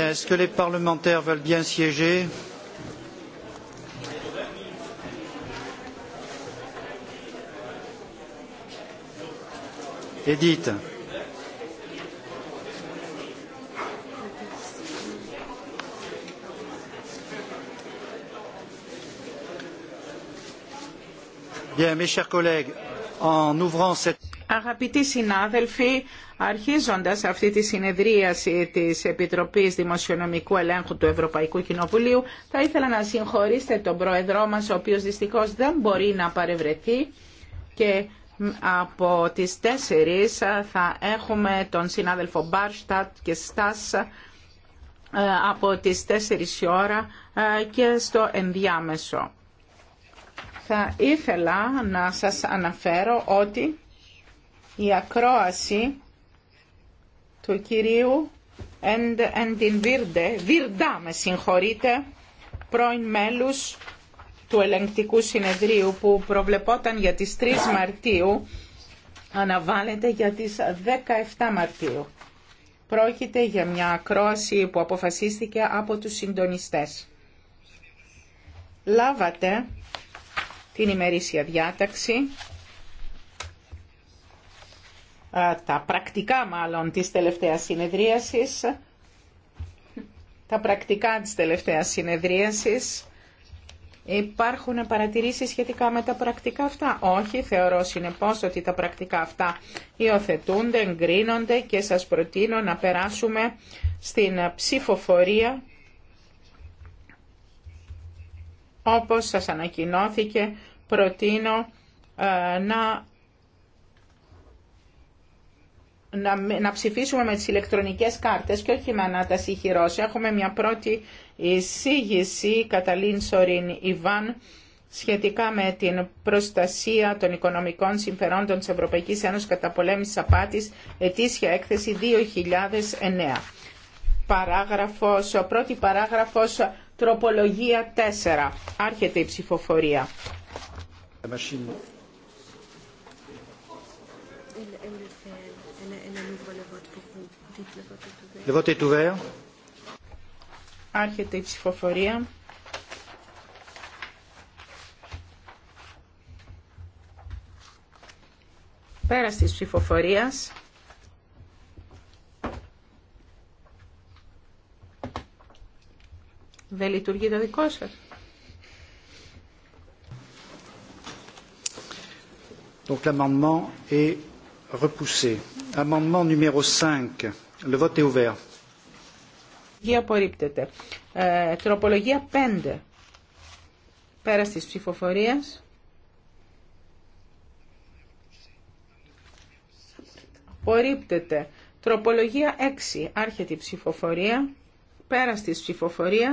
est-ce que les parlementaires veulent bien siéger Edith. Bien, mes chers collègues, en ouvrant cette Αγαπητοί συνάδελφοι, αρχίζοντας αυτή τη συνεδρίαση της Επιτροπής Δημοσιονομικού Ελέγχου του Ευρωπαϊκού Κοινοβουλίου, θα ήθελα να συγχωρήσετε τον Πρόεδρό μας, ο οποίος δυστυχώς δεν μπορεί να παρευρεθεί και από τις 4 θα έχουμε τον συνάδελφο Μπάρστατ και Στάς ε, από τις 4 η ώρα ε, και στο ενδιάμεσο. Θα ήθελα να σας αναφέρω ότι η ακρόαση του κυρίου την Βίρντε, Βίρντα με συγχωρείτε, πρώην μέλους του ελεγκτικού συνεδρίου που προβλεπόταν για τις 3 Μαρτίου αναβάλλεται για τις 17 Μαρτίου. Πρόκειται για μια ακρόαση που αποφασίστηκε από τους συντονιστές. Λάβατε την ημερήσια διάταξη τα πρακτικά μάλλον της τελευταίας συνεδρίασης, τα πρακτικά της τελευταίας συνεδρίασης. Υπάρχουν παρατηρήσεις σχετικά με τα πρακτικά αυτά. Όχι, θεωρώ συνεπώς ότι τα πρακτικά αυτά υιοθετούνται, εγκρίνονται και σας προτείνω να περάσουμε στην ψηφοφορία όπως σας ανακοινώθηκε προτείνω ε, να να, να ψηφίσουμε με τις ηλεκτρονικές κάρτες και όχι με ανάταση χειρός. Έχουμε μια πρώτη εισήγηση, Καταλήν Σορίν Ιβάν, σχετικά με την προστασία των οικονομικών συμφερόντων της Ευρωπαϊκής Ένωσης κατά πολέμηση απάτης, ετήσια έκθεση 2009. Παράγραφος, ο πρώτη παράγραφος, τροπολογία 4. Άρχεται η ψηφοφορία. Le vote est ouvert. Άρχεται η ψηφοφορία. Πέρας της ψηφοφορίας. Δεν λειτουργεί το δικό σας. Donc l'amendement est repoussé. Amendement numéro 5. Le vote est ouvert. Απορρίπτεται. Ε, τροπολογία 5. Πέρα τη ψηφοφορία. Απορρίπτεται. Τροπολογία 6. Άρχεται η ψηφοφορία. Πέρα τη ψηφοφορία.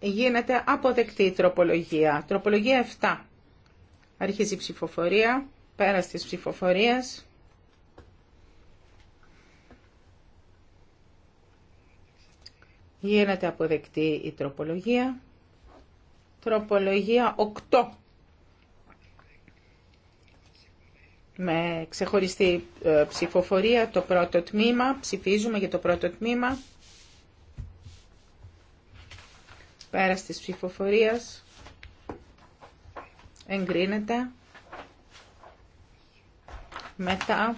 Γίνεται αποδεκτή η τροπολογία. Τροπολογία 7. Αρχίζει η ψηφοφορία, πέρας της ψηφοφορίας. Γίνεται αποδεκτή η τροπολογία. Τροπολογία 8. Με ξεχωριστή ε, ψηφοφορία το πρώτο τμήμα. Ψηφίζουμε για το πρώτο τμήμα. Πέρας της ψηφοφορίας εγκρίνεται. Μετά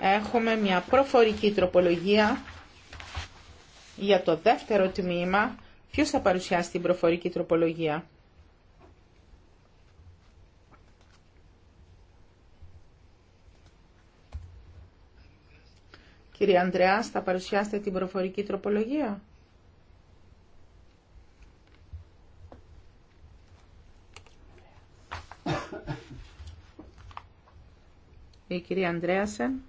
έχουμε μια προφορική τροπολογία για το δεύτερο τμήμα. Ποιος θα παρουσιάσει την προφορική τροπολογία. Κύριε Ανδρεάς, θα παρουσιάσετε την προφορική τροπολογία. η κυρία Ανδρέασεν.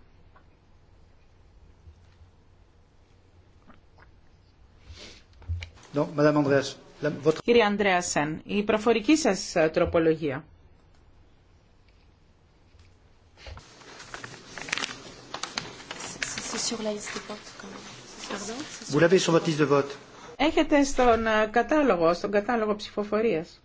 Κύριε Ανδρέασεν, η προφορική σας ε, τροπολογία. Έχετε στον ε, κατάλογο, στον κατάλογο ψηφοφορίας.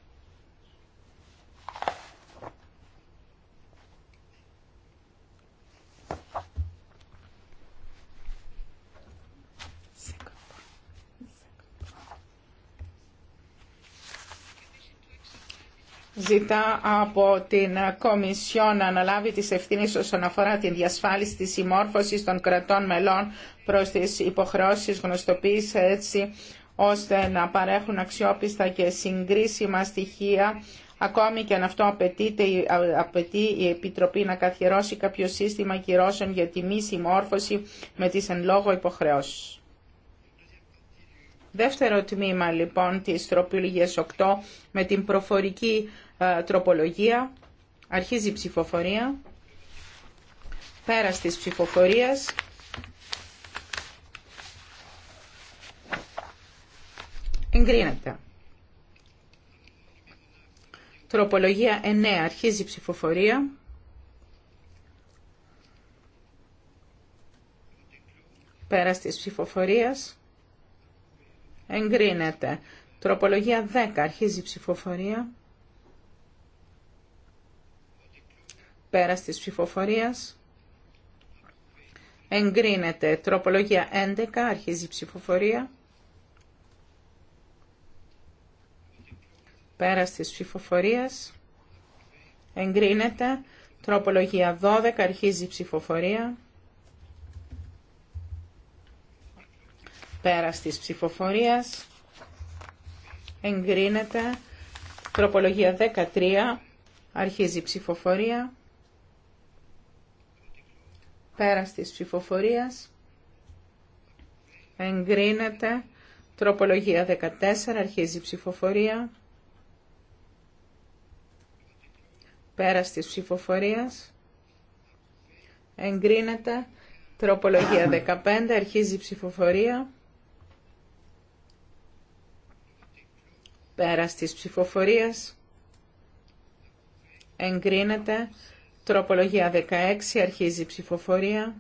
ζητά από την Κομισιό να αναλάβει τις ευθύνες όσον αφορά την διασφάλιση της συμμόρφωσης των κρατών μελών προς τις υποχρεώσεις γνωστοποίηση έτσι ώστε να παρέχουν αξιόπιστα και συγκρίσιμα στοιχεία Ακόμη και αν αυτό απαιτείται, απαιτεί η Επιτροπή να καθιερώσει κάποιο σύστημα κυρώσεων για τη μη συμμόρφωση με τις εν λόγω υποχρεώσεις. Δεύτερο τμήμα λοιπόν της τροπολογίας 8 με την προφορική ε, τροπολογία. Αρχίζει η ψηφοφορία. Πέρας της ψηφοφορίας. Εγκρίνεται. Τροπολογία 9. Αρχίζει η ψηφοφορία. Πέρας της ψηφοφορίας. Εγκρίνεται. Τροπολογία 10. Αρχίζει η ψηφοφορία. Πέρα της ψηφοφορίας. Εγκρίνεται. Τροπολογία 11. Αρχίζει η ψηφοφορία. Πέρα της ψηφοφορίας. Εγκρίνεται. Τροπολογία 12. Αρχίζει η ψηφοφορία. Πέρα της ψηφοφορίας. Εγκρίνεται. Τροπολογία 13. Αρχίζει η ψηφοφορία. Πέρας της ψηφοφορίας εγκρίνεται τροπολογία 14, αρχίζει η ψηφοφορία. Πέρας της ψηφοφορίας εγκρίνεται τροπολογία 15, αρχίζει η ψηφοφορία. Πέρας της ψηφοφορίας εγκρίνεται Τροπολογία 16. Αρχίζει η ψηφοφορία.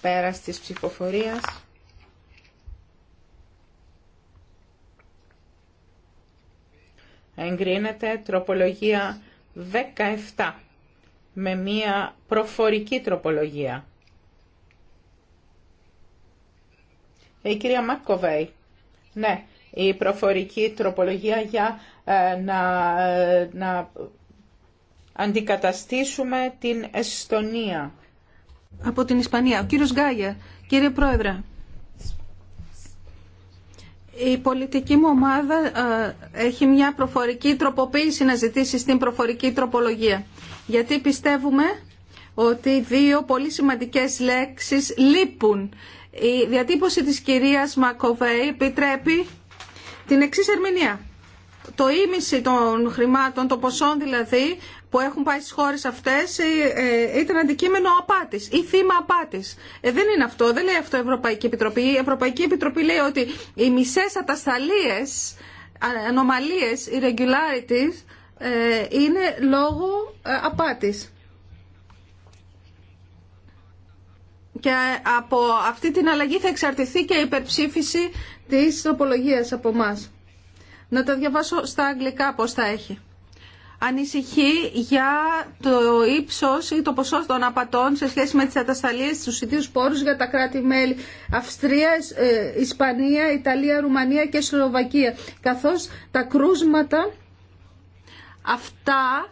Πέρας της ψηφοφορίας. Εγκρίνεται τροπολογία 17 με μία προφορική τροπολογία. Ε, η κυρία Μάκοβέη. Ναι, η προφορική τροπολογία για ε, ε, να, αντικαταστήσουμε την Εστονία. Από την Ισπανία. Ο κύριος Γκάγια, Κύριε Πρόεδρε, η πολιτική μου ομάδα ε, έχει μια προφορική τροποποίηση να ζητήσει στην προφορική τροπολογία. Γιατί πιστεύουμε ότι δύο πολύ σημαντικές λέξεις λείπουν. Η διατύπωση της κυρίας Μακοβέη επιτρέπει την εξή ερμηνεία. Το ίμιση των χρημάτων, των ποσών δηλαδή, που έχουν πάει στις χώρες αυτές ε, ε, ήταν αντικείμενο απάτης ή θύμα απάτης. Ε, δεν είναι αυτό, δεν λέει αυτό η Ευρωπαϊκή Επιτροπή. Η Ευρωπαϊκή Επιτροπή λέει ότι οι μισές ατασταλίε, ανομαλίε, irregularities, ε, είναι λόγω απάτης. Και από αυτή την αλλαγή θα εξαρτηθεί και η υπερψήφιση της τροπολογίας από εμά. Να τα διαβάσω στα αγγλικά πώς θα έχει. Ανησυχεί για το ύψος ή το ποσό των απατών σε σχέση με τις ατασταλίες στους ιδίους πόρους για τα κράτη-μέλη Αυστρία, ε, Ισπανία, Ιταλία, Ρουμανία και Σλοβακία. Καθώς τα κρούσματα αυτά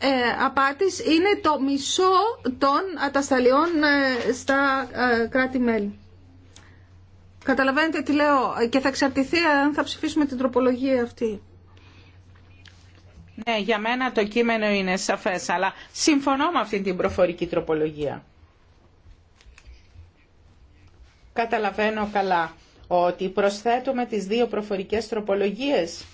ε, απάτης είναι το μισό των ατασταλιών ε, στα ε, κράτη-μέλη. Καταλαβαίνετε τι λέω και θα εξαρτηθεί αν θα ψηφίσουμε την τροπολογία αυτή. Ναι, για μένα το κείμενο είναι σαφές, αλλά συμφωνώ με αυτή την προφορική τροπολογία. Καταλαβαίνω καλά ότι προσθέτουμε τις δύο προφορικές τροπολογίες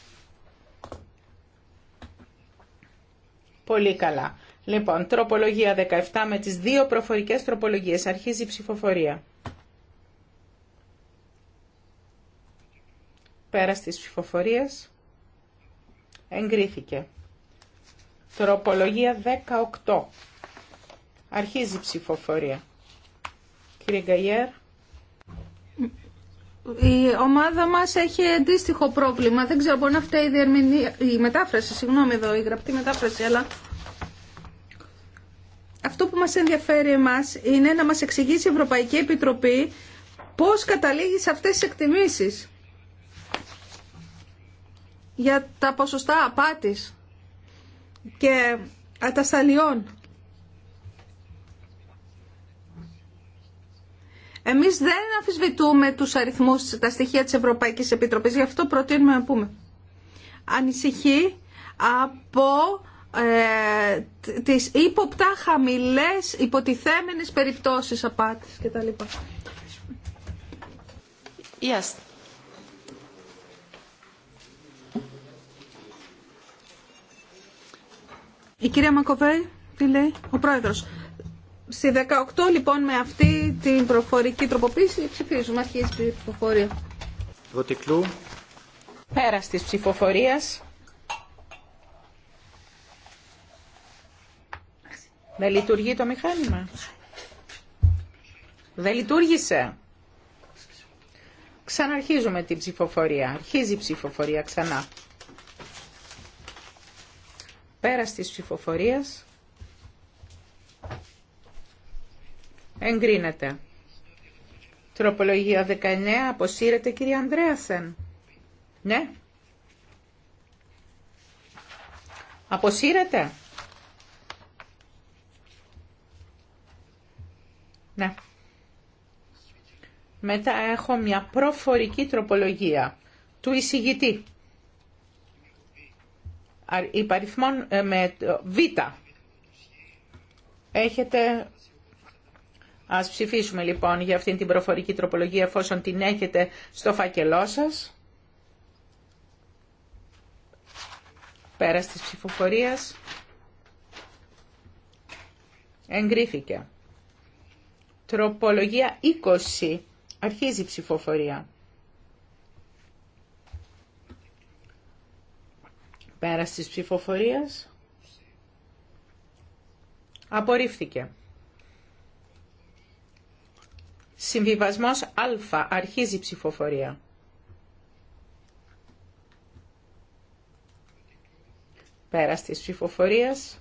Πολύ καλά. Λοιπόν, τροπολογία 17 με τις δύο προφορικές τροπολογίες. Αρχίζει η ψηφοφορία. Πέρα τη ψηφοφορίες, Εγκρίθηκε. Τροπολογία 18. Αρχίζει η ψηφοφορία. Κύριε Γκαγιέρ. Η ομάδα μας έχει αντίστοιχο πρόβλημα. Δεν ξέρω, μπορεί να φταίει η, διερμηνία, η μετάφραση, συγγνώμη εδώ, η γραπτή μετάφραση, αλλά αυτό που μας ενδιαφέρει εμάς είναι να μας εξηγήσει η Ευρωπαϊκή Επιτροπή πώς καταλήγει σε αυτές τις εκτιμήσεις για τα ποσοστά απάτης και ατασταλιών. Εμείς δεν αμφισβητούμε τους αριθμούς, τα στοιχεία της Ευρωπαϊκής Επιτροπής, γι' αυτό προτείνουμε να πούμε. Ανησυχεί από ε, τις ύποπτα χαμηλές υποτιθέμενες περιπτώσεις απάτης κτλ. Yes. Η κυρία Μακοβέη, τι λέει, ο πρόεδρος. Στη 18 λοιπόν με αυτή την προφορική τροποποίηση ψηφίζουμε. Αρχίζει η ψηφοφορία. Βοτικλού. Πέρα της ψηφοφορία. Δεν λειτουργεί το μηχάνημα. Δεν λειτουργήσε. Ξαναρχίζουμε την ψηφοφορία. Αρχίζει η ψηφοφορία ξανά. Πέρα της ψηφοφορία. εγκρίνεται. Τροπολογία 19 αποσύρεται κυρία Ανδρέασεν. Ναι. Αποσύρεται. Ναι. Μετά έχω μια προφορική τροπολογία του εισηγητή. Υπαριθμών ε, με β. Έχετε Ας ψηφίσουμε λοιπόν για αυτήν την προφορική τροπολογία εφόσον την έχετε στο φάκελό σας. Πέρα της ψηφοφορίας εγκρίθηκε. Τροπολογία 20. Αρχίζει η ψηφοφορία. Πέρα της ψηφοφορίας απορρίφθηκε. Συμβιβασμός Α. Αρχίζει η ψηφοφορία. Πέρας της ψηφοφορίας.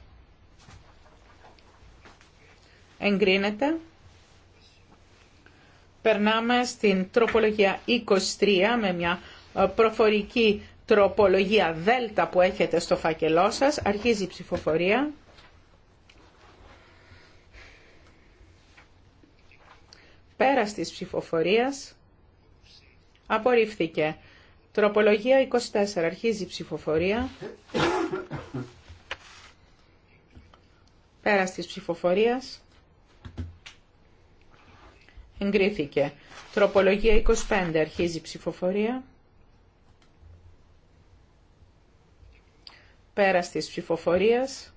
Εγκρίνεται. Περνάμε στην τροπολογία 23 με μια ε, προφορική τροπολογία Δ που έχετε στο φάκελό σας. Αρχίζει η ψηφοφορία. Πέρα της ψηφοφορίας απορρίφθηκε. Τροπολογία 24. Αρχίζει η ψηφοφορία. Πέρα της ψηφοφορίας εγκρίθηκε. Τροπολογία 25. Αρχίζει η ψηφοφορία. Πέρα της ψηφοφορίας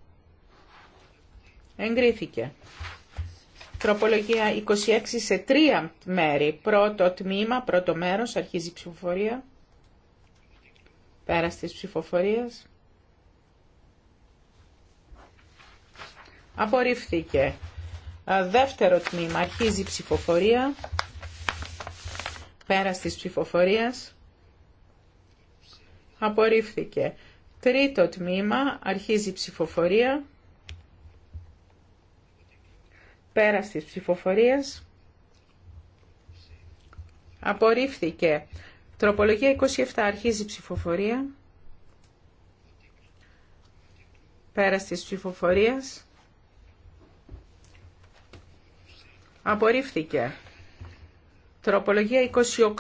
εγκρίθηκε. Τροπολογία 26 σε τρία μέρη. Πρώτο τμήμα, πρώτο μέρος, αρχίζει ψηφοφορία. Πέρας της ψηφοφορίας. Απορρίφθηκε. Δεύτερο τμήμα, αρχίζει ψηφοφορία. Πέρας της ψηφοφορίας. Απορρίφθηκε. Τρίτο τμήμα, αρχίζει η ψηφοφορία. Πέρας της ψηφοφορίας απορρίφθηκε. Τροπολογία 27 αρχίζει η ψηφοφορία. Πέρας της ψηφοφορίας απορρίφθηκε. Τροπολογία 28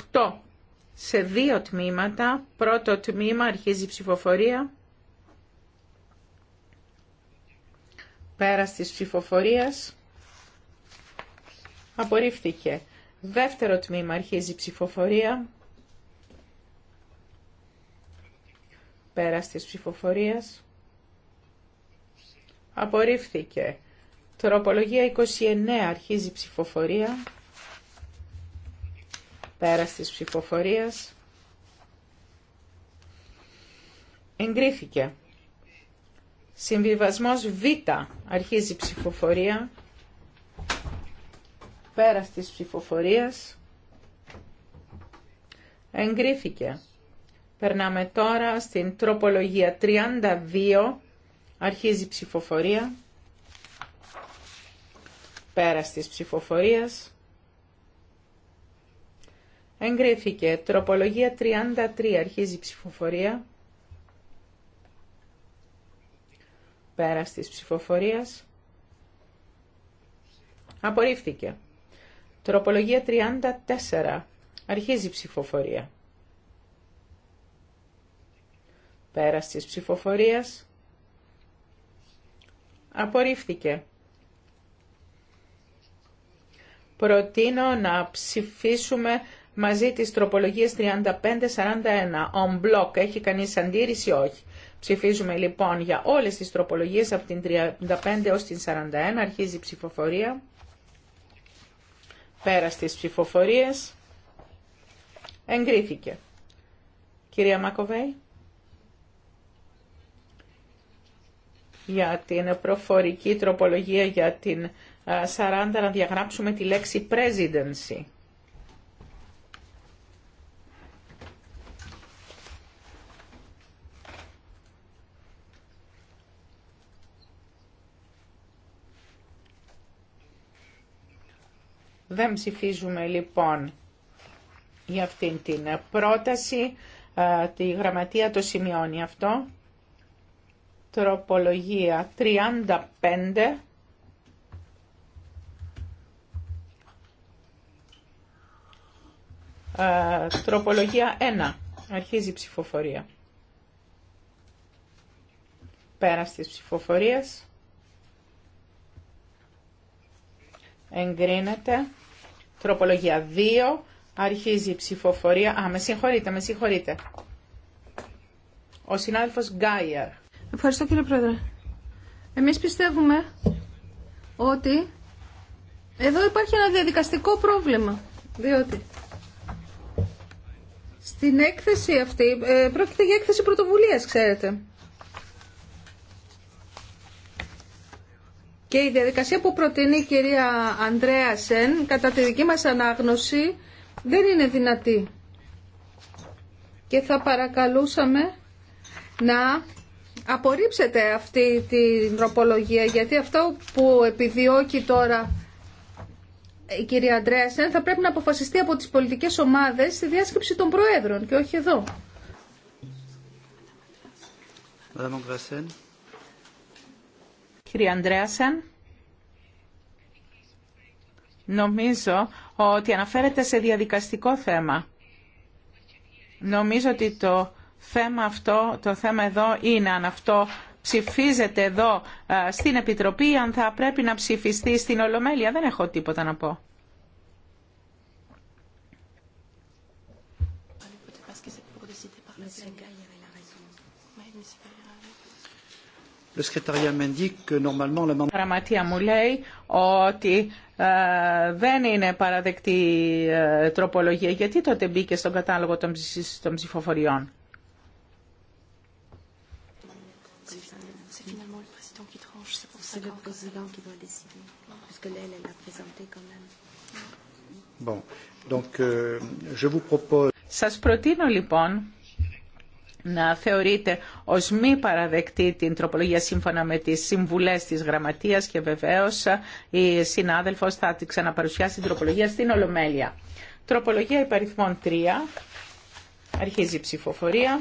σε δύο τμήματα. Πρώτο τμήμα αρχίζει η ψηφοφορία. Πέρας της ψηφοφορίας Απορρίφθηκε. Δεύτερο τμήμα αρχίζει ψηφοφορία. Πέρας της ψηφοφορίας. Απορρίφθηκε. Τροπολογία 29 αρχίζει ψηφοφορία. Πέρας της ψηφοφορίας. Εγκρίθηκε. Συμβιβασμός Β αρχίζει η ψηφοφορία. Πέρας της ψηφοφορίας εγκρίθηκε. Περνάμε τώρα στην τροπολογία 32. Αρχίζει η ψηφοφορία. Πέρας της ψηφοφορίας. Εγκρίθηκε. Τροπολογία 33. Αρχίζει η ψηφοφορία. Πέρας της ψηφοφορίας. Απορρίφθηκε. Τροπολογία 34. Αρχίζει η ψηφοφορία. Πέρας της ψηφοφορίας. Απορρίφθηκε. Προτείνω να ψηφίσουμε μαζί τις τροπολογίες 35-41. On block. Έχει κανείς αντίρρηση, όχι. Ψηφίζουμε λοιπόν για όλες τις τροπολογίες από την 35 έως την 41. Αρχίζει η ψηφοφορία. Πέρα στις ψηφοφορίες. Εγκρίθηκε. Κυρία Μακοβέη. Για την προφορική τροπολογία για την 40 να διαγράψουμε τη λέξη presidency. Δεν ψηφίζουμε λοιπόν για αυτήν την πρόταση. Τη γραμματεία το σημειώνει αυτό. Τροπολογία 35. τροπολογία 1. Αρχίζει η ψηφοφορία. Πέρας της ψηφοφορίας. Εγκρίνεται. Τροπολογία 2. Αρχίζει η ψηφοφορία. Α, με συγχωρείτε, με συγχωρείτε. Ο συνάδελφος Γκάιερ. Ευχαριστώ κύριε Πρόεδρε. Εμείς πιστεύουμε ότι εδώ υπάρχει ένα διαδικαστικό πρόβλημα. Διότι στην έκθεση αυτή, ε, πρόκειται για έκθεση πρωτοβουλίας, ξέρετε. Και η διαδικασία που προτείνει η κυρία Ανδρέα Σεν, κατά τη δική μας ανάγνωση, δεν είναι δυνατή. Και θα παρακαλούσαμε να απορρίψετε αυτή την τροπολογία, γιατί αυτό που επιδιώκει τώρα η κυρία Ανδρέα Σεν θα πρέπει να αποφασιστεί από τις πολιτικές ομάδες στη διάσκεψη των Προέδρων και όχι εδώ. Madame Κύριε Ανδρέασεν, νομίζω ότι αναφέρεται σε διαδικαστικό θέμα. Νομίζω ότι το θέμα αυτό, το θέμα εδώ είναι αν αυτό ψηφίζεται εδώ ε, στην Επιτροπή, αν θα πρέπει να ψηφιστεί στην Ολομέλεια. Δεν έχω τίποτα να πω. Η γραμματεία μου λέει ότι ε, δεν είναι παραδεκτή ε, τροπολογία. Γιατί τότε μπήκε στον κατάλογο των ψηφοφοριών. Σας προτείνω λοιπόν να θεωρείται ως μη παραδεκτή την τροπολογία σύμφωνα με τις συμβουλές της Γραμματείας και βεβαίως ε, η συνάδελφος θα ξαναπαρουσιάσει την τροπολογία στην Ολομέλεια. Τροπολογία υπαριθμών 3. Αρχίζει η ψηφοφορία.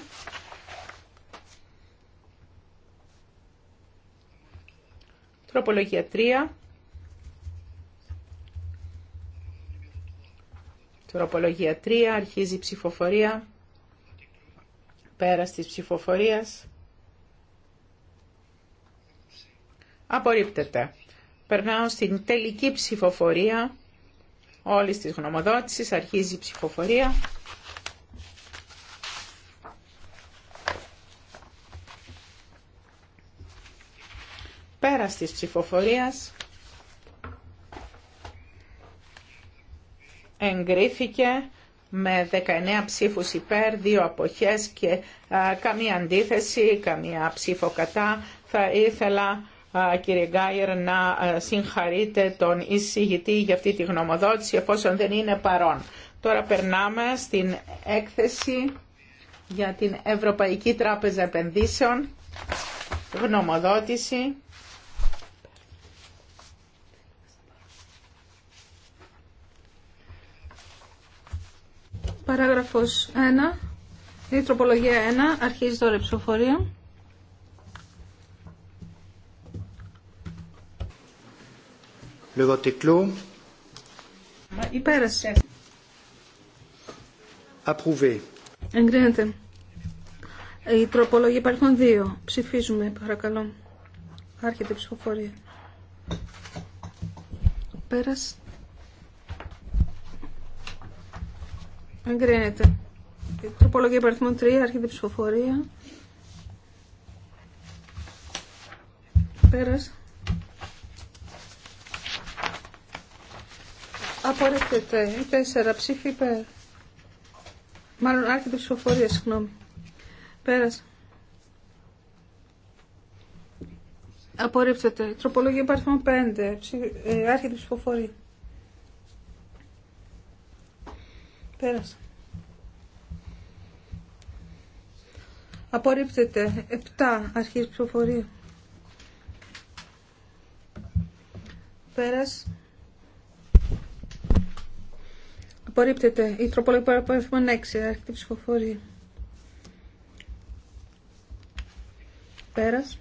Τροπολογία 3. Τροπολογία 3. Αρχίζει η ψηφοφορία. Πέρας της ψηφοφορίας. Απορρίπτεται. Περνάω στην τελική ψηφοφορία όλη της γνωμοδότηση. Αρχίζει η ψηφοφορία. Πέρας της ψηφοφορίας. Εγκρίθηκε με 19 ψήφους υπέρ, δύο αποχές και καμία αντίθεση, καμία ψήφο κατά. Θα ήθελα κύριε Γκάιερ να συγχαρείτε τον εισηγητή για αυτή τη γνωμοδότηση εφόσον δεν είναι παρόν. Τώρα περνάμε στην έκθεση για την Ευρωπαϊκή Τράπεζα Επενδύσεων, γνωμοδότηση Παράγραφος 1. Η τροπολογία 1. Αρχίζει τώρα η ψηφοφορία. Le vote Υπέρασε. Εγκρίνεται. Η τροπολογία υπάρχουν δύο. Ψηφίζουμε, παρακαλώ. Άρχεται η ψηφοφορία. Πέρασε. Εγκρίνεται. τροπολογία υπαριθμών 3, άρχιδη ψηφοφορία. Πέρασε. Απορρίπτεται. Η 4 ψήφι υπέρ. Μάλλον άρχεται ψηφοφορία, συγγνώμη. Πέρασε. Απορρίπτεται. τροπολογία υπαριθμών 5, ε, άρχεται ψηφοφορία. Πέρασε. Απορρίπτεται. Επτά αρχή ψηφοφορία. Πέρασε. Απορρίπτεται. Η τροπολογία 6. Αρχή ψηφοφορία. Πέρασε.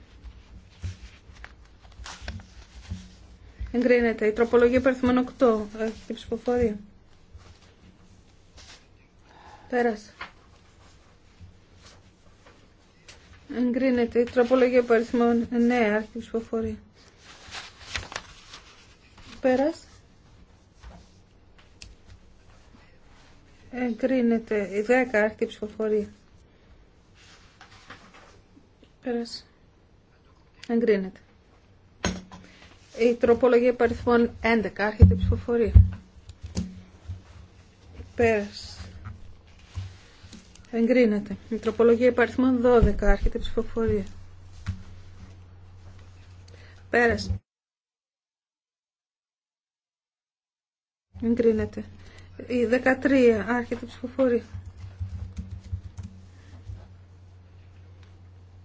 Εγκρίνεται. Η τροπολογία 8. Αρχή ψηφοφορία. Πέρασε. Εγκρίνεται η τροπολογία παριθμών 9 άρχη ψηφοφορία. Πέρασε. Εγκρίνεται η 10 άρχη ψηφοφορία. Πέρασε. Εγκρίνεται. Η τροπολογία παριθμών 11 άρχεται ψηφοφορία. Πέρασε. Εγκρίνεται. Η τροπολογία υπαριθμών 12. Άρχεται η ψηφοφορία. Πέρασε. Εγκρίνεται. Η 13. Άρχεται η ψηφοφορία.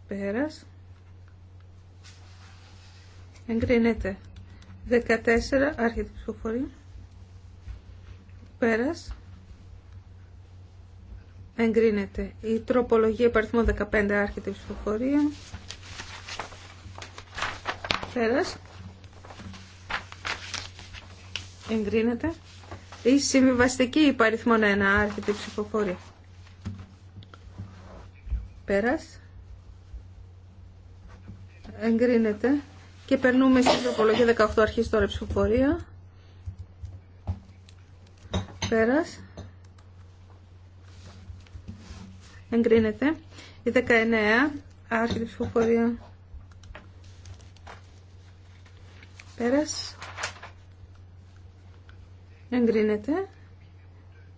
Πέρασε. Εγκρίνεται. 14. Άρχεται η ψηφοφορία. Πέρασε. Εγκρίνεται. Η τροπολογία υπαριθμό 15 άρχεται η ψηφοφορία. Πέρας. Εγκρίνεται. Η συμβιβαστική υπαριθμό 1 άρχεται η ψηφοφορία. Πέρας. Εγκρίνεται. Και περνούμε στην τροπολογία 18 αρχίζει τώρα η ψηφοφορία. Πέρας. εγκρίνεται. Η 19, άρχιτη ψηφοφορία. Πέρας. Εγκρίνεται.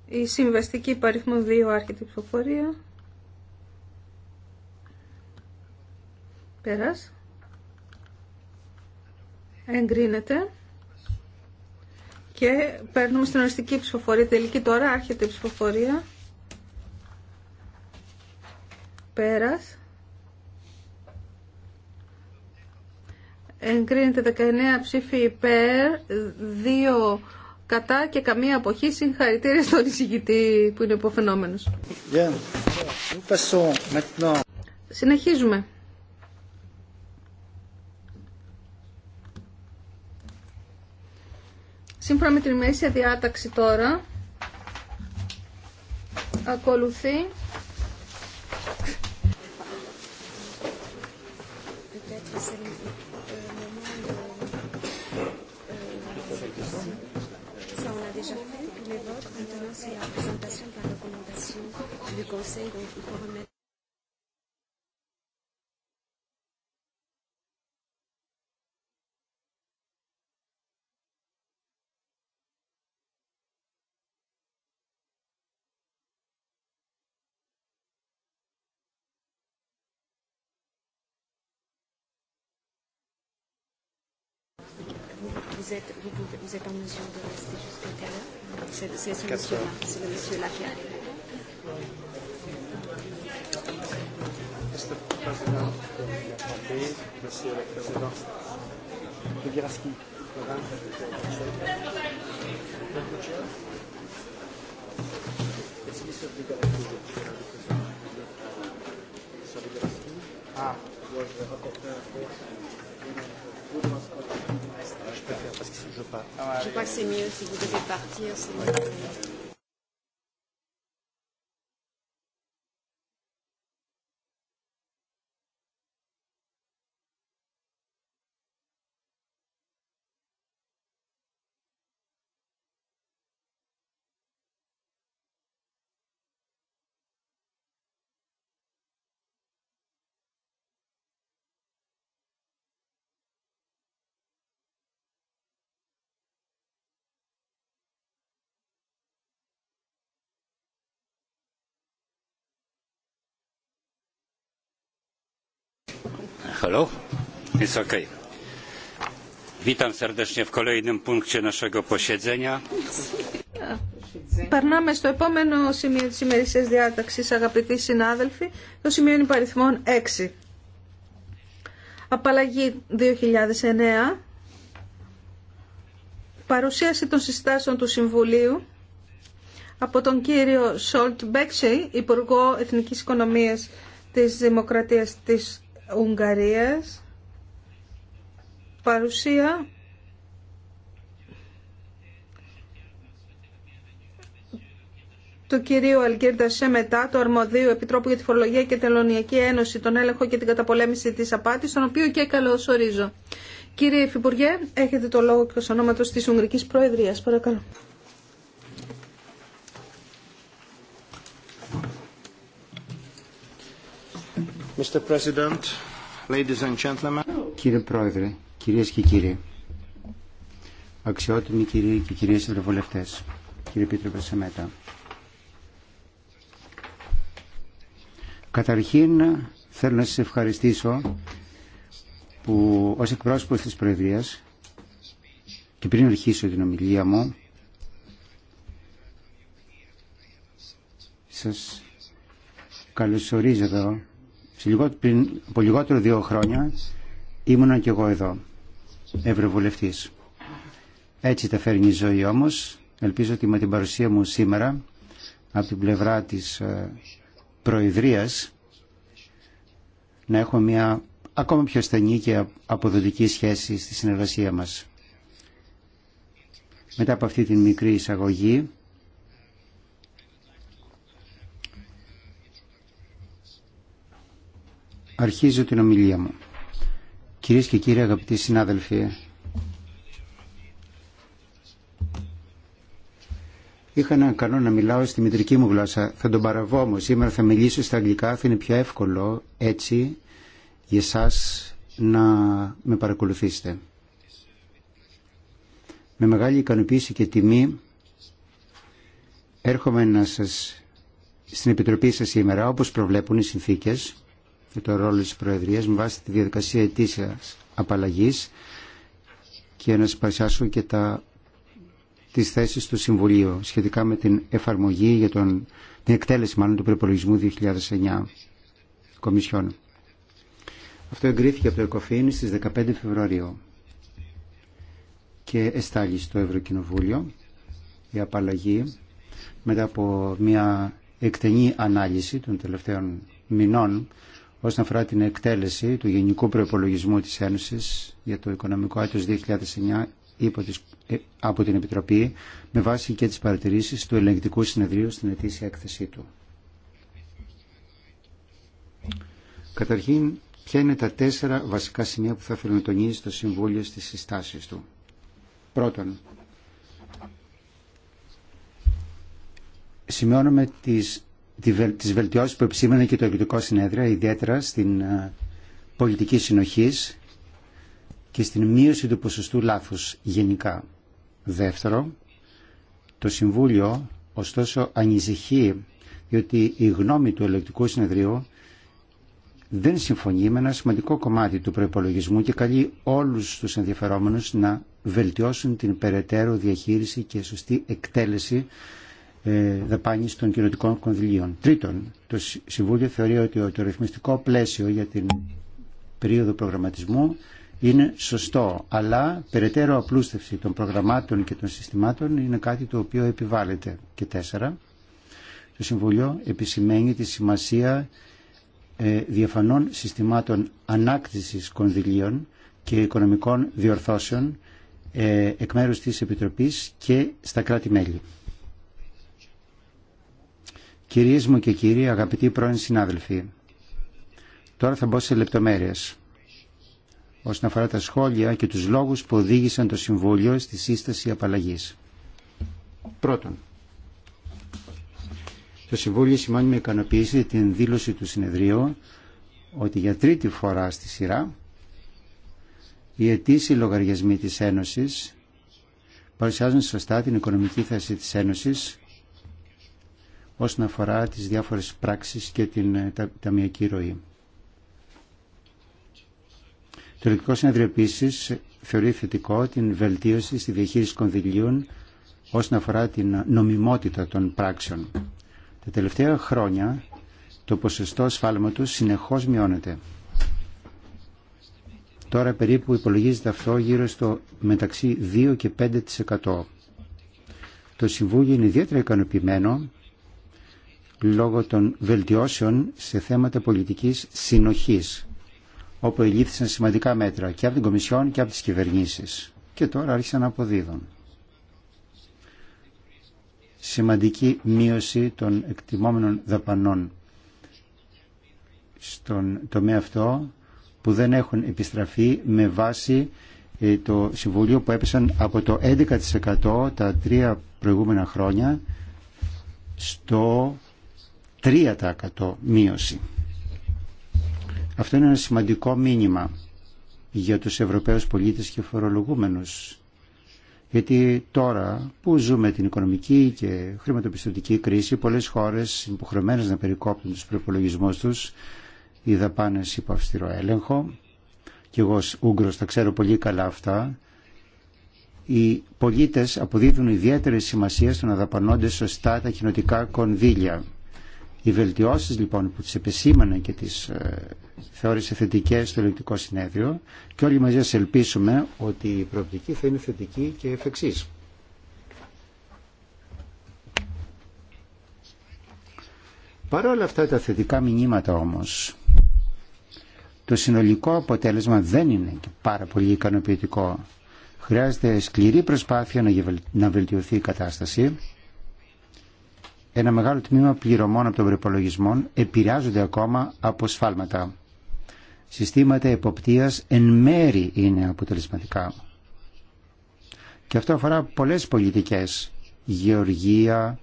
Η συμβαστική παριθμό 2, άρχιτη ψηφοφορία. Πέρας. Εγκρίνεται. Και παίρνουμε στην οριστική ψηφοφορία. Τελική τώρα άρχεται ψηφοφορία. Πέρας. Εγκρίνεται 19 ψήφοι υπέρ, 2 κατά και καμία αποχή. Συγχαρητήρια στον εισηγητή που είναι υποφαινόμενος. Συνεχίζουμε. Σύμφωνα με την ημερήσια διάταξη τώρα, ακολουθεί Ça, on a déjà fait tous les votes. Maintenant, c'est la présentation par la recommandation du Conseil. Donc, il faut remettre. vous êtes, vous, êtes en mesure de rester jusqu'à C'est monsieur-là le le de Je crois que c'est mieux si vous devez partir. Παρνάμε Witam serdecznie w kolejnym punkcie naszego posiedzenia. Περνάμε στο επόμενο σημείο της ημερησίας διάταξης, αγαπητοί συνάδελφοι, το σημείο είναι παριθμών 6. Απαλλαγή 2009, παρουσίαση των συστάσεων του Συμβουλίου από τον κύριο Σόλτ Μπέξεϊ, Υπουργό Εθνικής Οικονομίας της Δημοκρατίας της Ουγγαρίας παρουσία του κυρίου Αλγκέρντα Σέμετα του Αρμοδίου Επιτρόπου για τη Φορολογία και Τελωνιακή Ένωση, τον έλεγχο και την καταπολέμηση τη απάτη, τον οποίο και καλώ ορίζω. Κύριε Υφυπουργέ, έχετε το λόγο και ονόματο τη Ουγγρική Προεδρία. Παρακαλώ. Κύριε Πρόεδρε, κυρίες και κύριοι, αξιότιμοι κύριοι και κυρίες ευρωβουλευτές, κύριε Πίτρο Σεμέτα. Καταρχήν θέλω να σας ευχαριστήσω που ως εκπρόσωπος της Προεδρίας και πριν αρχίσω την ομιλία μου σας καλωσορίζω εδώ πριν από λιγότερο δύο χρόνια ήμουνα κι εγώ εδώ, ευρωβουλευτής. Έτσι τα φέρνει η ζωή όμως. Ελπίζω ότι με την παρουσία μου σήμερα από την πλευρά της ε, Προεδρίας να έχω μια ακόμα πιο στενή και αποδοτική σχέση στη συνεργασία μας. Μετά από αυτή την μικρή εισαγωγή Αρχίζω την ομιλία μου. Κυρίες και κύριοι αγαπητοί συνάδελφοι, είχα έναν κανόνα να μιλάω στη μητρική μου γλώσσα. Θα τον παραβώ όμω. Σήμερα θα μιλήσω στα αγγλικά, θα είναι πιο εύκολο έτσι για εσά να με παρακολουθήσετε. Με μεγάλη ικανοποίηση και τιμή έρχομαι να σας, στην Επιτροπή σας σήμερα, όπως προβλέπουν οι συνθήκες, για το ρόλο της Προεδρίας με βάση τη διαδικασία ετήσιας απαλλαγής και να σας και τα, τις θέσεις του Συμβουλίου σχετικά με την εφαρμογή για τον, την εκτέλεση μάλλον του προπολογισμού 2009 Κομισιόν. Αυτό εγκρίθηκε από το ΕΚΟΦΗΝ στις 15 Φεβρουαρίου και εστάλει στο Ευρωκοινοβούλιο η απαλλαγή μετά από μια εκτενή ανάλυση των τελευταίων μηνών όσον αφορά την εκτέλεση του Γενικού Προπολογισμού της Ένωσης για το Οικονομικό έτος 2009 ε, από την Επιτροπή με βάση και τις παρατηρήσεις του Ελεγκτικού Συνεδρίου στην ετήσια έκθεσή του. Καταρχήν, ποια είναι τα τέσσερα βασικά σημεία που θα θέλω να τονίσει το Συμβούλιο στις συστάσεις του. Πρώτον, σημειώνουμε τις τι βελτιώσει που επισήμανε και το Εκδοτικό Συνέδριο, ιδιαίτερα στην ε, πολιτική συνοχής και στην μείωση του ποσοστού λάθους γενικά. Δεύτερο, το Συμβούλιο ωστόσο ανησυχεί διότι η γνώμη του Ελεκτικού Συνεδρίου δεν συμφωνεί με ένα σημαντικό κομμάτι του προϋπολογισμού και καλεί όλους τους ενδιαφερόμενους να βελτιώσουν την περαιτέρω διαχείριση και σωστή εκτέλεση ε, δαπάνης των κοινωτικών κονδυλίων. Τρίτον, το Συμβούλιο θεωρεί ότι το ρυθμιστικό πλαίσιο για την περίοδο προγραμματισμού είναι σωστό, αλλά περαιτέρω απλούστευση των προγραμμάτων και των συστημάτων είναι κάτι το οποίο επιβάλλεται. Και τέσσερα, το Συμβουλίο επισημαίνει τη σημασία ε, διαφανών συστημάτων ανάκτησης κονδυλίων και οικονομικών διορθώσεων ε, εκ μέρους της Επιτροπής και στα κράτη-μέλη. Κυρίες μου και κύριοι, αγαπητοί πρώην συνάδελφοι, τώρα θα μπω σε λεπτομέρειες όσον αφορά τα σχόλια και τους λόγους που οδήγησαν το Συμβούλιο στη σύσταση απαλλαγής. Πρώτον, το Συμβούλιο σημαίνει με ικανοποίηση την δήλωση του συνεδρίου ότι για τρίτη φορά στη σειρά οι αιτήσιοι λογαριασμοί της Ένωσης παρουσιάζουν σωστά την οικονομική θέση της Ένωσης όσον αφορά τις διάφορες πράξεις και την ε, ταμιακή ροή. Το Ελληνικό Συνέδριο επίση θεωρεί θετικό την βελτίωση στη διαχείριση κονδυλίων όσον αφορά την νομιμότητα των πράξεων. Τα τελευταία χρόνια το ποσοστό σφάλματος συνεχώς μειώνεται. Τώρα περίπου υπολογίζεται αυτό γύρω στο μεταξύ 2 και 5%. Το Συμβούλιο είναι ιδιαίτερα ικανοποιημένο λόγω των βελτιώσεων σε θέματα πολιτικής συνοχής, όπου ελήφθησαν σημαντικά μέτρα και από την Κομισιόν και από τις κυβερνήσεις και τώρα άρχισαν να αποδίδουν. Σημαντική μείωση των εκτιμόμενων δαπανών στον τομέα αυτό που δεν έχουν επιστραφεί με βάση ε, το συμβουλίο που έπεσαν από το 11% τα τρία προηγούμενα χρόνια στο 3% μείωση. Αυτό είναι ένα σημαντικό μήνυμα για τους Ευρωπαίους πολίτες και φορολογούμενους. Γιατί τώρα που ζούμε την οικονομική και χρηματοπιστωτική κρίση, πολλές χώρες υποχρεωμένες να περικόπτουν τους προπολογισμούς τους, οι δαπάνες υπό αυστηρό έλεγχο, και εγώ ως Ούγγρος τα ξέρω πολύ καλά αυτά, οι πολίτες αποδίδουν ιδιαίτερη σημασία στο να δαπανώνται σωστά τα κοινοτικά κονδύλια. Οι βελτιώσεις λοιπόν που τις επισήμανε και τις ε, θεώρησε θετικές στο ελληνικό συνέδριο και όλοι μαζί σας ελπίσουμε ότι η προοπτική θα είναι θετική και εφ' εξής. Παρ' όλα αυτά τα θετικά μηνύματα όμως, το συνολικό αποτέλεσμα δεν είναι και πάρα πολύ ικανοποιητικό. Χρειάζεται σκληρή προσπάθεια να βελτιωθεί η κατάσταση ένα μεγάλο τμήμα πληρωμών από τον προπολογισμό επηρεάζονται ακόμα από σφάλματα. Συστήματα εποπτείας εν μέρη είναι αποτελεσματικά. Και αυτό αφορά πολλές πολιτικές. Γεωργία,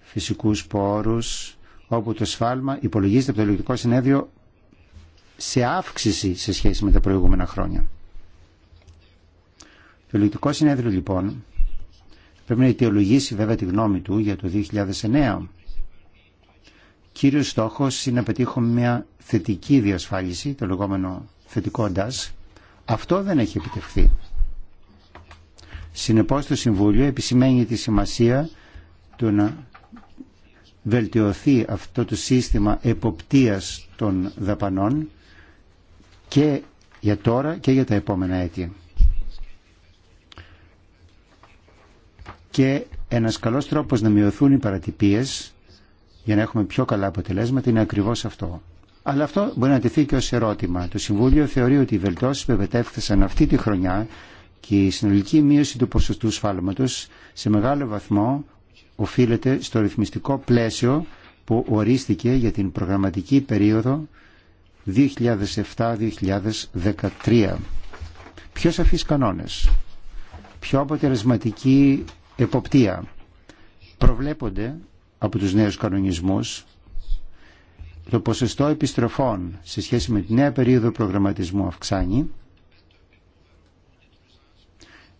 φυσικούς πόρους, όπου το σφάλμα υπολογίζεται από το Ελληνικό Συνέδριο σε αύξηση σε σχέση με τα προηγούμενα χρόνια. Το Ελληνικό Συνέδριο λοιπόν Πρέπει να αιτιολογήσει βέβαια τη γνώμη του για το 2009. Κύριος στόχος είναι να πετύχουμε μια θετική διασφάλιση, το λεγόμενο θετικό Αυτό δεν έχει επιτευχθεί. Συνεπώς το Συμβούλιο επισημαίνει τη σημασία του να βελτιωθεί αυτό το σύστημα εποπτείας των δαπανών και για τώρα και για τα επόμενα έτη. Και ένας καλός τρόπος να μειωθούν οι παρατυπίες για να έχουμε πιο καλά αποτελέσματα είναι ακριβώς αυτό. Αλλά αυτό μπορεί να τεθεί και ως ερώτημα. Το Συμβούλιο θεωρεί ότι οι βελτώσεις που επετέφθησαν αυτή τη χρονιά και η συνολική μείωση του ποσοστού σφάλματος σε μεγάλο βαθμό οφείλεται στο ρυθμιστικό πλαίσιο που ορίστηκε για την προγραμματική περίοδο 2007-2013. Ποιο σαφείς κανόνες, πιο αποτελεσματική εποπτεία. Προβλέπονται από τους νέους κανονισμούς το ποσοστό επιστροφών σε σχέση με τη νέα περίοδο προγραμματισμού αυξάνει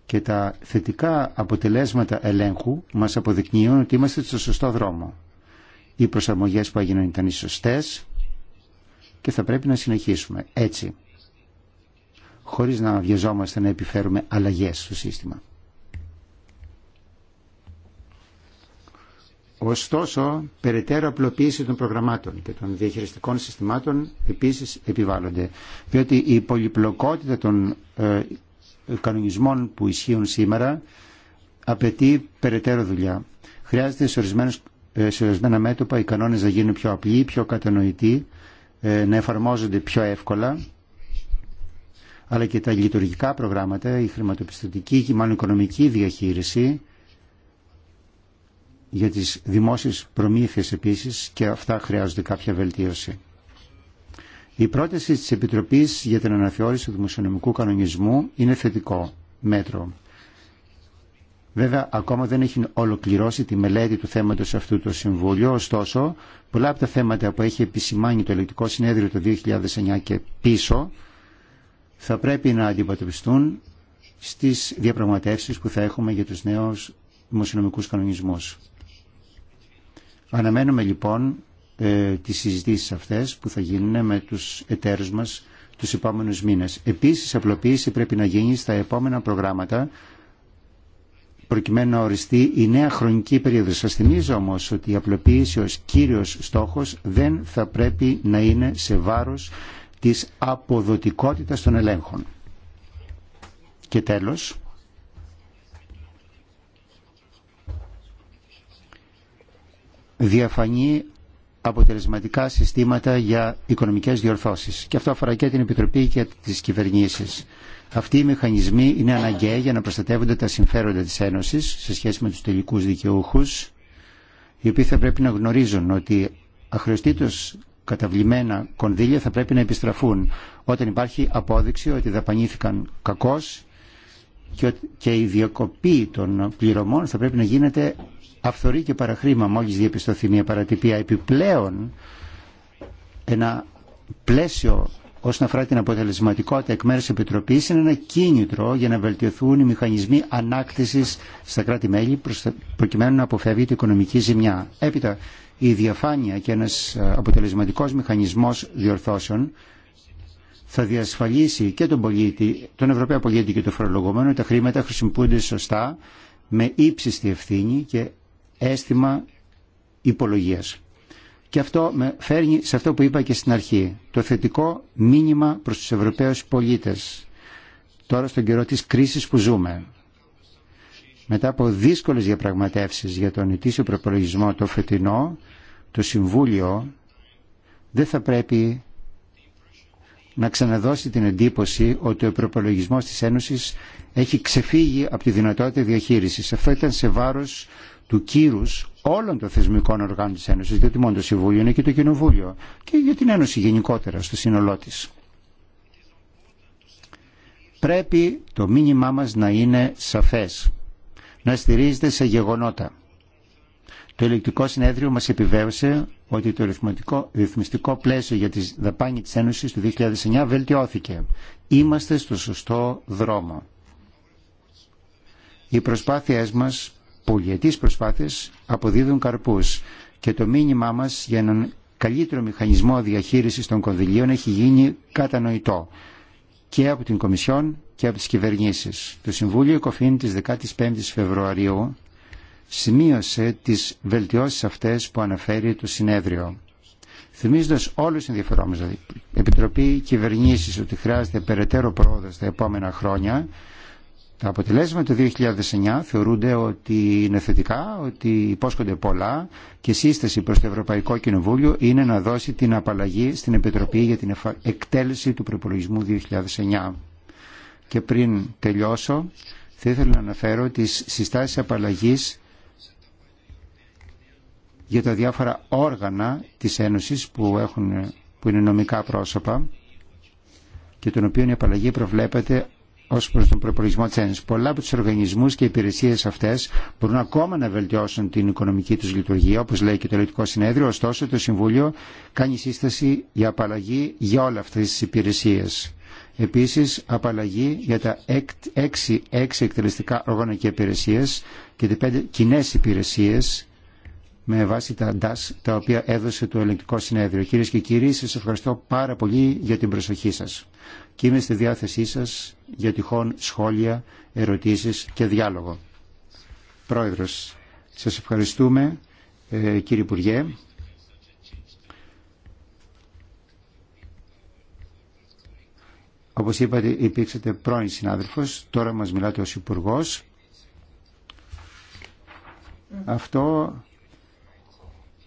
και τα θετικά αποτελέσματα ελέγχου μας αποδεικνύουν ότι είμαστε στο σωστό δρόμο. Οι προσαρμογές που έγιναν ήταν οι σωστές και θα πρέπει να συνεχίσουμε έτσι, χωρίς να βιαζόμαστε να επιφέρουμε αλλαγές στο σύστημα. Ωστόσο, περαιτέρω απλοποίηση των προγραμμάτων και των διαχειριστικών συστημάτων επίσης επιβάλλονται, διότι η πολυπλοκότητα των ε, κανονισμών που ισχύουν σήμερα απαιτεί περαιτέρω δουλειά. Χρειάζεται ε, σε, ορισμένα μέτωπα οι κανόνες να γίνουν πιο απλοί, πιο κατανοητοί, ε, να εφαρμόζονται πιο εύκολα, αλλά και τα λειτουργικά προγράμματα, η χρηματοπιστωτική και μάλλον οικονομική διαχείριση για τις δημόσιες προμήθειες επίσης και αυτά χρειάζονται κάποια βελτίωση. Η πρόταση της Επιτροπής για την αναθεώρηση του δημοσιονομικού κανονισμού είναι θετικό μέτρο. Βέβαια, ακόμα δεν έχει ολοκληρώσει τη μελέτη του θέματος αυτού το Συμβούλιο, ωστόσο, πολλά από τα θέματα που έχει επισημάνει το Ελεκτικό Συνέδριο το 2009 και πίσω, θα πρέπει να αντιμετωπιστούν στις διαπραγματεύσεις που θα έχουμε για τους νέους δημοσιονομικούς κανονισμούς. Αναμένουμε λοιπόν ε, τις συζητήσεις αυτές που θα γίνουν με τους εταίρους μας τους επόμενους μήνες. Επίσης, απλοποίηση πρέπει να γίνει στα επόμενα προγράμματα προκειμένου να οριστεί η νέα χρονική περίοδος. Σας θυμίζω όμως ότι η απλοποίηση ως κύριος στόχος δεν θα πρέπει να είναι σε βάρος της αποδοτικότητας των ελέγχων. Και τέλος, διαφανή αποτελεσματικά συστήματα για οικονομικές διορθώσεις. Και αυτό αφορά και την Επιτροπή και τις κυβερνήσεις. Αυτοί οι μηχανισμοί είναι αναγκαίοι για να προστατεύονται τα συμφέροντα της Ένωσης σε σχέση με τους τελικούς δικαιούχους, οι οποίοι θα πρέπει να γνωρίζουν ότι αχρεωστήτως καταβλημένα κονδύλια θα πρέπει να επιστραφούν όταν υπάρχει απόδειξη ότι δαπανήθηκαν κακώς και η διακοπή των πληρωμών θα πρέπει να γίνεται αυθορή και παραχρήμα μόλις διαπιστωθεί μια παρατυπία επιπλέον ένα πλαίσιο όσον αφορά την αποτελεσματικότητα εκ μέρους Επιτροπής είναι ένα κίνητρο για να βελτιωθούν οι μηχανισμοί ανάκτησης στα κράτη-μέλη προκειμένου να αποφεύγεται οικονομική ζημιά. Έπειτα η διαφάνεια και ένας ε, αποτελεσματικός μηχανισμός διορθώσεων θα διασφαλίσει και τον πολίτη, τον Ευρωπαίο πολίτη και τον φορολογωμένο ότι τα χρήματα χρησιμοποιούνται σωστά με ύψιστη ευθύνη και αίσθημα υπολογίας. Και αυτό με φέρνει σε αυτό που είπα και στην αρχή, το θετικό μήνυμα προς τους Ευρωπαίους πολίτες, τώρα στον καιρό της κρίσης που ζούμε. Μετά από δύσκολες διαπραγματεύσεις για τον ετήσιο προπολογισμό το φετινό, το Συμβούλιο δεν θα πρέπει να ξαναδώσει την εντύπωση ότι ο προπολογισμό της Ένωσης έχει ξεφύγει από τη δυνατότητα διαχείρισης. Αυτό ήταν σε βάρος του κύρου όλων των θεσμικών οργάνων τη Ένωση, γιατί μόνο το Συμβούλιο είναι και το Κοινοβούλιο και για την Ένωση γενικότερα στο σύνολό τη. Πρέπει το μήνυμά μας να είναι σαφές, να στηρίζεται σε γεγονότα. Το ηλεκτρικό συνέδριο μας επιβέβαιωσε ότι το ρυθμιστικό πλαίσιο για τη δαπάνη της Ένωσης του 2009 βελτιώθηκε. Είμαστε στο σωστό δρόμο. Οι προσπάθειές μας πολιετής προσπάθειες αποδίδουν καρπούς και το μήνυμά μας για έναν καλύτερο μηχανισμό διαχείρισης των κονδυλίων έχει γίνει κατανοητό και από την Κομισιόν και από τις κυβερνήσεις. Το Συμβούλιο Εκοφήν της 15ης Φεβρουαρίου σημείωσε τις βελτιώσεις αυτές που αναφέρει το συνέδριο. Θυμίζοντα όλου του ενδιαφερόμενου, δηλαδή Επιτροπή Κυβερνήσει, ότι χρειάζεται περαιτέρω πρόοδο τα επόμενα χρόνια, τα αποτελέσματα του 2009 θεωρούνται ότι είναι θετικά, ότι υπόσχονται πολλά και σύσταση προς το Ευρωπαϊκό Κοινοβούλιο είναι να δώσει την απαλλαγή στην Επιτροπή για την εκτέλεση του προπολογισμού 2009. Και πριν τελειώσω, θα ήθελα να αναφέρω τις συστάσεις απαλλαγής για τα διάφορα όργανα της Ένωσης που, έχουν, που είναι νομικά πρόσωπα και των οποίων η απαλλαγή προβλέπεται ω προ τον προπολογισμό της ένωση. Πολλά από του οργανισμού και οι αυτέ μπορούν ακόμα να βελτιώσουν την οικονομική του λειτουργία, όπω λέει και το Ελληνικό Συνέδριο, ωστόσο το Συμβούλιο κάνει σύσταση για απαλλαγή για όλε αυτέ τι υπηρεσίε. Επίση, απαλλαγή για τα έξι, έξι εκτελεστικά όργανα και υπηρεσίες και τι πέντε κοινέ υπηρεσίε με βάση τα DAS τα οποία έδωσε το Ελληνικό Συνέδριο. Κυρίε και κύριοι, σα ευχαριστώ πάρα πολύ για την προσοχή σα. και είμαι στη διάθεσή σας για τυχόν σχόλια, ερωτήσεις και διάλογο. Πρόεδρος, σας ευχαριστούμε ε, κύριε Υπουργέ. Όπως είπατε υπήρξατε πρώην συνάδελφος, τώρα μας μιλάτε ως υπουργό. Αυτό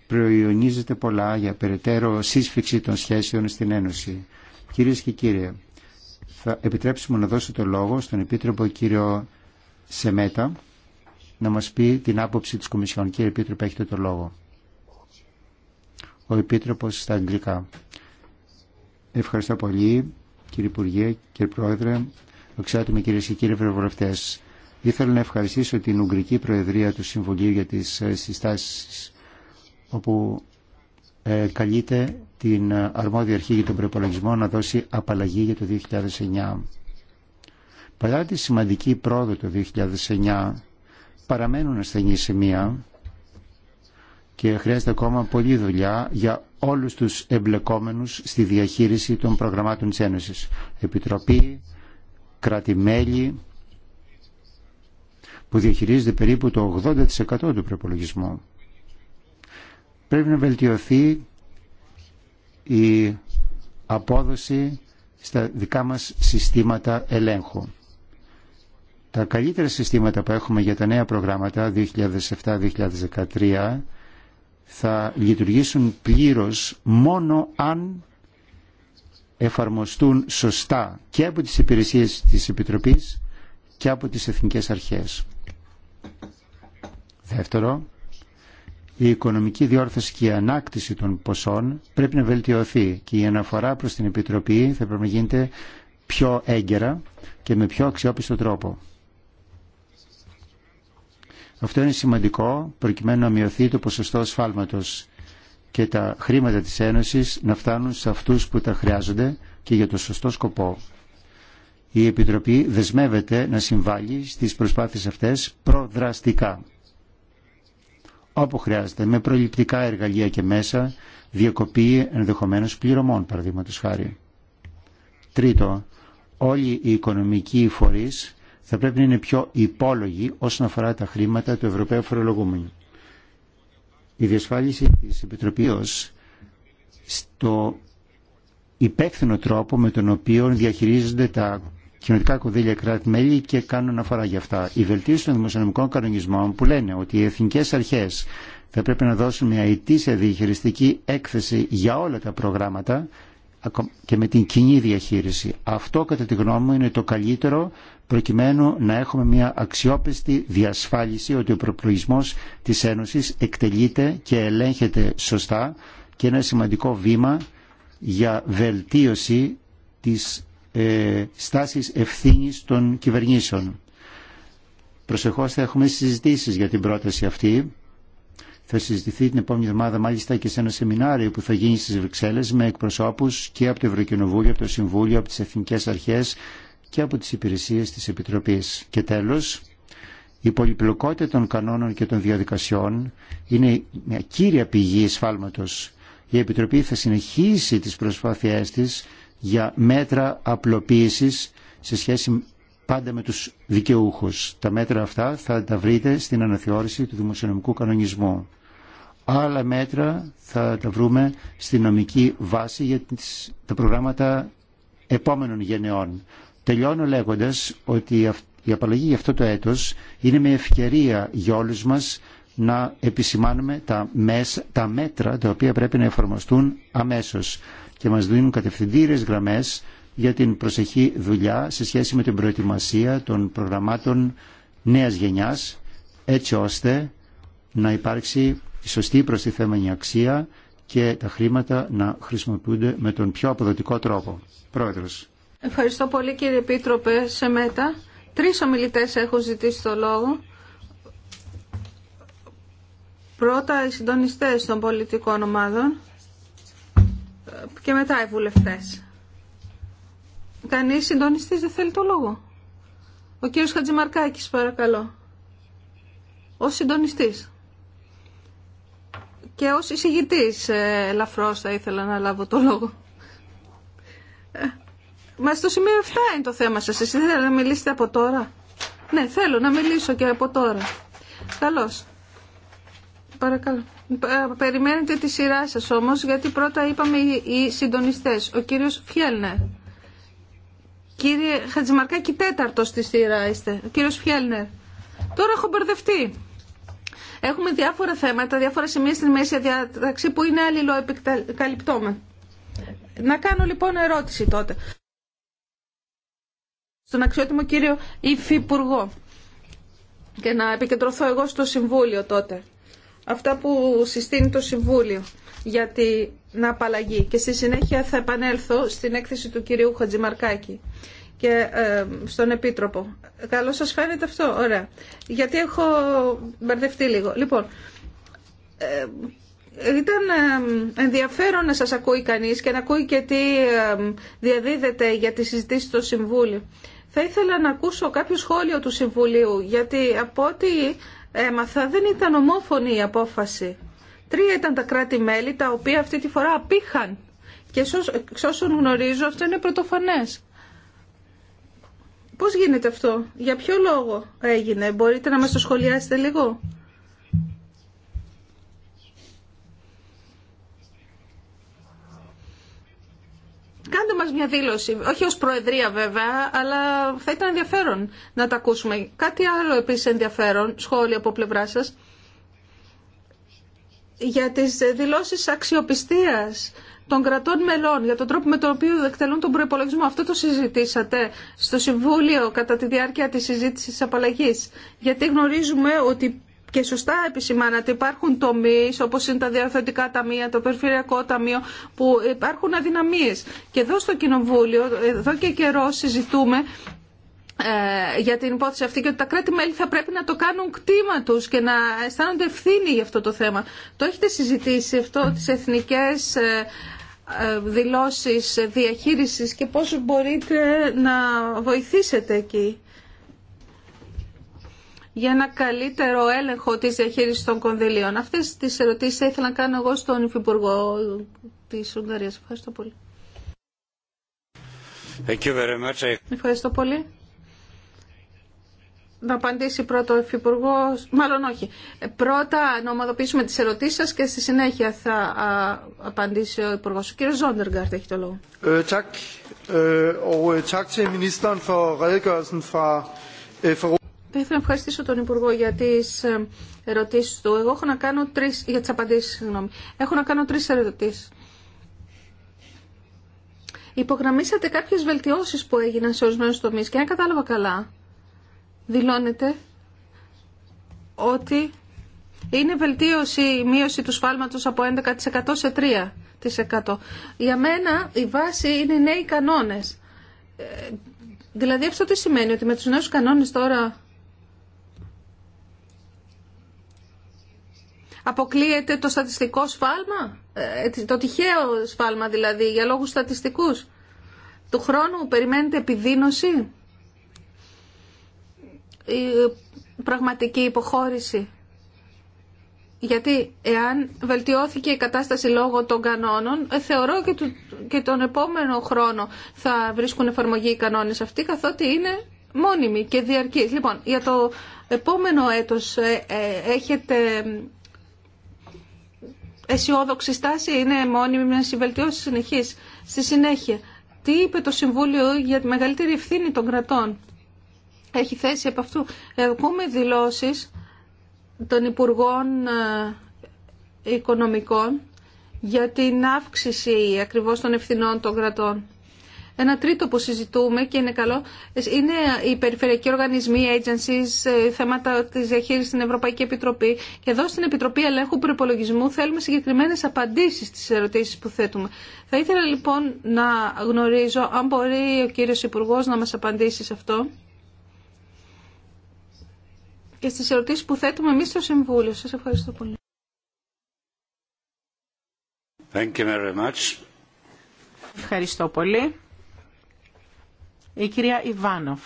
προϊονίζεται πολλά για περαιτέρω σύσφυξη των σχέσεων στην Ένωση. Κυρίες και κύριοι, θα επιτρέψουμε να δώσω το λόγο στον Επίτροπο κύριο Σεμέτα να μας πει την άποψη της Κομισιόν. Κύριε Επίτροπο, έχετε το λόγο. Ο Επίτροπος στα αγγλικά. Ευχαριστώ πολύ κύριε Υπουργέ, κύριε Πρόεδρε, με κυρίε και κύριοι ευρωβουλευτές. Ήθελα να ευχαριστήσω την Ουγγρική Προεδρία του Συμβουλίου για τις ε, συστάσεις όπου ε, καλείται την αρμόδια αρχή για τον προπολογισμό να δώσει απαλλαγή για το 2009. Παρά τη σημαντική πρόοδο το 2009, παραμένουν ασθενή σημεία και χρειάζεται ακόμα πολλή δουλειά για όλους τους εμπλεκόμενους στη διαχείριση των προγραμμάτων της Ένωσης. Επιτροπή, κράτη-μέλη, που διαχειρίζεται περίπου το 80% του προπολογισμού. Πρέπει να βελτιωθεί η απόδοση στα δικά μας συστήματα ελέγχου. Τα καλύτερα συστήματα που έχουμε για τα νέα προγράμματα 2007-2013 θα λειτουργήσουν πλήρως μόνο αν εφαρμοστούν σωστά και από τις υπηρεσίες της Επιτροπής και από τις εθνικές αρχές. Δεύτερο, η οικονομική διόρθωση και η ανάκτηση των ποσών πρέπει να βελτιωθεί και η αναφορά προς την Επιτροπή θα πρέπει να γίνεται πιο έγκαιρα και με πιο αξιόπιστο τρόπο. Αυτό είναι σημαντικό προκειμένου να μειωθεί το ποσοστό σφάλματος και τα χρήματα της Ένωσης να φτάνουν σε αυτούς που τα χρειάζονται και για το σωστό σκοπό. Η Επιτροπή δεσμεύεται να συμβάλλει στις προσπάθειες αυτές προδραστικά όπου χρειάζεται, με προληπτικά εργαλεία και μέσα, διακοπή ενδεχομένως πληρωμών, παραδείγματο χάρη. Τρίτο, όλοι οι οικονομικοί φορείς θα πρέπει να είναι πιο υπόλογοι όσον αφορά τα χρήματα του Ευρωπαίου Φορολογούμενου. Η διασφάλιση της Επιτροπής στο υπεύθυνο τρόπο με τον οποίο διαχειρίζονται τα κοινωτικά κονδύλια κράτη-μέλη και κάνουν αναφορά για αυτά. Η βελτίωση των δημοσιονομικών κανονισμών που λένε ότι οι εθνικέ αρχέ θα πρέπει να δώσουν μια ετήσια διαχειριστική έκθεση για όλα τα προγράμματα και με την κοινή διαχείριση. Αυτό κατά τη γνώμη μου είναι το καλύτερο προκειμένου να έχουμε μια αξιόπιστη διασφάλιση ότι ο προπλογισμός της Ένωσης εκτελείται και ελέγχεται σωστά και ένα σημαντικό βήμα για βελτίωση της ε, στάσεις ευθύνης των κυβερνήσεων. Προσεχώς θα έχουμε συζητήσεις για την πρόταση αυτή. Θα συζητηθεί την επόμενη εβδομάδα μάλιστα και σε ένα σεμινάριο που θα γίνει στις Βρυξέλλες με εκπροσώπους και από το Ευρωκοινοβούλιο, από το Συμβούλιο, από τις Εθνικές Αρχές και από τις υπηρεσίες της Επιτροπής. Και τέλος, η πολυπλοκότητα των κανόνων και των διαδικασιών είναι μια κύρια πηγή εσφάλματος. Η Επιτροπή θα συνεχίσει τις προσπάθειές της για μέτρα απλοποίησης σε σχέση πάντα με τους δικαιούχους. Τα μέτρα αυτά θα τα βρείτε στην αναθεώρηση του δημοσιονομικού κανονισμού. Άλλα μέτρα θα τα βρούμε στη νομική βάση για τα προγράμματα επόμενων γενεών. Τελειώνω λέγοντας ότι η απαλλαγή για αυτό το έτος είναι μια ευκαιρία για όλους μας να επισημάνουμε τα, τα μέτρα τα οποία πρέπει να εφαρμοστούν αμέσως και μας δίνουν κατευθυντήρες γραμμές για την προσεχή δουλειά σε σχέση με την προετοιμασία των προγραμμάτων νέας γενιάς έτσι ώστε να υπάρξει η σωστή προστιθέμενη αξία και τα χρήματα να χρησιμοποιούνται με τον πιο αποδοτικό τρόπο. Πρόεδρος. Ευχαριστώ πολύ κύριε Επίτροπε μέτα Τρεις ομιλητές έχουν ζητήσει το λόγο. Πρώτα οι συντονιστές των πολιτικών ομάδων και μετά οι βουλευτές. Κανείς συντονιστής δεν θέλει το λόγο. Ο κύριος Χατζημαρκάκης παρακαλώ. Ως συντονιστής. Και ως εισηγητής ε, ελαφρώς θα ήθελα να λάβω το λόγο. Ε, μα στο σημείο 7 είναι το θέμα σας. Εσείς θέλετε να μιλήσετε από τώρα. Ναι, θέλω να μιλήσω και από τώρα. Καλώς. Παρακαλώ. Περιμένετε τη σειρά σας όμως, γιατί πρώτα είπαμε οι συντονιστές. Ο κύριος Φιέλνερ. Κύριε Χατζημαρκάκη, τέταρτο στη σειρά είστε. Ο κύριος Φιέλνερ. Τώρα έχω μπερδευτεί. Έχουμε διάφορα θέματα, διάφορα σημεία στην μέση διάταξη που είναι αλληλοεπικαλυπτόμενα. Να κάνω λοιπόν ερώτηση τότε. Στον αξιότιμο κύριο Υφυπουργό και να επικεντρωθώ εγώ στο Συμβούλιο τότε αυτά που συστήνει το Συμβούλιο για την απαλλαγή. Και στη συνέχεια θα επανέλθω στην έκθεση του κυρίου Χατζημαρκάκη και ε, στον Επίτροπο. Καλό σας φαίνεται αυτό. Ωραία. Γιατί έχω μπερδευτεί λίγο. Λοιπόν, ε, ήταν ε, ενδιαφέρον να σας ακούει κανείς και να ακούει και τι διαδίδεται για τη συζήτηση στο Συμβούλιο. Θα ήθελα να ακούσω κάποιο σχόλιο του Συμβουλίου, γιατί από ό,τι έμαθα, δεν ήταν ομόφωνη η απόφαση. Τρία ήταν τα κράτη-μέλη τα οποία αυτή τη φορά απήχαν. Και εξ όσων γνωρίζω αυτό είναι πρωτοφανέ. Πώς γίνεται αυτό, για ποιο λόγο έγινε, μπορείτε να μας το σχολιάσετε λίγο. Κάντε μας μια δήλωση, όχι ως Προεδρία βέβαια, αλλά θα ήταν ενδιαφέρον να τα ακούσουμε. Κάτι άλλο επίσης ενδιαφέρον, σχόλιο από πλευρά σας, για τις δηλώσεις αξιοπιστίας των κρατών μελών, για τον τρόπο με τον οποίο εκτελούν τον προπολογισμό. Αυτό το συζητήσατε στο Συμβούλιο κατά τη διάρκεια της συζήτησης απαλλαγή. Γιατί γνωρίζουμε ότι και σωστά επισημάνατε υπάρχουν τομεί, όπως είναι τα διαρθρωτικά ταμεία, το περιφερειακό ταμείο που υπάρχουν αδυναμίες. Και εδώ στο Κοινοβούλιο, εδώ και καιρό συζητούμε ε, για την υπόθεση αυτή και ότι τα κράτη-μέλη θα πρέπει να το κάνουν κτήμα του και να αισθάνονται ευθύνη για αυτό το θέμα. Το έχετε συζητήσει αυτό, τις εθνικές ε, ε, δηλώσεις διαχείρισης και πώς μπορείτε να βοηθήσετε εκεί για ένα καλύτερο έλεγχο τη διαχείριση των κονδυλίων. Αυτέ τι ερωτήσει θα ήθελα να κάνω εγώ στον Υφυπουργό τη Ουγγαρία. Ευχαριστώ πολύ. Ευχαριστώ πολύ. Να απαντήσει πρώτα ο Υφυπουργό, μάλλον όχι. Πρώτα να ομαδοποιήσουμε τι ερωτήσει σα και στη συνέχεια θα απαντήσει ο Υπουργό. Ο κύριος Ζόντεργκαρτ έχει το λόγο. Ευχαριστώ, Ευχαριστώ. Ευχαριστώ. Ευχαριστώ. Ευχαριστώ. Ευχαριστώ. Ευχαριστώ. Θα ήθελα να ευχαριστήσω τον Υπουργό για τι ε, ερωτήσεις του. Εγώ έχω να κάνω τρεις, για τι απαντήσει, συγγνώμη. Έχω να κάνω τρεις ερωτήσεις. Υπογραμμίσατε κάποιες βελτιώσεις που έγιναν σε ορισμένου τομεί. και αν κατάλαβα καλά, δηλώνεται ότι είναι βελτίωση η μείωση του σφάλματος από 11% σε 3%. Για μένα η βάση είναι οι νέοι κανόνες. Ε, δηλαδή αυτό τι σημαίνει, ότι με τους νέους κανόνες τώρα αποκλείεται το στατιστικό σφάλμα, ε, το τυχαίο σφάλμα δηλαδή, για λόγους στατιστικούς. Του χρόνου περιμένετε επιδείνωση, η πραγματική υποχώρηση. Γιατί εάν βελτιώθηκε η κατάσταση λόγω των κανόνων, ε, θεωρώ και, και τον επόμενο χρόνο θα βρίσκουν εφαρμογή οι κανόνες αυτοί, καθότι είναι μόνιμοι και διαρκείς. Λοιπόν, για το επόμενο έτος ε, έχετε αισιόδοξη στάση, είναι μόνιμη συμβελτιώσει συνεχή. Στη συνέχεια, τι είπε το Συμβούλιο για τη μεγαλύτερη ευθύνη των κρατών. Έχει θέση από αυτού. Ακούμε δηλώσεις των Υπουργών ε, Οικονομικών για την αύξηση ακριβώς των ευθυνών των κρατών. Ένα τρίτο που συζητούμε και είναι καλό είναι οι περιφερειακοί οργανισμοί, agencies, ε, θέματα τη διαχείριση στην Ευρωπαϊκή Επιτροπή. Και εδώ στην Επιτροπή Ελέγχου Προπολογισμού θέλουμε συγκεκριμένε απαντήσει στι ερωτήσει που θέτουμε. Θα ήθελα λοιπόν να γνωρίζω αν μπορεί ο κύριο Υπουργό να μα απαντήσει σε αυτό και στι ερωτήσει που θέτουμε εμεί στο Συμβούλιο. Σα ευχαριστώ πολύ. Thank you very much. Ευχαριστώ πολύ. Η κυρία Ιβάνοφ.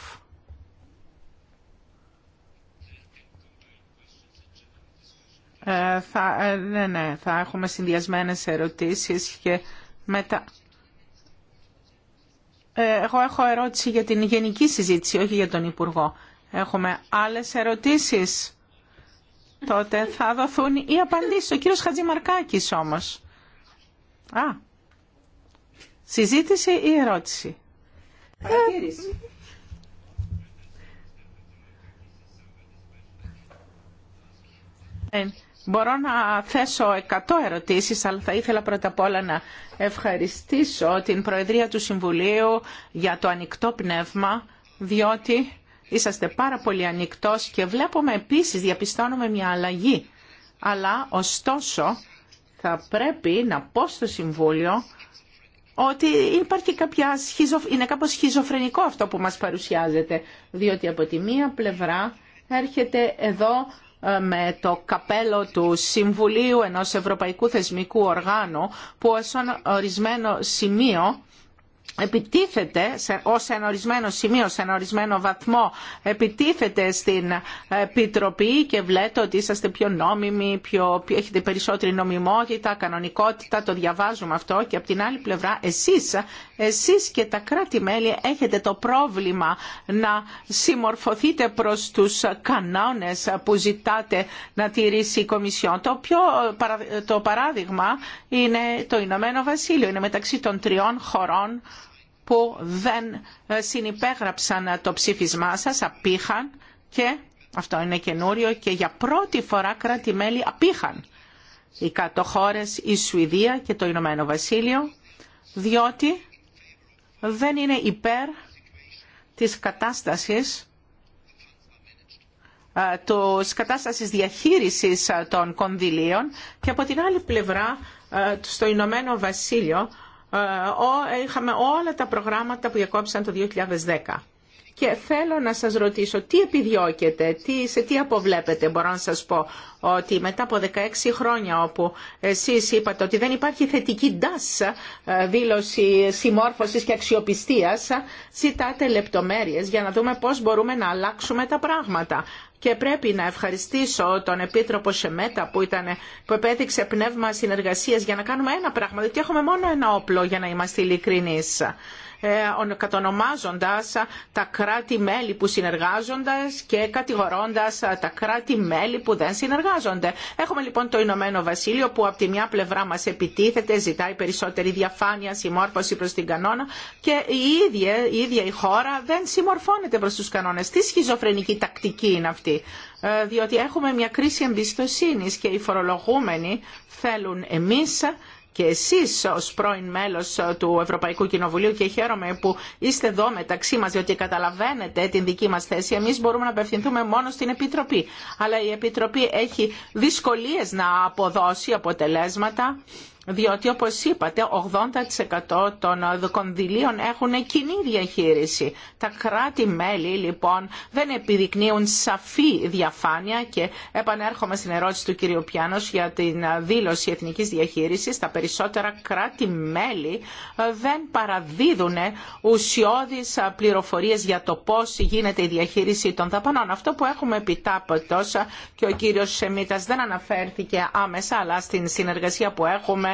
Ε, θα, ε, ναι, ναι, θα έχουμε συνδυασμένες ερωτήσεις και μετά... Ε, εγώ έχω ερώτηση για την γενική συζήτηση, όχι για τον Υπουργό. Έχουμε άλλες ερωτήσεις. Τότε θα δοθούν οι απαντήσεις. Ο κύριος Χατζημαρκάκης όμως. Α, συζήτηση ή ερώτηση. Ε, μπορώ να θέσω 100 ερωτήσεις, αλλά θα ήθελα πρώτα απ' όλα να ευχαριστήσω την Προεδρία του Συμβουλίου για το ανοιχτό πνεύμα, διότι είσαστε πάρα πολύ ανοιχτός και βλέπουμε επίσης, διαπιστώνουμε μια αλλαγή. Αλλά, ωστόσο, θα πρέπει να πω στο Συμβούλιο ότι υπάρχει κάποια σχιζο... είναι κάπως σχιζοφρενικό αυτό που μας παρουσιάζεται, διότι από τη μία πλευρά έρχεται εδώ ε, με το καπέλο του Συμβουλίου ενός Ευρωπαϊκού Θεσμικού Οργάνου που ως ορισμένο σημείο επιτίθεται σε, ως ένα ορισμένο σημείο, σε ένα ορισμένο βαθμό, επιτίθεται στην Επιτροπή και βλέπετε ότι είσαστε πιο νόμιμοι, πιο, έχετε περισσότερη νομιμότητα, κανονικότητα, το διαβάζουμε αυτό και από την άλλη πλευρά εσείς, εσείς και τα κράτη-μέλη έχετε το πρόβλημα να συμμορφωθείτε προς τους κανόνες που ζητάτε να τηρήσει η Κομισιόν. Το, πιο, το παράδειγμα είναι το Ηνωμένο Βασίλειο, είναι μεταξύ των τριών χωρών που δεν ε, συνυπέγραψαν ε, το ψήφισμά σας, απήχαν και αυτό είναι καινούριο και για πρώτη φορά κράτη-μέλη απήχαν οι κάτω η Σουηδία και το Ηνωμένο Βασίλειο, διότι δεν είναι υπέρ της κατάστασης ε, της κατάστασης διαχείρισης των κονδυλίων και από την άλλη πλευρά στο Ηνωμένο Βασίλειο ε, είχαμε όλα τα προγράμματα που διακόψαν το 2010. Και θέλω να σας ρωτήσω τι επιδιώκετε, τι, σε τι αποβλέπετε. Μπορώ να σας πω ότι μετά από 16 χρόνια όπου εσείς είπατε ότι δεν υπάρχει θετική ντάς ε, δήλωση συμμόρφωσης και αξιοπιστίας, ζητάτε λεπτομέρειες για να δούμε πώς μπορούμε να αλλάξουμε τα πράγματα και πρέπει να ευχαριστήσω τον Επίτροπο Σεμέτα που, ήταν, που επέδειξε πνεύμα συνεργασίας για να κάνουμε ένα πράγμα, διότι έχουμε μόνο ένα όπλο για να είμαστε ειλικρινείς ε, κατονομάζοντας τα κράτη-μέλη που συνεργάζονται και κατηγορώντας τα κράτη-μέλη που δεν συνεργάζονται. Έχουμε λοιπόν το Ηνωμένο Βασίλειο που από τη μια πλευρά μας επιτίθεται, ζητάει περισσότερη διαφάνεια, συμμόρφωση προς την κανόνα και η ίδια, η χώρα δεν συμμορφώνεται προς τους κανόνες. Τι σχιζοφρενική τακτική είναι αυτή ε, διότι έχουμε μια κρίση εμπιστοσύνης και οι φορολογούμενοι θέλουν εμείς και εσείς ως πρώην μέλος του Ευρωπαϊκού Κοινοβουλίου και χαίρομαι που είστε εδώ μεταξύ μας διότι καταλαβαίνετε την δική μας θέση. Εμείς μπορούμε να απευθυνθούμε μόνο στην Επιτροπή. Αλλά η Επιτροπή έχει δυσκολίες να αποδώσει αποτελέσματα διότι όπως είπατε 80% των κονδυλίων έχουν κοινή διαχείριση. Τα κράτη-μέλη λοιπόν δεν επιδεικνύουν σαφή διαφάνεια και επανέρχομαι στην ερώτηση του κυρίου Πιάνος για την δήλωση εθνικής διαχείρισης. Τα περισσότερα κράτη-μέλη ε, δεν παραδίδουν ουσιώδεις πληροφορίες για το πώς γίνεται η διαχείριση των δαπανών. Αυτό που έχουμε επιτάπτωσα ε, και ο κ. Σεμίτας δεν αναφέρθηκε άμεσα αλλά στην συνεργασία που έχουμε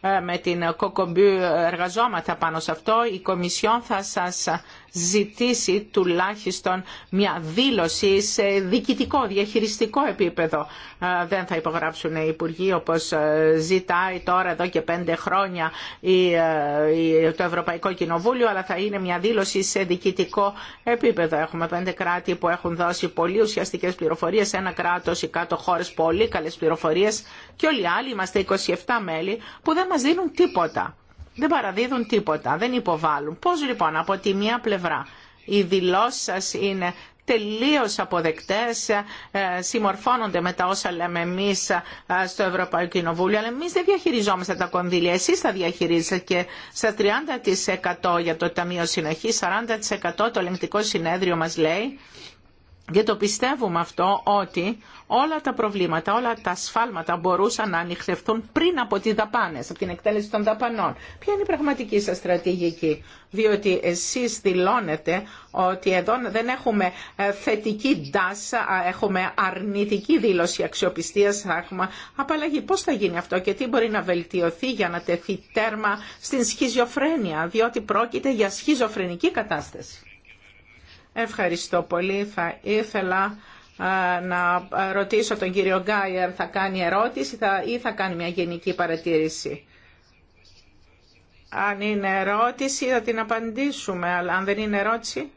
Ε, με την Κοκομπιού εργαζόματα πάνω σε αυτό. Η Κομισιόν θα σας ζητήσει τουλάχιστον μια δήλωση σε διοικητικό, διαχειριστικό επίπεδο. Ε, δεν θα υπογράψουν οι Υπουργοί όπως ε, ζητάει τώρα εδώ και πέντε χρόνια το Ευρωπαϊκό Κοινοβούλιο, αλλά θα είναι μια δήλωση σε διοικητικό επίπεδο. Έχουμε πέντε κράτη που έχουν δώσει πολύ ουσιαστικές πληροφορίες, ένα κράτος ή κάτω χώρες πολύ καλές πληροφορίες και όλοι οι άλλοι είμαστε 27 μέλη που δεν δεν μας δίνουν τίποτα. Δεν παραδίδουν τίποτα, δεν υποβάλλουν. Πώς λοιπόν από τη μία πλευρά οι δηλώσει σας είναι τελείως αποδεκτές, ε, συμμορφώνονται με τα όσα λέμε εμείς ε, στο Ευρωπαϊκό Κοινοβούλιο, αλλά εμείς δεν διαχειριζόμαστε τα κονδύλια, εσείς τα διαχειρίζετε και στα 30% για το Ταμείο Συνοχή, 40% το ελεγκτικό συνέδριο μας λέει και το πιστεύουμε αυτό ότι όλα τα προβλήματα, όλα τα σφάλματα μπορούσαν να ανοιχνευτούν πριν από τις δαπάνες, από την εκτέλεση των δαπανών. Ποια είναι η πραγματική σας στρατηγική, διότι εσείς δηλώνετε ότι εδώ δεν έχουμε ε, θετική τάση, έχουμε αρνητική δήλωση αξιοπιστίας, έχουμε απαλλαγή. Πώς θα γίνει αυτό και τι μπορεί να βελτιωθεί για να τεθεί τέρμα στην σχιζοφρένεια, διότι πρόκειται για σχιζοφρενική κατάσταση. Ευχαριστώ πολύ. Θα ήθελα να ρωτήσω τον κύριο αν θα κάνει ερώτηση ή θα κάνει μια γενική παρατήρηση. Αν είναι ερώτηση θα την απαντήσουμε, αλλά αν δεν είναι ερώτηση...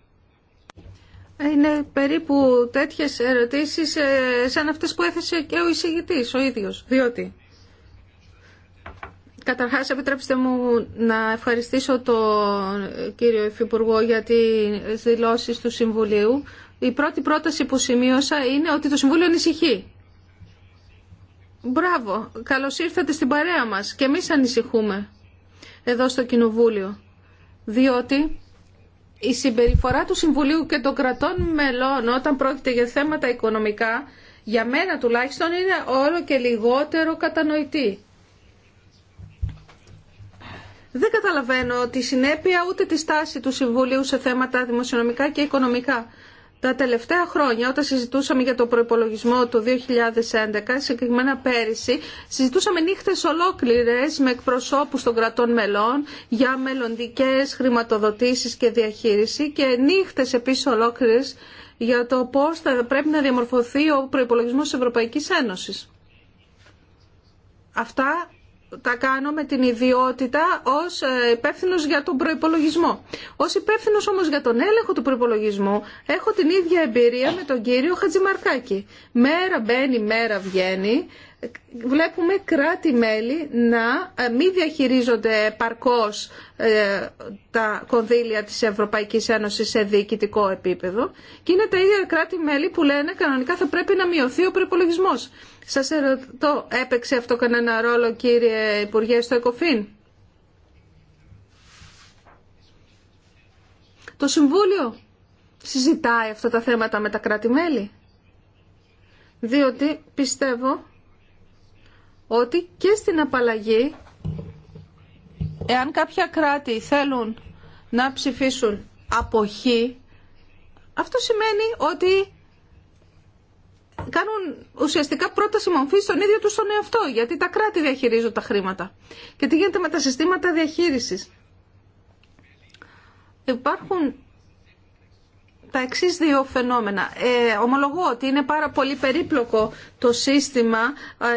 Είναι περίπου τέτοιες ερωτήσεις ε, σαν αυτές που έθεσε και ο εισηγητής ο ίδιος, διότι... Καταρχάς, επιτρέψτε μου να ευχαριστήσω τον κύριο Υφυπουργό για τις δηλώσεις του Συμβουλίου. Η πρώτη πρόταση που σημείωσα είναι ότι το Συμβούλιο ανησυχεί. Μπράβο, καλώς ήρθατε στην παρέα μας. Και εμείς ανησυχούμε εδώ στο Κοινοβούλιο. Διότι η συμπεριφορά του Συμβουλίου και των κρατών μελών όταν πρόκειται για θέματα οικονομικά, για μένα τουλάχιστον, είναι όλο και λιγότερο κατανοητή. Δεν καταλαβαίνω τη συνέπεια ούτε τη στάση του Συμβουλίου σε θέματα δημοσιονομικά και οικονομικά. Τα τελευταία χρόνια, όταν συζητούσαμε για το προπολογισμό του 2011, συγκεκριμένα πέρυσι, συζητούσαμε νύχτε ολόκληρε με εκπροσώπου των κρατών μελών για μελλοντικές χρηματοδοτήσεις και διαχείριση και νύχτε επίση ολόκληρε για το πώ θα πρέπει να διαμορφωθεί ο προπολογισμό της Ευρωπαϊκής Ένωσης. Αυτά τα κάνω με την ιδιότητα ως ε, υπεύθυνο για τον προϋπολογισμό. Ως υπεύθυνο όμως για τον έλεγχο του προϋπολογισμού έχω την ίδια εμπειρία με τον κύριο Χατζημαρκάκη. Μέρα μπαίνει, μέρα βγαίνει βλέπουμε κράτη-μέλη να ε, μη διαχειρίζονται παρκώς ε, τα κονδύλια της Ευρωπαϊκής Ένωσης σε διοικητικό επίπεδο και είναι τα ίδια κράτη-μέλη που λένε κανονικά θα πρέπει να μειωθεί ο προπολογισμό. Σας ερωτώ, έπαιξε αυτό κανένα ρόλο κύριε Υπουργέ στο ΕΚΟΦΗΝ. Το Συμβούλιο συζητάει αυτά τα θέματα με τα κράτη-μέλη. Διότι πιστεύω ότι και στην απαλλαγή, εάν κάποια κράτη θέλουν να ψηφίσουν αποχή, αυτό σημαίνει ότι κάνουν ουσιαστικά πρόταση μορφής στον ίδιο του στον εαυτό, γιατί τα κράτη διαχειρίζουν τα χρήματα. Και τι γίνεται με τα συστήματα διαχείρισης. Υπάρχουν τα εξή δύο φαινόμενα. Ε, ομολογώ ότι είναι πάρα πολύ περίπλοκο το σύστημα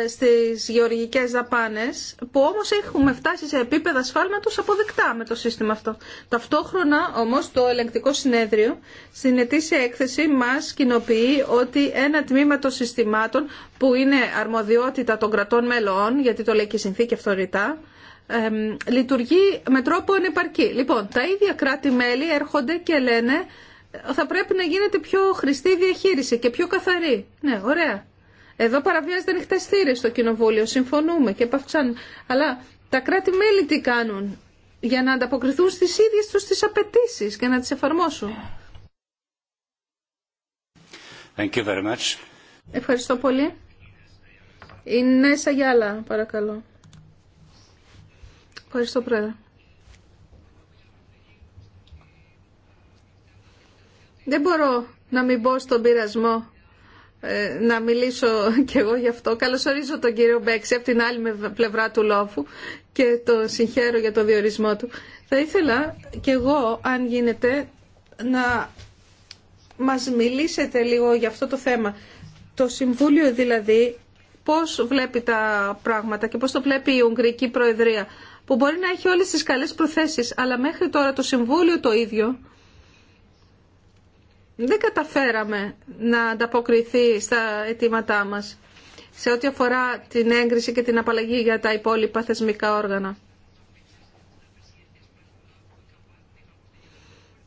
ε, στις γεωργικές δαπάνες, που όμως έχουμε φτάσει σε επίπεδα σφάλματος αποδεκτά με το σύστημα αυτό. Ταυτόχρονα όμως το ελεγκτικό συνέδριο στην ετήσια έκθεση μας κοινοποιεί ότι ένα τμήμα των συστημάτων που είναι αρμοδιότητα των κρατών μελών, γιατί το λέει και η συνθήκη αυτορυτά, ε, λειτουργεί με τρόπο ανεπαρκή. Λοιπόν, τα ίδια κράτη-μέλη έρχονται και λένε θα πρέπει να γίνεται πιο χρηστή διαχείριση και πιο καθαρή. Ναι, ωραία. Εδώ παραβιάζεται ανοιχτέ θύρε στο Κοινοβούλιο, συμφωνούμε και επαυξάνουν. Αλλά τα κράτη-μέλη τι κάνουν για να ανταποκριθούν στι ίδιε του τι απαιτήσει και να τι εφαρμόσουν. Thank you very much. Ευχαριστώ πολύ. Η Νέσα Γιάλα, παρακαλώ. Ευχαριστώ, Πρόεδρε. Δεν μπορώ να μην μπω στον πειρασμό ε, να μιλήσω κι εγώ γι' αυτό. Καλωσορίζω τον κύριο Μπέξη από την άλλη πλευρά του λόφου και το συγχαίρω για το διορισμό του. Θα ήθελα κι εγώ, αν γίνεται, να μας μιλήσετε λίγο για αυτό το θέμα. Το Συμβούλιο δηλαδή πώς βλέπει τα πράγματα και πώς το βλέπει η Ουγγρική Προεδρία που μπορεί να έχει όλες τις καλές προθέσεις αλλά μέχρι τώρα το Συμβούλιο το ίδιο δεν καταφέραμε να ανταποκριθεί στα αιτήματά μας σε ό,τι αφορά την έγκριση και την απαλλαγή για τα υπόλοιπα θεσμικά όργανα.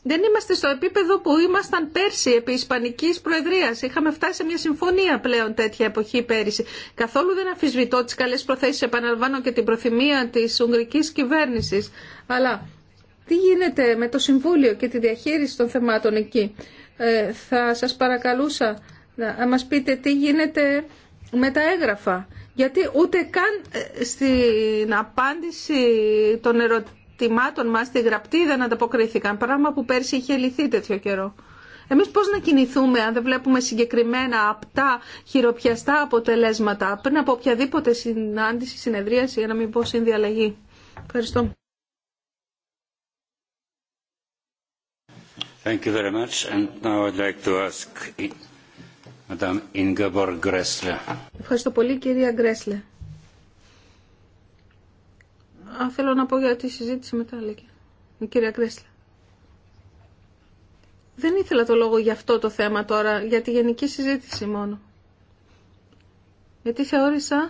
Δεν είμαστε στο επίπεδο που ήμασταν πέρσι επί Ισπανικής Προεδρίας. Είχαμε φτάσει σε μια συμφωνία πλέον τέτοια εποχή πέρυσι. Καθόλου δεν αφισβητώ τις καλές προθέσεις, επαναλαμβάνω και την προθυμία της Ουγγρικής κυβέρνησης. Αλλά τι γίνεται με το Συμβούλιο και τη διαχείριση των θεμάτων εκεί. Ε, θα σας παρακαλούσα να μας πείτε τι γίνεται με τα έγγραφα. Γιατί ούτε καν ε, στην απάντηση των ερωτημάτων μας στη γραπτή δεν ανταποκρίθηκαν, πράγμα που πέρσι είχε λυθεί τέτοιο καιρό. Εμείς πώς να κινηθούμε αν δεν βλέπουμε συγκεκριμένα απτά χειροπιαστά αποτελέσματα πριν από οποιαδήποτε συνάντηση, συνεδρίαση, για να μην πω συνδιαλλαγή. Ευχαριστώ. Thank you very much. And now I'd like to ask Ευχαριστώ πολύ κυρία Γκρέσλε. θέλω να πω για τη συζήτηση μετά, λέγε. Κυρία Γκρέσλε. Δεν ήθελα το λόγο για αυτό το θέμα τώρα, για τη γενική συζήτηση μόνο. Γιατί θεώρησα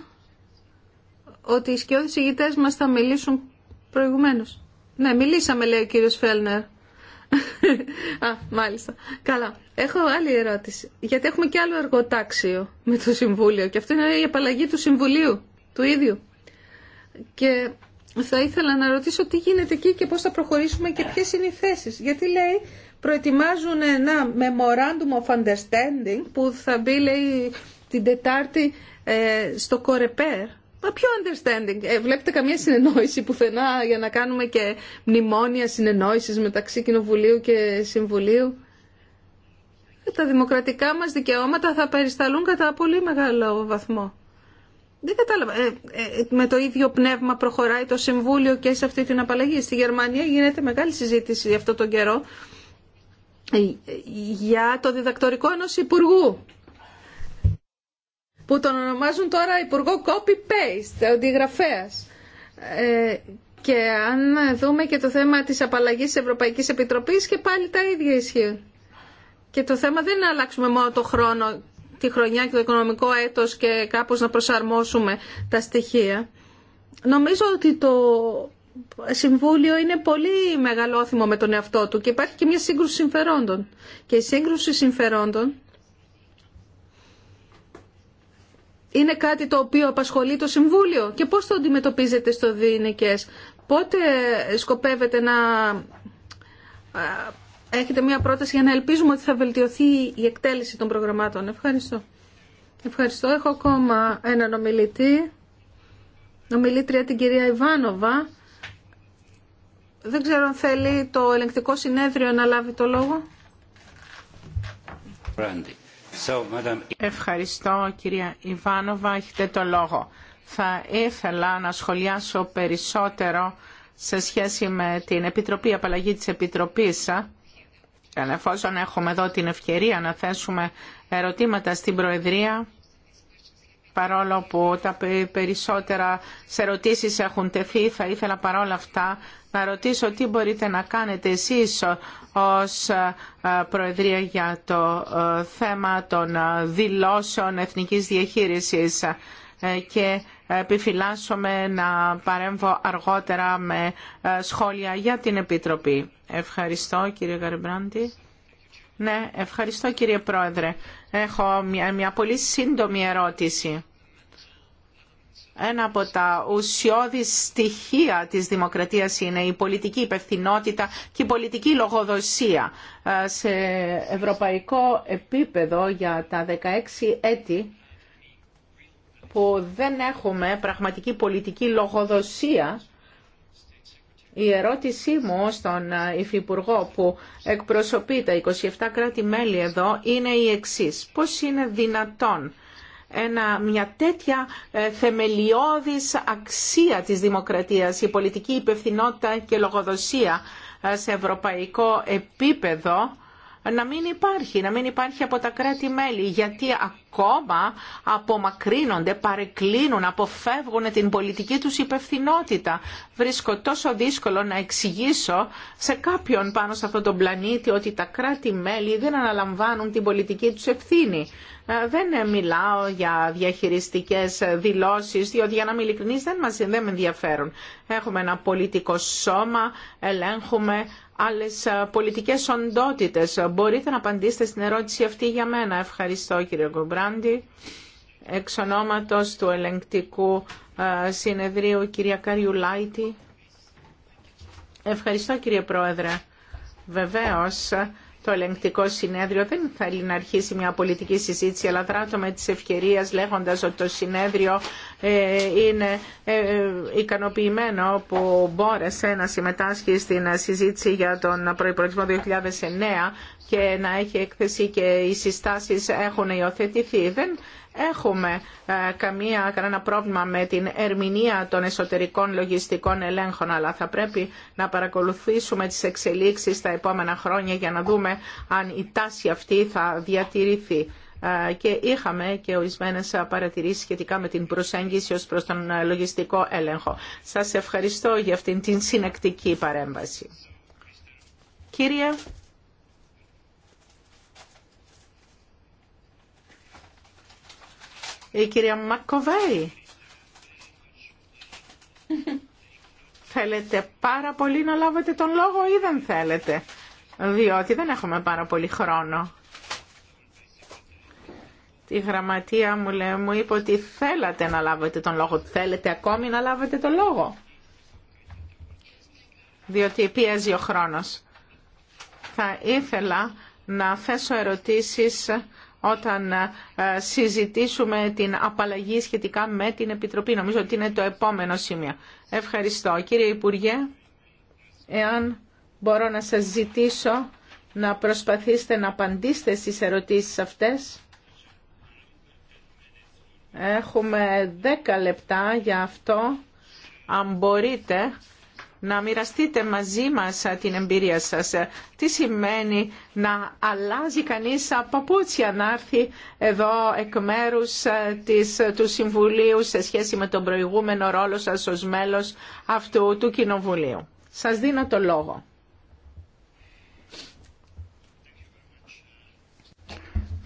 ότι οι σκιώδεις ηγητές μας θα μιλήσουν προηγουμένως. Ναι, μιλήσαμε, λέει ο κύριος Φέλνερ. Α, μάλιστα. Καλά. Έχω άλλη ερώτηση. Γιατί έχουμε και άλλο εργοτάξιο με το Συμβούλιο και αυτό είναι η απαλλαγή του Συμβουλίου, του ίδιου. Και θα ήθελα να ρωτήσω τι γίνεται εκεί και πώς θα προχωρήσουμε και ποιες είναι οι θέσεις. Γιατί λέει προετοιμάζουν ένα memorandum of understanding που θα μπει λέει την Τετάρτη ε, στο Κορεπέρ Πιο understanding. Ε, βλέπετε καμία συνεννόηση πουθενά για να κάνουμε και μνημόνια συνεννόησης μεταξύ Κοινοβουλίου και Συμβουλίου. Ε, τα δημοκρατικά μας δικαιώματα θα περισταλούν κατά πολύ μεγάλο βαθμό. Δεν κατάλαβα. Ε, ε, με το ίδιο πνεύμα προχωράει το Συμβούλιο και σε αυτή την απαλλαγή. Στη Γερμανία γίνεται μεγάλη συζήτηση αυτό τον καιρό για το διδακτορικό ενός υπουργού που τον ονομάζουν τώρα Υπουργό Copy-Paste, αντιγραφέας. Ε, και αν δούμε και το θέμα της απαλλαγής της Ευρωπαϊκής Επιτροπής και πάλι τα ίδια ισχύουν. Και το θέμα δεν είναι να αλλάξουμε μόνο το χρόνο, τη χρονιά και το οικονομικό έτος και κάπως να προσαρμόσουμε τα στοιχεία. Νομίζω ότι το Συμβούλιο είναι πολύ μεγαλόθυμο με τον εαυτό του και υπάρχει και μια σύγκρουση συμφερόντων. Και η σύγκρουση συμφερόντων είναι κάτι το οποίο απασχολεί το Συμβούλιο και πώς το αντιμετωπίζετε στο Διενικές. Πότε σκοπεύετε να έχετε μια πρόταση για να ελπίζουμε ότι θα βελτιωθεί η εκτέλεση των προγραμμάτων. Ευχαριστώ. Ευχαριστώ. Έχω ακόμα έναν ομιλητή. Ομιλήτρια την κυρία Ιβάνοβα. Δεν ξέρω αν θέλει το ελεγκτικό συνέδριο να λάβει το λόγο. Ευχαριστώ κυρία Ιβάνοβα, έχετε το λόγο. Θα ήθελα να σχολιάσω περισσότερο σε σχέση με την Επιτροπή, απαλλαγή της Επιτροπής. Εφόσον έχουμε εδώ την ευκαιρία να θέσουμε ερωτήματα στην Προεδρία, Παρόλο που τα περισσότερα σε ερωτήσει έχουν τεθεί, θα ήθελα παρόλα αυτά να ρωτήσω τι μπορείτε να κάνετε εσείς ως ε, Προεδρία για το ε, θέμα των ε, δηλώσεων εθνικής διαχείρισης και επιφυλάσσομαι να παρέμβω αργότερα με σχόλια για την Επιτροπή. Ευχαριστώ κύριε Γαρμπράντη. Ναι, ευχαριστώ κύριε Πρόεδρε. Έχω μια, μια πολύ σύντομη ερώτηση. Ένα από τα ουσιώδη στοιχεία της δημοκρατίας είναι η πολιτική υπευθυνότητα και η πολιτική λογοδοσία. Ε, σε ευρωπαϊκό επίπεδο για τα 16 έτη που δεν έχουμε πραγματική πολιτική λογοδοσία η ερώτησή μου στον ε, Υφυπουργό που εκπροσωπεί τα 27 κράτη-μέλη εδώ είναι η εξής. Πώς είναι δυνατόν ένα, μια τέτοια ε, θεμελιώδης αξία της δημοκρατίας, η πολιτική υπευθυνότητα και λογοδοσία ε, σε ευρωπαϊκό επίπεδο, να μην υπάρχει, να μην υπάρχει από τα κράτη-μέλη, γιατί ακόμα απομακρύνονται, παρεκκλίνουν, αποφεύγουν την πολιτική τους υπευθυνότητα. Βρίσκω τόσο δύσκολο να εξηγήσω σε κάποιον πάνω σε αυτόν τον πλανήτη ότι τα κράτη-μέλη δεν αναλαμβάνουν την πολιτική τους ευθύνη. Ε, δεν μιλάω για διαχειριστικές δηλώσεις, διότι για να μην ειλικρινής δεν, μας, δεν με ενδιαφέρουν. Έχουμε ένα πολιτικό σώμα, ελέγχουμε άλλες ε, πολιτικές οντότητες. Μπορείτε να απαντήσετε στην ερώτηση αυτή για μένα. Ευχαριστώ κύριε Κομπρά εξ ονόματος του ελεγκτικού ε, συνεδρίου, κυρία Καριουλάιτη. Ευχαριστώ κύριε Πρόεδρε. Βεβαίως, το ελεγκτικό συνέδριο δεν θέλει να αρχίσει μια πολιτική συζήτηση, αλλά δράτω με τις ευκαιρίες λέγοντας ότι το συνέδριο ε, είναι ε, ε, ικανοποιημένο που μπόρεσε να συμμετάσχει στην συζήτηση για τον προϋπολογισμό 2009 και να έχει έκθεση και οι συστάσεις έχουν υιοθετηθεί. Δεν έχουμε ε, καμία, κανένα πρόβλημα με την ερμηνεία των εσωτερικών λογιστικών ελέγχων, αλλά θα πρέπει να παρακολουθήσουμε τις εξελίξεις τα επόμενα χρόνια για να δούμε αν η τάση αυτή θα διατηρηθεί. Ε, και είχαμε και ορισμένε παρατηρήσει σχετικά με την προσέγγιση ως προς τον λογιστικό έλεγχο. Σα ευχαριστώ για αυτήν την συνεκτική παρέμβαση. Κύριε η κυρία Μακοβέη. θέλετε πάρα πολύ να λάβετε τον λόγο ή δεν θέλετε, διότι δεν έχουμε πάρα πολύ χρόνο. Η δεν θελετε διοτι δεν εχουμε παρα πολυ χρονο τη γραμματεια μου, λέει, μου είπε ότι θέλατε να λάβετε τον λόγο. Θέλετε ακόμη να λάβετε τον λόγο. Διότι πιέζει ο χρόνος. Θα ήθελα να θέσω ερωτήσεις όταν ε, συζητήσουμε την απαλλαγή σχετικά με την Επιτροπή. Νομίζω ότι είναι το επόμενο σημείο. Ευχαριστώ. Κύριε Υπουργέ, εάν μπορώ να σας ζητήσω να προσπαθήσετε να απαντήσετε στις ερωτήσεις αυτές. Έχουμε 10 λεπτά για αυτό. Αν μπορείτε να μοιραστείτε μαζί μας ε, την εμπειρία σας. Ε, τι σημαίνει να αλλάζει κανείς παπούτσια, να έρθει εδώ εκ μέρους ε, της, του Συμβουλίου σε σχέση με τον προηγούμενο ρόλο σας ως μέλος αυτού του Κοινοβουλίου. Σας δίνω το λόγο.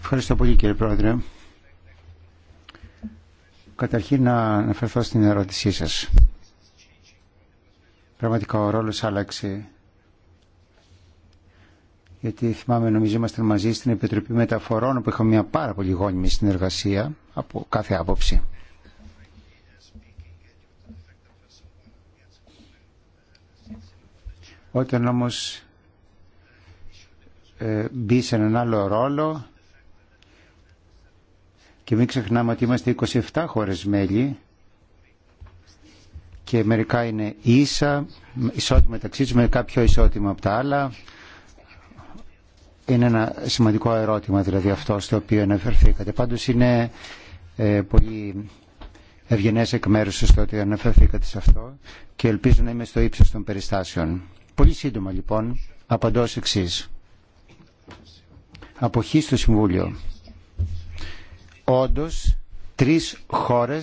Ευχαριστώ πολύ κύριε Πρόεδρε. Καταρχήν να αναφερθώ στην ερώτησή σας. Πραγματικά ο ρόλος άλλαξε. Γιατί θυμάμαι νομίζω ήμασταν μαζί στην Επιτροπή Μεταφορών που είχαμε μια πάρα πολύ γόνιμη συνεργασία από κάθε άποψη. Όταν όμως ε, μπει σε έναν άλλο ρόλο και μην ξεχνάμε ότι είμαστε 27 χώρες μέλη και μερικά είναι ίσα, ισότιμα μεταξύ του, μερικά πιο ισότιμα από τα άλλα. Είναι ένα σημαντικό ερώτημα δηλαδή αυτό στο οποίο αναφερθήκατε. Πάντω είναι ε, πολύ ευγενέ εκ μέρου σα ότι αναφερθήκατε σε αυτό και ελπίζω να είμαι στο ύψο των περιστάσεων. Πολύ σύντομα λοιπόν απαντώ ω εξή. Αποχή στο Συμβούλιο. Όντω, τρει χώρε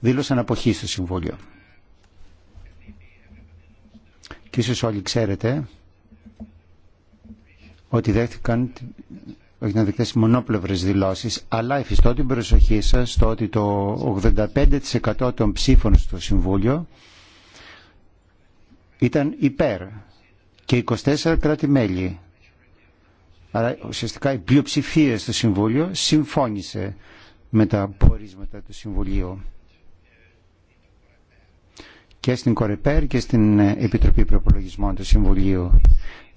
δήλωσαν αποχή στο Συμβούλιο και ίσως όλοι ξέρετε ότι δέχτηκαν όχι να μονόπλευρες δηλώσεις, αλλά εφιστώ την προσοχή σας στο ότι το 85% των ψήφων στο Συμβούλιο ήταν υπέρ και 24 κράτη-μέλη. Άρα ουσιαστικά η πλειοψηφία στο Συμβούλιο συμφώνησε με τα πορίσματα του Συμβουλίου και στην Κορεπέρ και στην ε, Επιτροπή Προπολογισμών του Συμβουλίου.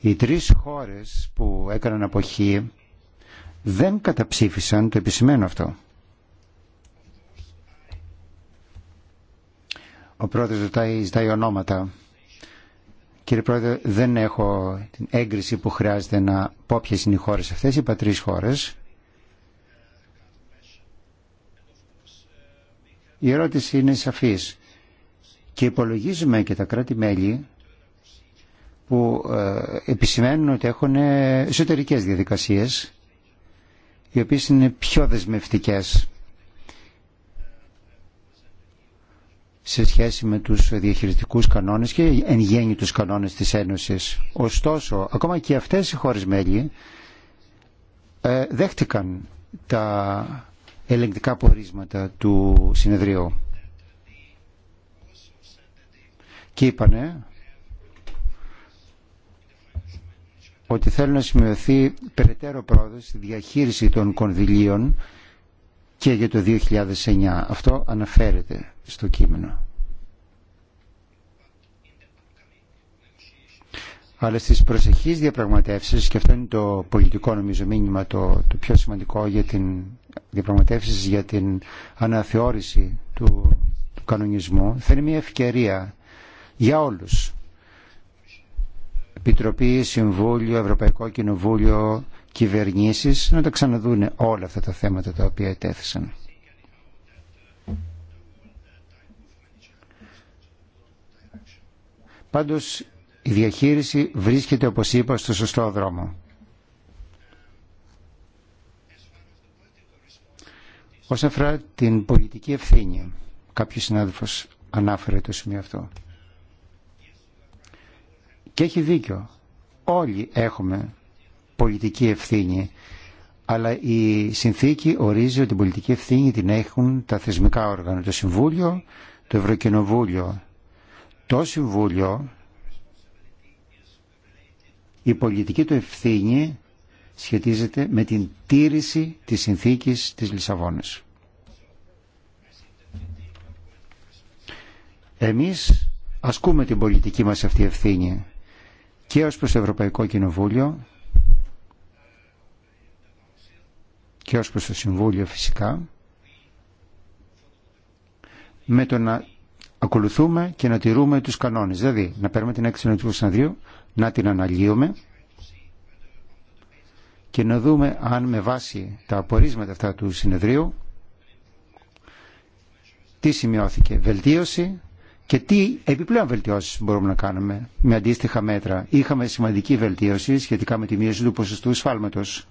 Οι τρεις χώρες που έκαναν αποχή δεν καταψήφισαν το επισημένο αυτό. Ο πρόεδρος ζητάει, ζητάει ονόματα. Κύριε Πρόεδρε, δεν έχω την έγκριση που χρειάζεται να πω ποιες είναι οι χώρες αυτές. Είπα τρεις χώρες. Η ερώτηση είναι σαφής και υπολογίζουμε και τα κράτη-μέλη που ε, επισημαίνουν ότι έχουν εσωτερικές διαδικασίες οι οποίες είναι πιο δεσμευτικές σε σχέση με τους διαχειριστικούς κανόνες και εν γέννη τους κανόνες της Ένωσης. Ωστόσο, ακόμα και αυτές οι χώρες μέλη ε, δέχτηκαν τα ελεγκτικά πορίσματα του συνεδρίου και είπανε ότι θέλουν να σημειωθεί περαιτέρω πρόοδος στη διαχείριση των κονδυλίων και για το 2009. Αυτό αναφέρεται στο κείμενο. Αλλά στις προσεχείς διαπραγματεύσεις, και αυτό είναι το πολιτικό νομίζω μήνυμα το, πιο σημαντικό για την διαπραγματεύσεις για την αναθεώρηση του, του κανονισμού, θα είναι μια ευκαιρία για όλους. Επιτροπή, Συμβούλιο, Ευρωπαϊκό Κοινοβούλιο, κυβερνήσεις να τα ξαναδούνε όλα αυτά τα θέματα τα οποία ετέθησαν. Πάντως η διαχείριση βρίσκεται όπως είπα στο σωστό δρόμο. Όσον αφορά την πολιτική ευθύνη, κάποιος συνάδελφος ανάφερε το σημείο αυτό. Και έχει δίκιο. Όλοι έχουμε πολιτική ευθύνη. Αλλά η συνθήκη ορίζει ότι την πολιτική ευθύνη την έχουν τα θεσμικά όργανα. Το Συμβούλιο, το Ευρωκοινοβούλιο. Το Συμβούλιο, η πολιτική του ευθύνη σχετίζεται με την τήρηση της συνθήκης της Λισαβόνας. Εμείς ασκούμε την πολιτική μας αυτή ευθύνη και ως προς το Ευρωπαϊκό Κοινοβούλιο και ως προς το Συμβούλιο φυσικά με το να ακολουθούμε και να τηρούμε τους κανόνες. Δηλαδή να παίρνουμε την έκθεση του Συναδρίου, να την αναλύουμε και να δούμε αν με βάση τα απορίσματα αυτά του συνεδρίου τι σημειώθηκε. Βελτίωση και τι επιπλέον βελτιώσεις μπορούμε να κάνουμε με αντίστοιχα μέτρα. Είχαμε σημαντική βελτίωση σχετικά με τη μείωση του ποσοστού σφάλματος.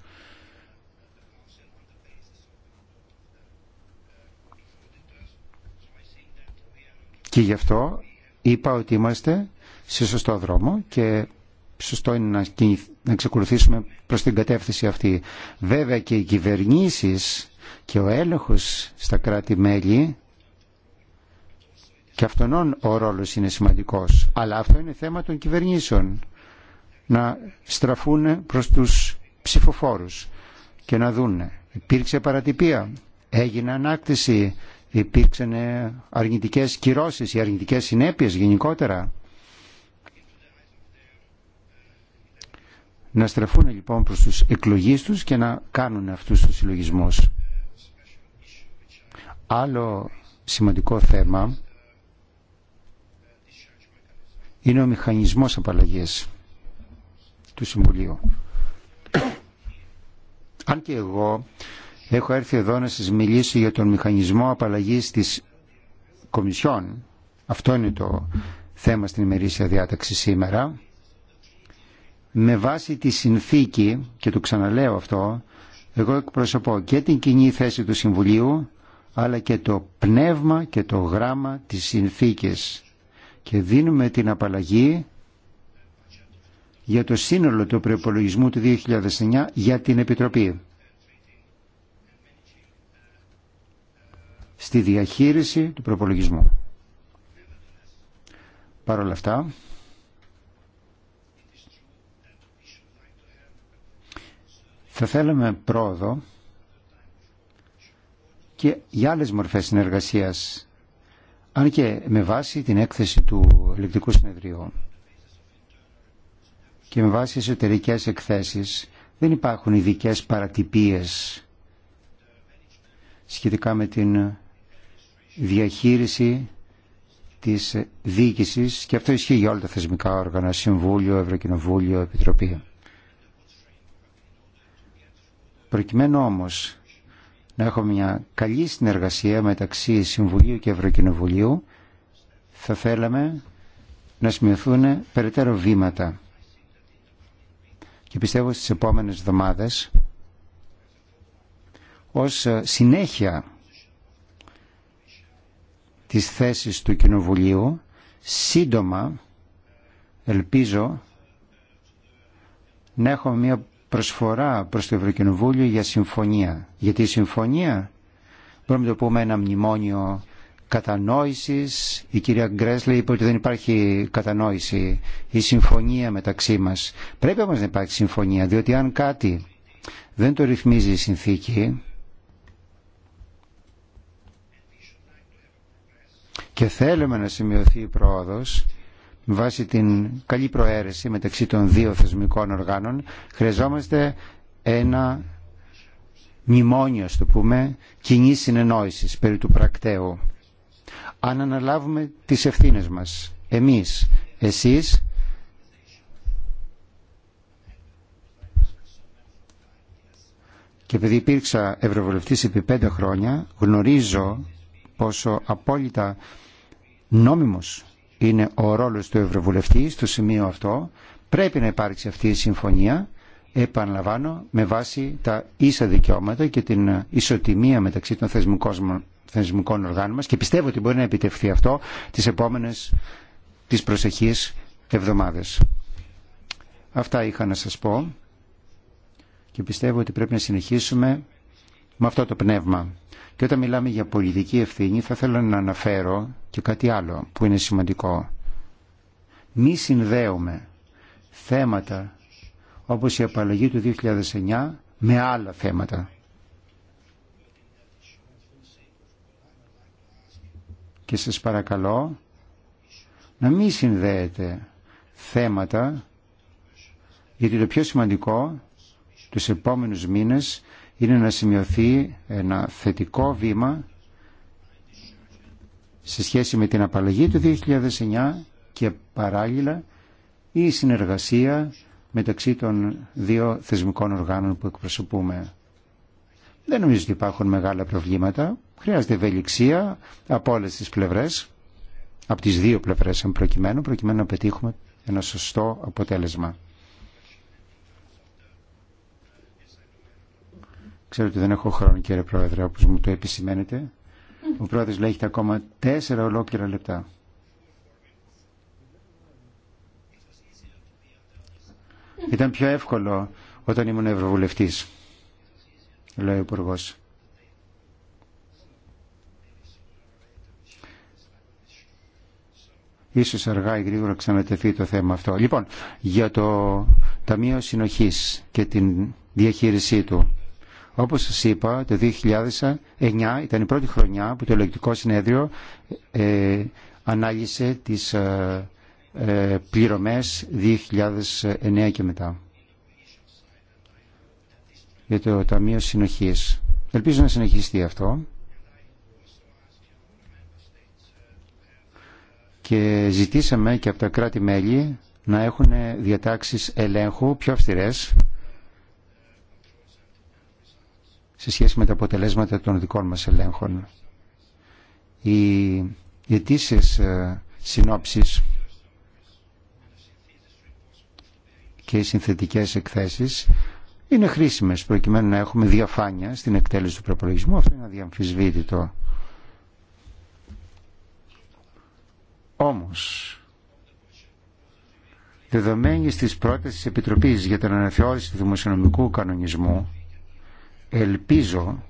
Και γι' αυτό είπα ότι είμαστε σε σωστό δρόμο και σωστό είναι να ξεκολουθήσουμε προς την κατεύθυνση αυτή. Βέβαια και οι κυβερνήσεις και ο έλεγχος στα κράτη-μέλη και αυτόν ο ρόλος είναι σημαντικός. Αλλά αυτό είναι θέμα των κυβερνήσεων να στραφούν προς τους ψηφοφόρους και να δουν. Υπήρξε παρατυπία, έγινε ανάκτηση, υπήρξαν αρνητικές κυρώσεις ή αρνητικές συνέπειες γενικότερα. Να στραφούν λοιπόν προς τους εκλογείς τους και να κάνουν αυτούς τους συλλογισμούς. Άλλο σημαντικό θέμα είναι ο μηχανισμός απαλλαγής του Συμβουλίου. Αν και εγώ έχω έρθει εδώ να σας μιλήσω για τον μηχανισμό απαλλαγής της Κομισιόν, αυτό είναι το θέμα στην ημερήσια διάταξη σήμερα, με βάση τη συνθήκη, και το ξαναλέω αυτό, εγώ εκπροσωπώ και την κοινή θέση του Συμβουλίου, αλλά και το πνεύμα και το γράμμα της συνθήκης και δίνουμε την απαλλαγή για το σύνολο του προπολογισμού του 2009 για την Επιτροπή. στη διαχείριση του προπολογισμού. Παρ' όλα αυτά, θα θέλαμε πρόοδο και για άλλες μορφές συνεργασίας αν και με βάση την έκθεση του ελεκτικού συνεδρίου και με βάση εσωτερικέ εκθέσεις δεν υπάρχουν ειδικέ παρατυπίες σχετικά με την διαχείριση της διοίκησης και αυτό ισχύει για όλα τα θεσμικά όργανα, Συμβούλιο, Ευρωκοινοβούλιο, Επιτροπή. Προκειμένου όμως να έχουμε μια καλή συνεργασία μεταξύ Συμβουλίου και Ευρωκοινοβουλίου θα θέλαμε να σημειωθούν περαιτέρω βήματα. Και πιστεύω στις επόμενες εβδομάδες ως συνέχεια της θέσης του Κοινοβουλίου σύντομα ελπίζω να έχουμε μια προσφορά προς το Ευρωκοινοβούλιο για συμφωνία. Γιατί η συμφωνία μπορούμε να το πούμε ένα μνημόνιο κατανόησης. Η κυρία Γκρέσλε είπε ότι δεν υπάρχει κατανόηση ή συμφωνία μεταξύ μας. Πρέπει όμως να υπάρχει συμφωνία, διότι αν κάτι δεν το ρυθμίζει η συνθήκη και θέλουμε να σημειωθεί η πρόοδος, βάσει την καλή προαίρεση μεταξύ των δύο θεσμικών οργάνων χρειαζόμαστε ένα μνημόνιο, στο πούμε, κοινή συνεννόηση περί του πρακτέου. Αν αναλάβουμε τις ευθύνες μας, εμείς, εσείς, και επειδή υπήρξα ευρωβουλευτής επί πέντε χρόνια, γνωρίζω πόσο απόλυτα νόμιμος είναι ο ρόλος του Ευρωβουλευτή στο σημείο αυτό. Πρέπει να υπάρξει αυτή η συμφωνία, επαναλαμβάνω, με βάση τα ίσα δικαιώματα και την ισοτιμία μεταξύ των θεσμικών, θεσμικών οργάνων μας και πιστεύω ότι μπορεί να επιτευχθεί αυτό τις επόμενες τις προσεχείς εβδομάδες. Αυτά είχα να σας πω και πιστεύω ότι πρέπει να συνεχίσουμε με αυτό το πνεύμα. Και όταν μιλάμε για πολιτική ευθύνη θα θέλω να αναφέρω και κάτι άλλο που είναι σημαντικό. Μη συνδέουμε θέματα όπως η απαλλαγή του 2009 με άλλα θέματα. Και σας παρακαλώ να μην συνδέετε θέματα γιατί το πιο σημαντικό τους επόμενους μήνες είναι να σημειωθεί ένα θετικό βήμα σε σχέση με την απαλλαγή του 2009 και παράλληλα η συνεργασία μεταξύ των δύο θεσμικών οργάνων που εκπροσωπούμε. Δεν νομίζω ότι υπάρχουν μεγάλα προβλήματα. Χρειάζεται ευελιξία από όλε τι πλευρέ, από τι δύο πλευρέ εν προκειμένου, προκειμένου να πετύχουμε ένα σωστό αποτέλεσμα. Ξέρω ότι δεν έχω χρόνο κύριε Πρόεδρε όπω μου το επισημαίνετε. Ο Πρόεδρος λέει έχετε ακόμα τέσσερα ολόκληρα λεπτά. Ήταν πιο εύκολο όταν ήμουν ευρωβουλευτή, λέει ο υπουργό. Ίσως αργά ή γρήγορα ξανατεθεί το θέμα αυτό. Λοιπόν, για το Ταμείο Συνοχής και την διαχείρισή του όπως σας είπα, το 2009 ήταν η πρώτη χρονιά που το Ελεκτικό Συνέδριο ε, ανάλυσε τις ε, ε πληρωμές 2009 και μετά για το Ταμείο Συνοχής. Ελπίζω να συνεχιστεί αυτό. Και ζητήσαμε και από τα κράτη-μέλη να έχουν διατάξεις ελέγχου πιο αυστηρές σε σχέση με τα αποτελέσματα των δικών μας ελέγχων. Οι αιτήσεις ε, συνόψεις και οι συνθετικές εκθέσεις είναι χρήσιμες προκειμένου να έχουμε διαφάνεια στην εκτέλεση του προπολογισμού. Αυτό είναι αδιαμφισβήτητο. Όμως, δεδομένη της πρότασης της Επιτροπής για την αναθεώρηση του δημοσιονομικού κανονισμού, ελπίζω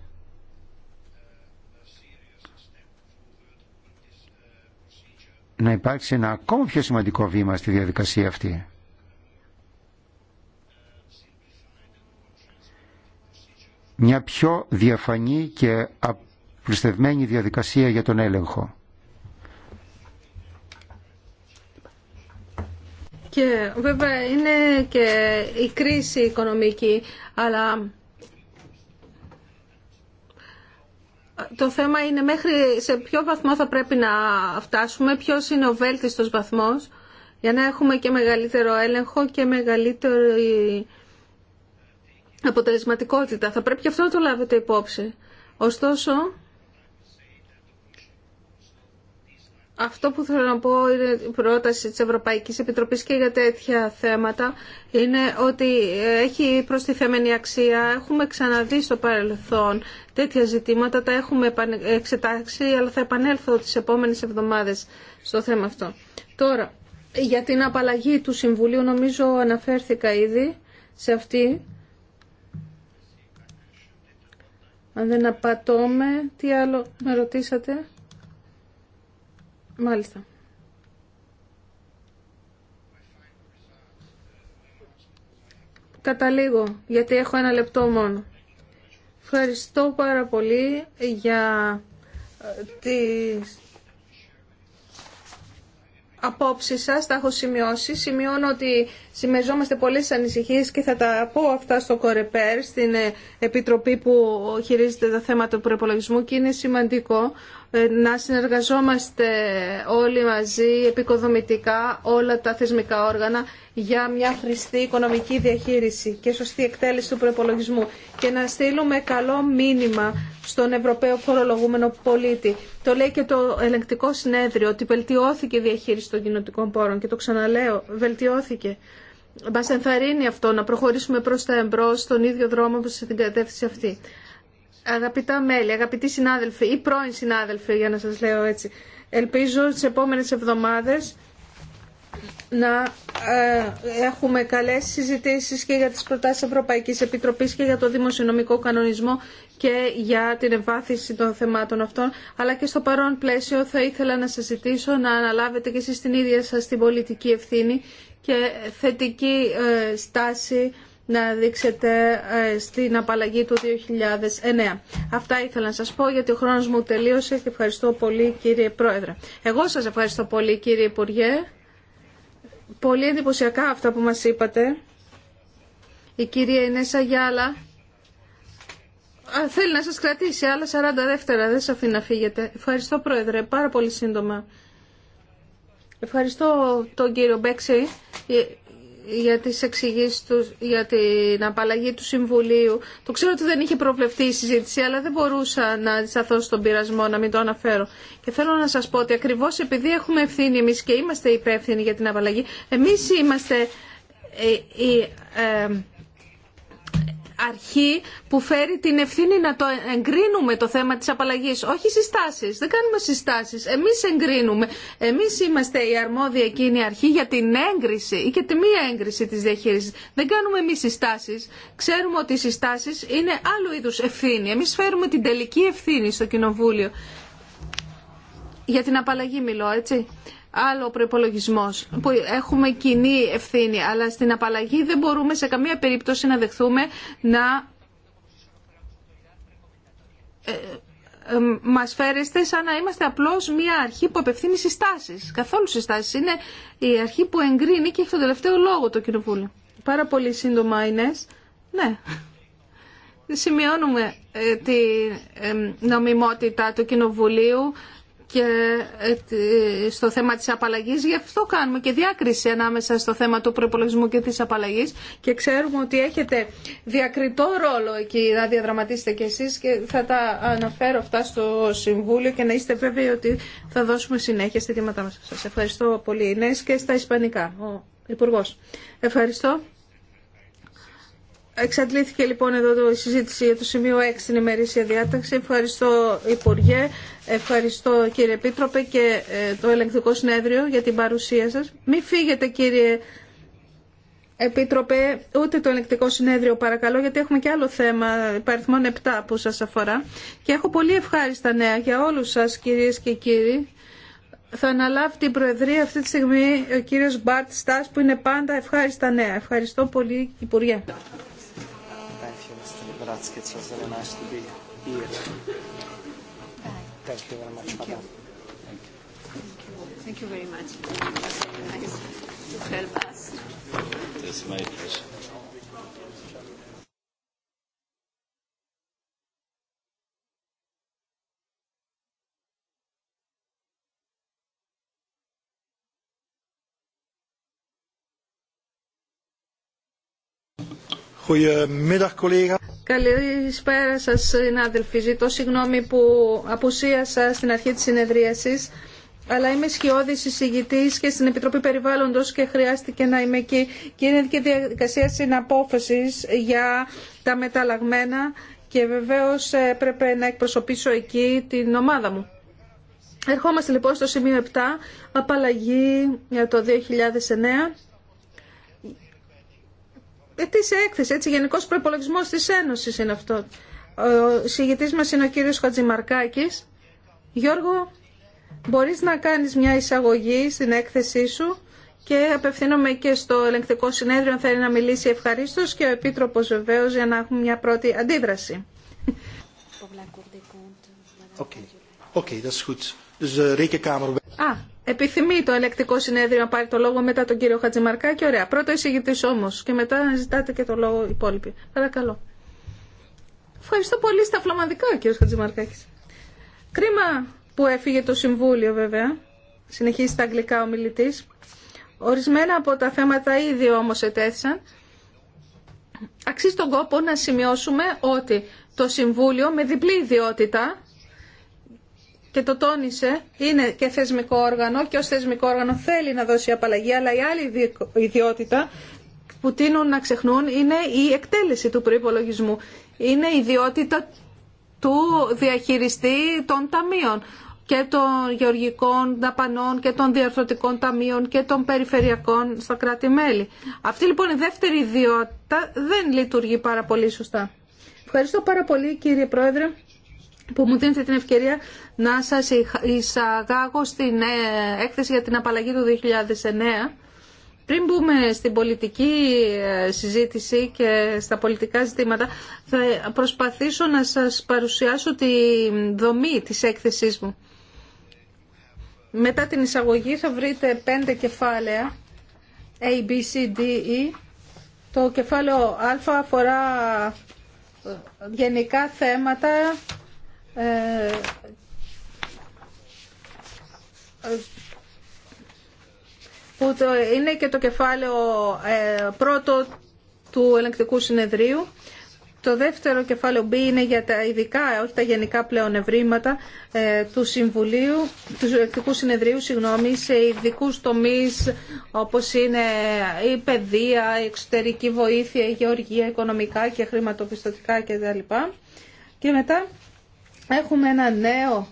να υπάρξει ένα ακόμα πιο σημαντικό βήμα στη διαδικασία αυτή. Μια πιο διαφανή και απλουστευμένη διαδικασία για τον έλεγχο. Και βέβαια είναι και η κρίση οικονομική, αλλά το θέμα είναι μέχρι σε ποιο βαθμό θα πρέπει να φτάσουμε, ποιο είναι ο βέλτιστος βαθμός για να έχουμε και μεγαλύτερο έλεγχο και μεγαλύτερη αποτελεσματικότητα. Θα πρέπει και αυτό να το λάβετε υπόψη. Ωστόσο, Αυτό που θέλω να πω είναι η πρόταση της Ευρωπαϊκής Επιτροπής και για τέτοια θέματα είναι ότι έχει προστιθέμενη αξία. Έχουμε ξαναδεί στο παρελθόν τέτοια ζητήματα, τα έχουμε εξετάξει, αλλά θα επανέλθω τις επόμενες εβδομάδες στο θέμα αυτό. Τώρα, για την απαλλαγή του Συμβουλίου νομίζω αναφέρθηκα ήδη σε αυτή. Αν δεν απατώμε, τι άλλο με ρωτήσατε. Μάλιστα. Καταλήγω, γιατί έχω ένα λεπτό μόνο. Ευχαριστώ πάρα πολύ για ε, τις απόψεις σας, τα έχω σημειώσει. Σημειώνω ότι Συμμεζόμαστε πολλέ ανησυχίε και θα τα πω αυτά στο Κορεπέρ, στην ε, Επιτροπή που χειρίζεται τα θέματα του προπολογισμού και είναι σημαντικό ε, να συνεργαζόμαστε όλοι μαζί επικοδομητικά όλα τα θεσμικά όργανα για μια χρηστή οικονομική διαχείριση και σωστή εκτέλεση του προπολογισμού και να στείλουμε καλό μήνυμα στον Ευρωπαίο φορολογούμενο πολίτη. Το λέει και το ελεγκτικό συνέδριο ότι βελτιώθηκε η διαχείριση των κοινωτικών πόρων και το ξαναλέω, βελτιώθηκε. Μα ενθαρρύνει αυτό να προχωρήσουμε προ τα εμπρό στον ίδιο δρόμο που στην κατεύθυνση αυτή. Αγαπητά μέλη, αγαπητοί συνάδελφοι ή πρώην συνάδελφοι για να σα λέω έτσι, ελπίζω τι επόμενε εβδομάδε να ε, έχουμε καλές συζητήσεις και για τις προτάσεις Ευρωπαϊκής Επιτροπής και για το Δημοσιονομικό Κανονισμό και για την εμβάθυνση των θεμάτων αυτών, αλλά και στο παρόν πλαίσιο θα ήθελα να σας ζητήσω να αναλάβετε και εσείς την ίδια σας την πολιτική ευθύνη και θετική ε, στάση να δείξετε ε, στην απαλλαγή του 2009. Αυτά ήθελα να σας πω γιατί ο χρόνος μου τελείωσε και ευχαριστώ πολύ κύριε Πρόεδρε. Εγώ σας ευχαριστώ πολύ κύριε Υπουργέ. Πολύ εντυπωσιακά αυτά που μας είπατε. Η κυρία Ινέσα Γιάλα Α, θέλει να σας κρατήσει άλλα 40 δεύτερα, δεν σας αφήνει να φύγετε. Ευχαριστώ Πρόεδρε, πάρα πολύ σύντομα. Ευχαριστώ τον κύριο Μπέξη για τις εξηγήσεις του, για την απαλλαγή του Συμβουλίου. Το ξέρω ότι δεν είχε προβλεφτεί η συζήτηση, αλλά δεν μπορούσα να αντισταθώ στον πειρασμό, να μην το αναφέρω. Και θέλω να σας πω ότι ακριβώς επειδή έχουμε ευθύνη εμείς και είμαστε υπεύθυνοι για την απαλλαγή, εμείς είμαστε ε, οι, ε, αρχή που φέρει την ευθύνη να το εγκρίνουμε το θέμα της απαλλαγής, όχι συστάσεις. Δεν κάνουμε συστάσεις. Εμείς εγκρίνουμε. Εμείς είμαστε η αρμόδια εκείνη αρχή για την έγκριση ή και τη μία έγκριση της διαχείρισης. Δεν κάνουμε εμείς συστάσεις. Ξέρουμε ότι οι συστάσεις είναι άλλου είδους ευθύνη. Εμείς φέρουμε την τελική ευθύνη στο Κοινοβούλιο. Για την απαλλαγή μιλώ, έτσι άλλο προπολογισμό που έχουμε κοινή ευθύνη, αλλά στην απαλλαγή δεν μπορούμε σε καμία περίπτωση να δεχθούμε να ε, ε, μας φέρεστε σαν να είμαστε απλώς μια αρχή που απευθύνει συστάσεις. Καθόλου συστάσεις. Είναι η αρχή που εγκρίνει και έχει τον τελευταίο λόγο το κοινοβούλιο. Πάρα πολύ σύντομα, Ναι. Σημειώνουμε ε, τη νομιμότητα του Κοινοβουλίου και ε, στο θέμα της απαλλαγής. Γι' αυτό κάνουμε και διάκριση ανάμεσα στο θέμα του προπολογισμού και της απαλλαγής και ξέρουμε ότι έχετε διακριτό ρόλο εκεί να διαδραματίσετε κι εσείς και θα τα αναφέρω αυτά στο Συμβούλιο και να είστε βέβαιοι ότι θα δώσουμε συνέχεια στη δήματά μας. Σας ευχαριστώ πολύ. Ναι, και στα Ισπανικά. Ο Υπουργός. Ευχαριστώ. Εξαντλήθηκε λοιπόν εδώ η συζήτηση για το σημείο 6 στην ημερήσια διάταξη. Ευχαριστώ Υπουργέ, ευχαριστώ κύριε Επίτροπε και ε, το Ελεγκτικό Συνέδριο για την παρουσία σας. Μην φύγετε κύριε Επίτροπε, ούτε το Ελεγκτικό Συνέδριο παρακαλώ, γιατί έχουμε και άλλο θέμα παριθμών 7 που σας αφορά. Και έχω πολύ ευχάριστα νέα για όλους σας κυρίες και κύριοι. Θα αναλάβει την Προεδρία αυτή τη στιγμή ο κύριος Μπάρτ Στάς που είναι πάντα ευχάριστα νέα. Ευχαριστώ πολύ Υπουργέ it's nice to be here. Thank you very much, Madam. Thank you. Thank you very much. It my pleasure. Καλησπέρα σα, συνάδελφοι. Ζητώ συγγνώμη που απουσίασα στην αρχή τη συνεδρίαση, αλλά είμαι σκιώδη εισηγητή και στην Επιτροπή Περιβάλλοντο και χρειάστηκε να είμαι εκεί. Και είναι και διαδικασία συναπόφαση για τα μεταλλαγμένα και βεβαίω έπρεπε να εκπροσωπήσω εκεί την ομάδα μου. Ερχόμαστε λοιπόν στο σημείο 7, απαλλαγή για το 2009 ε, σε έκθεση, έτσι, γενικός προπολογισμό της Ένωσης είναι αυτό. Ο συγητής μα είναι ο κύριο Χατζημαρκάκης. Γιώργο, μπορείς να κάνεις μια εισαγωγή στην έκθεσή σου και απευθύνομαι και στο ελεγκτικό συνέδριο αν θέλει να μιλήσει ευχαρίστω και ο Επίτροπος βεβαίω για να έχουμε μια πρώτη αντίδραση. Okay. Okay, that's good. Α, επιθυμεί το ελεκτικό συνέδριο να πάρει το λόγο μετά τον κύριο Χατζημαρκάκη. Ωραία. Πρώτο εισηγητή όμω και μετά να ζητάτε και το λόγο υπόλοιποι. Παρακαλώ. Ευχαριστώ πολύ στα φλαμανδικά ο κύριο Χατζημαρκάκη. Κρίμα που έφυγε το Συμβούλιο βέβαια. Συνεχίζει στα αγγλικά ο μιλητή. Ορισμένα από τα θέματα ήδη όμω ετέθησαν. Αξίζει τον κόπο να σημειώσουμε ότι το Συμβούλιο με διπλή ιδιότητα και το τόνισε, είναι και θεσμικό όργανο και ως θεσμικό όργανο θέλει να δώσει απαλλαγή, αλλά η άλλη ιδιότητα που τείνουν να ξεχνούν είναι η εκτέλεση του προϋπολογισμού. Είναι η ιδιότητα του διαχειριστή των ταμείων και των γεωργικών δαπανών και των διαρθρωτικών ταμείων και των περιφερειακών στα κράτη-μέλη. Αυτή λοιπόν η δεύτερη ιδιότητα δεν λειτουργεί πάρα πολύ σωστά. Ευχαριστώ πάρα πολύ κύριε Πρόεδρε που μου δίνετε την ευκαιρία να σας εισαγάγω στην ε, έκθεση για την απαλλαγή του 2009. Πριν μπούμε στην πολιτική ε, συζήτηση και στα πολιτικά ζητήματα, θα προσπαθήσω να σας παρουσιάσω τη δομή της έκθεσής μου. Μετά την εισαγωγή θα βρείτε πέντε κεφάλαια, A, B, C, D, E. Το κεφάλαιο Α αφορά ε, γενικά θέματα ε, που είναι και το κεφάλαιο ε, πρώτο του ελεγκτικού συνεδρίου. Το δεύτερο κεφάλαιο B είναι για τα ειδικά, όχι τα γενικά πλέον ευρήματα ε, του Συμβουλίου, του Ελεκτικού Συνεδρίου, συγγνώμη, σε ειδικού τομεί όπω είναι η παιδεία, η εξωτερική βοήθεια, η γεωργία, οικονομικά και χρηματοπιστωτικά κτλ. Και μετά Έχουμε ένα νέο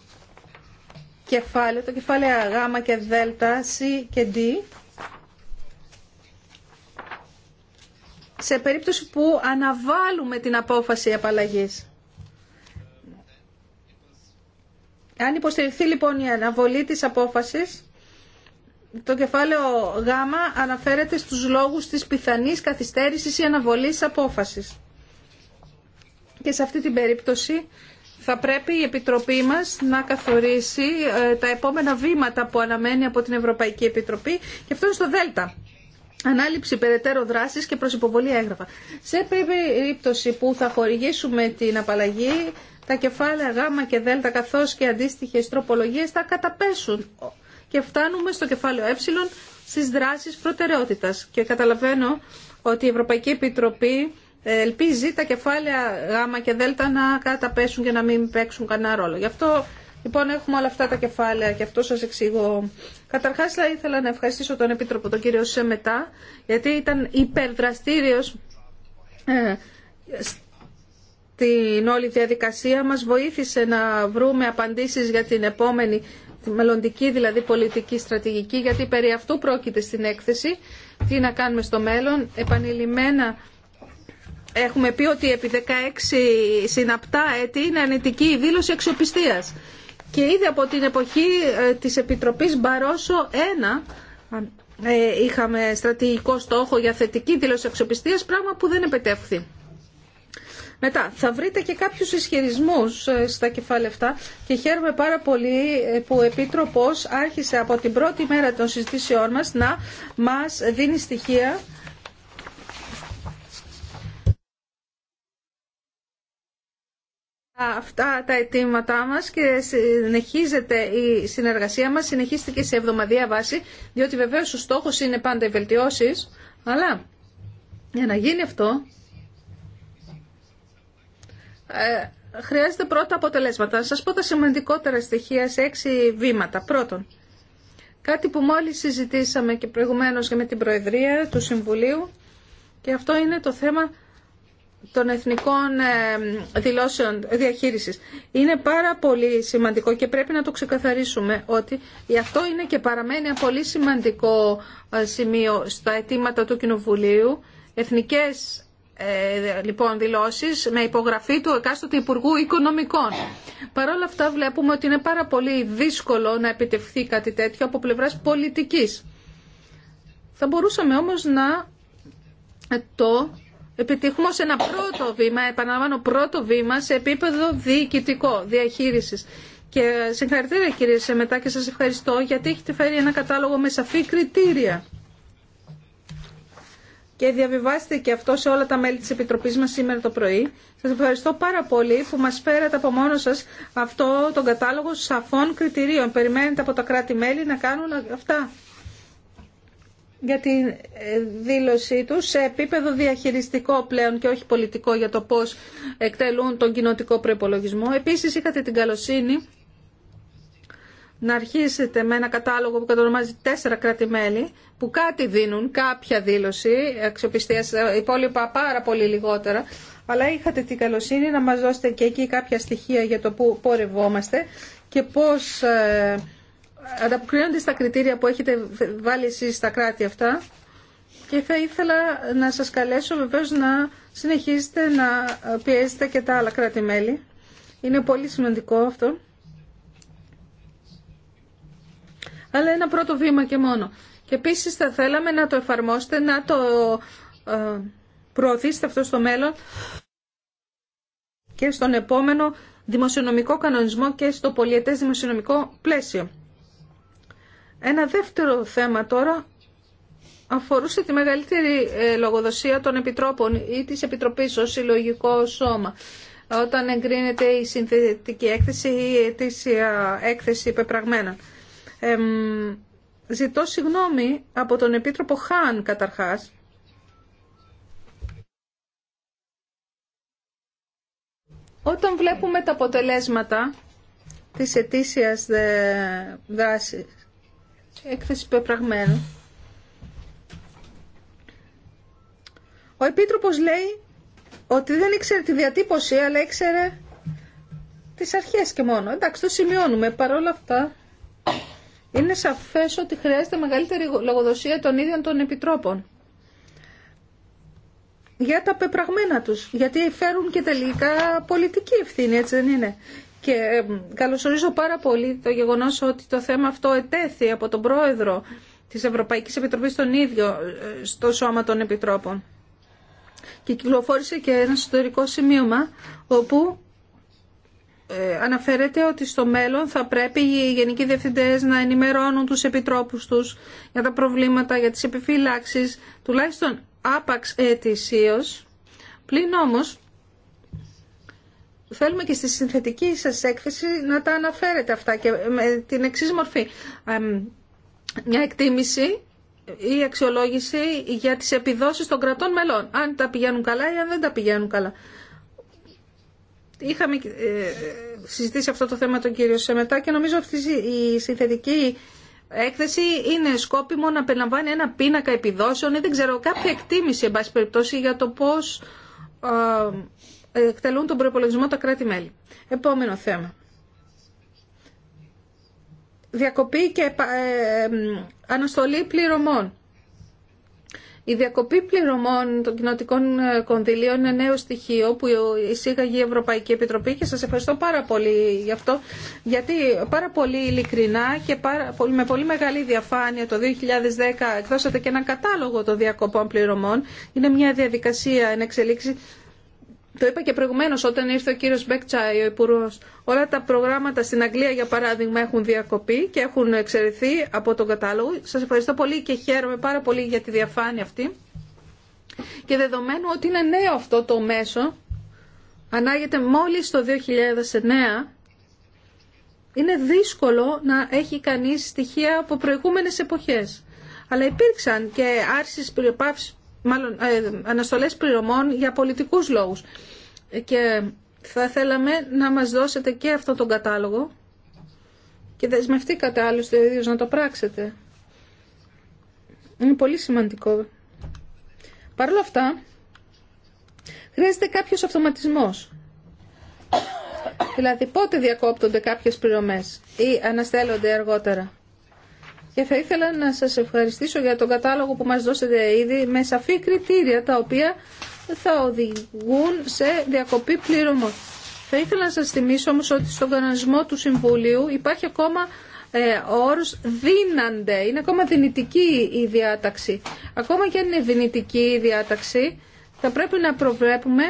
κεφάλαιο, το κεφάλαιο Γ και Δ, C και D. σε περίπτωση που αναβάλουμε την απόφαση απαλλαγής. Αν υποστηριχθεί λοιπόν η αναβολή της απόφασης, το κεφάλαιο Γ αναφέρεται στους λόγους της πιθανής καθυστέρησης ή αναβολής απόφασης. Και σε αυτή την περίπτωση θα πρέπει η Επιτροπή μας να καθορίσει ε, τα επόμενα βήματα που αναμένει από την Ευρωπαϊκή Επιτροπή και αυτό είναι στο ΔΕΛΤΑ. Ανάληψη περαιτέρω δράσης και προς υποβολή έγγραφα. Σε περίπτωση που θα χορηγήσουμε την απαλλαγή, τα κεφάλαια Γ και Δ καθώς και αντίστοιχες τροπολογίες θα καταπέσουν και φτάνουμε στο κεφάλαιο Ε στις δράσεις προτεραιότητας. Και καταλαβαίνω ότι η Ευρωπαϊκή Επιτροπή ελπίζει τα κεφάλαια Γ και Δ να καταπέσουν και να μην παίξουν κανένα ρόλο. Γι' αυτό λοιπόν έχουμε όλα αυτά τα κεφάλαια και αυτό σας εξηγώ. Καταρχάς θα ήθελα να ευχαριστήσω τον Επίτροπο, τον κύριο Σεμετά, γιατί ήταν υπερδραστήριος ε, στην όλη διαδικασία. Μας βοήθησε να βρούμε απαντήσεις για την επόμενη τη μελλοντική δηλαδή πολιτική στρατηγική, γιατί περί αυτού πρόκειται στην έκθεση, τι να κάνουμε στο μέλλον. Επανειλημμένα έχουμε πει ότι επί 16 συναπτά έτη είναι ανετική η δήλωση αξιοπιστίας. Και ήδη από την εποχή ε, της Επιτροπής Μπαρόσο 1 ε, είχαμε στρατηγικό στόχο για θετική δήλωση αξιοπιστίας, πράγμα που δεν επετεύχθη. Μετά, θα βρείτε και κάποιους ισχυρισμούς ε, στα κεφάλαια αυτά και χαίρομαι πάρα πολύ που ο Επίτροπος άρχισε από την πρώτη μέρα των συζητήσεών μας να μας δίνει στοιχεία αυτά τα αιτήματά μας και συνεχίζεται η συνεργασία μας, συνεχίστηκε σε εβδομαδία βάση, διότι βεβαίως ο στόχος είναι πάντα οι βελτιώσεις, αλλά για να γίνει αυτό ε, χρειάζεται πρώτα αποτελέσματα. Να σας πω τα σημαντικότερα στοιχεία σε έξι βήματα. Πρώτον, κάτι που μόλις συζητήσαμε και προηγουμένως και με την Προεδρία του Συμβουλίου και αυτό είναι το θέμα των εθνικών ε, δηλώσεων διαχείρισης. Είναι πάρα πολύ σημαντικό και πρέπει να το ξεκαθαρίσουμε ότι αυτό είναι και παραμένει ένα πολύ σημαντικό ε, σημείο στα αιτήματα του Κοινοβουλίου. Εθνικές ε, λοιπόν δηλώσεις με υπογραφή του εκάστοτε Υπουργού Οικονομικών. Παρ' όλα αυτά βλέπουμε ότι είναι πάρα πολύ δύσκολο να επιτευχθεί κάτι τέτοιο από πλευράς πολιτικής. Θα μπορούσαμε όμως να ε, το επιτύχουμε σε ένα πρώτο βήμα, επαναλαμβάνω πρώτο βήμα σε επίπεδο διοικητικό, διαχείρισης. Και συγχαρητήρια κύριε Σεμετά και σας ευχαριστώ γιατί έχετε φέρει ένα κατάλογο με σαφή κριτήρια. Και διαβιβάστε και αυτό σε όλα τα μέλη της Επιτροπής μας σήμερα το πρωί. Σας ευχαριστώ πάρα πολύ που μας φέρατε από μόνο σας αυτό τον κατάλογο σαφών κριτηρίων. Περιμένετε από τα κράτη-μέλη να κάνουν αυτά για τη ε, δήλωσή τους σε επίπεδο διαχειριστικό πλέον και όχι πολιτικό για το πώς εκτελούν τον κοινοτικό προπολογισμό. Επίσης είχατε την καλοσύνη να αρχίσετε με ένα κατάλογο που κατονομάζει τέσσερα κράτη-μέλη που κάτι δίνουν, κάποια δήλωση αξιοπιστία, ε, υπόλοιπα πάρα πολύ λιγότερα, αλλά είχατε την καλοσύνη να μας δώσετε και εκεί κάποια στοιχεία για το που πορευόμαστε και πώς ε, ανταποκρίνονται στα κριτήρια που έχετε βάλει εσείς στα κράτη αυτά και θα ήθελα να σας καλέσω βεβαίως να συνεχίσετε να πιέζετε και τα άλλα κράτη-μέλη. Είναι πολύ σημαντικό αυτό. Αλλά ένα πρώτο βήμα και μόνο. Και επίσης θα θέλαμε να το εφαρμόσετε, να το ε, προωθήσετε αυτό στο μέλλον και στον επόμενο δημοσιονομικό κανονισμό και στο πολιετές δημοσιονομικό πλαίσιο. Ένα δεύτερο θέμα τώρα αφορούσε τη μεγαλύτερη ε, λογοδοσία των επιτρόπων ή της Επιτροπής ως συλλογικό σώμα. Όταν εγκρίνεται η συνθετική έκθεση ή η ετήσια έκθεση πεπραγμένα. Ε, ζητώ συγγνώμη από τον Επίτροπο Χάν καταρχάς. Όταν βλέπουμε τα αποτελέσματα της επιτροπης ως συλλογικο σωμα οταν εγκρινεται η συνθετικη εκθεση η η αιτησια εκθεση πεπραγμενα δράσης, έκθεση πεπραγμένου. Ο Επίτροπος λέει ότι δεν ήξερε τη διατύπωση, αλλά ήξερε τις αρχές και μόνο. Εντάξει, το σημειώνουμε. Παρ' όλα αυτά, είναι σαφές ότι χρειάζεται μεγαλύτερη λογοδοσία των ίδιων των Επιτρόπων για τα πεπραγμένα τους, γιατί φέρουν και τελικά πολιτική ευθύνη, έτσι δεν είναι. Και καλωσορίζω πάρα πολύ το γεγονός ότι το θέμα αυτό ετέθη από τον πρόεδρο της Ευρωπαϊκής Επιτροπής τον ίδιο ε, στο Σώμα των Επιτρόπων. Και κυκλοφόρησε και ένα ιστορικό σημείωμα όπου ε, αναφέρεται ότι στο μέλλον θα πρέπει οι γενικοί διευθυντές να ενημερώνουν τους επιτρόπους τους για τα προβλήματα, για τις επιφύλαξεις, τουλάχιστον άπαξ ετησίω. Πλην όμως θέλουμε και στη συνθετική σας έκθεση να τα αναφέρετε αυτά και με την εξή μορφή. Μια εκτίμηση ή αξιολόγηση για τις επιδόσεις των κρατών μελών, αν τα πηγαίνουν καλά ή αν δεν τα πηγαίνουν καλά. Είχαμε ε, συζητήσει αυτό το θέμα τον κύριο Σεμετά και νομίζω αυτή η συνθετική έκθεση είναι σκόπιμο να περιλαμβάνει ένα πίνακα επιδόσεων ή δεν ξέρω κάποια εκτίμηση εν πάση περιπτώσει για το πώς ε, εκτελούν τον προπολογισμό τα κράτη-μέλη. Επόμενο θέμα. Διακοπή και ε, αναστολή πληρωμών. Η διακοπή πληρωμών των κοινοτικών ε, κονδυλίων είναι νέο στοιχείο που εισήγαγε η Ευρωπαϊκή Επιτροπή και σας ευχαριστώ πάρα πολύ γι' αυτό, γιατί πάρα πολύ ειλικρινά και πάρα, με πολύ μεγάλη διαφάνεια το 2010 εκδώσατε και ένα κατάλογο των διακοπών πληρωμών. Είναι μια διαδικασία εν εξελίξη το είπα και προηγουμένω όταν ήρθε ο κύριο Μπέκτσάι, ο Υπουργό. Όλα τα προγράμματα στην Αγγλία, για παράδειγμα, έχουν διακοπεί και έχουν εξαιρεθεί από τον κατάλογο. Σα ευχαριστώ πολύ και χαίρομαι πάρα πολύ για τη διαφάνεια αυτή. Και δεδομένου ότι είναι νέο αυτό το μέσο, ανάγεται μόλις το 2009, είναι δύσκολο να έχει κανείς στοιχεία από προηγούμενες εποχές. Αλλά υπήρξαν και άρσεις μάλλον ε, αναστολές πληρωμών για πολιτικούς λόγους. Και θα θέλαμε να μας δώσετε και αυτό τον κατάλογο και δεσμευτήκατε άλλωστε ο ίδιος να το πράξετε. Είναι πολύ σημαντικό. Παρ' όλα αυτά, χρειάζεται κάποιος αυτοματισμός. Δηλαδή πότε διακόπτονται κάποιες πληρωμές ή αναστέλλονται αργότερα. Και θα ήθελα να σας ευχαριστήσω για τον κατάλογο που μας δώσετε ήδη με σαφή κριτήρια τα οποία θα οδηγούν σε διακοπή πληρωμών. Θα ήθελα να σας θυμίσω όμως ότι στον κανονισμό του Συμβουλίου υπάρχει ακόμα ε, όρος δίνανται. Είναι ακόμα δυνητική η διάταξη. Ακόμα και αν είναι δυνητική η διάταξη θα πρέπει να προβλέπουμε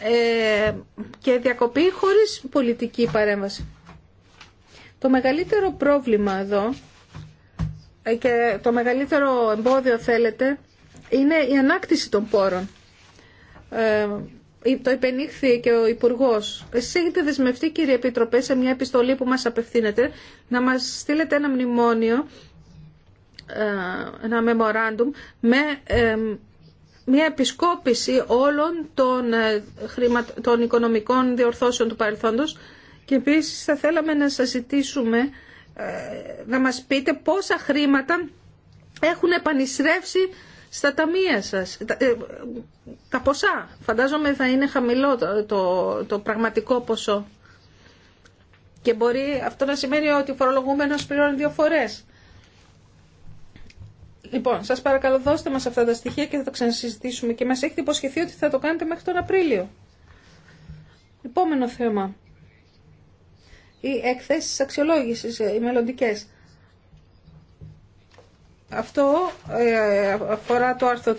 ε, και διακοπή χωρίς πολιτική παρέμβαση. Το μεγαλύτερο πρόβλημα εδώ και το μεγαλύτερο εμπόδιο θέλετε είναι η ανάκτηση των πόρων. Ε, το υπενήχθη και ο Υπουργό. Εσεί έχετε δεσμευτεί, κύριε Επιτροπέ, σε μια επιστολή που μα απευθύνεται να μα στείλετε ένα μνημόνιο, ε, ένα memorandum, με ε, μια επισκόπηση όλων των, ε, χρημα... των οικονομικών διορθώσεων του παρελθόντος και επίση θα θέλαμε να σας ζητήσουμε ε, να μας πείτε πόσα χρήματα έχουν επανιστρέψει στα ταμεία σας. Ε, τα, ποσά. Φαντάζομαι θα είναι χαμηλό το, το, πραγματικό ποσό. Και μπορεί αυτό να σημαίνει ότι ο φορολογούμενος πληρώνει δύο φορές. Λοιπόν, σας παρακαλώ δώστε μας αυτά τα στοιχεία και θα τα ξανασυζητήσουμε. Και μας έχετε υποσχεθεί ότι θα το κάνετε μέχρι τον Απρίλιο. Επόμενο θέμα ή εκθέσει αξιολόγησης, ε, οι μελλοντικέ. Αυτό ε, αφορά το άρθρο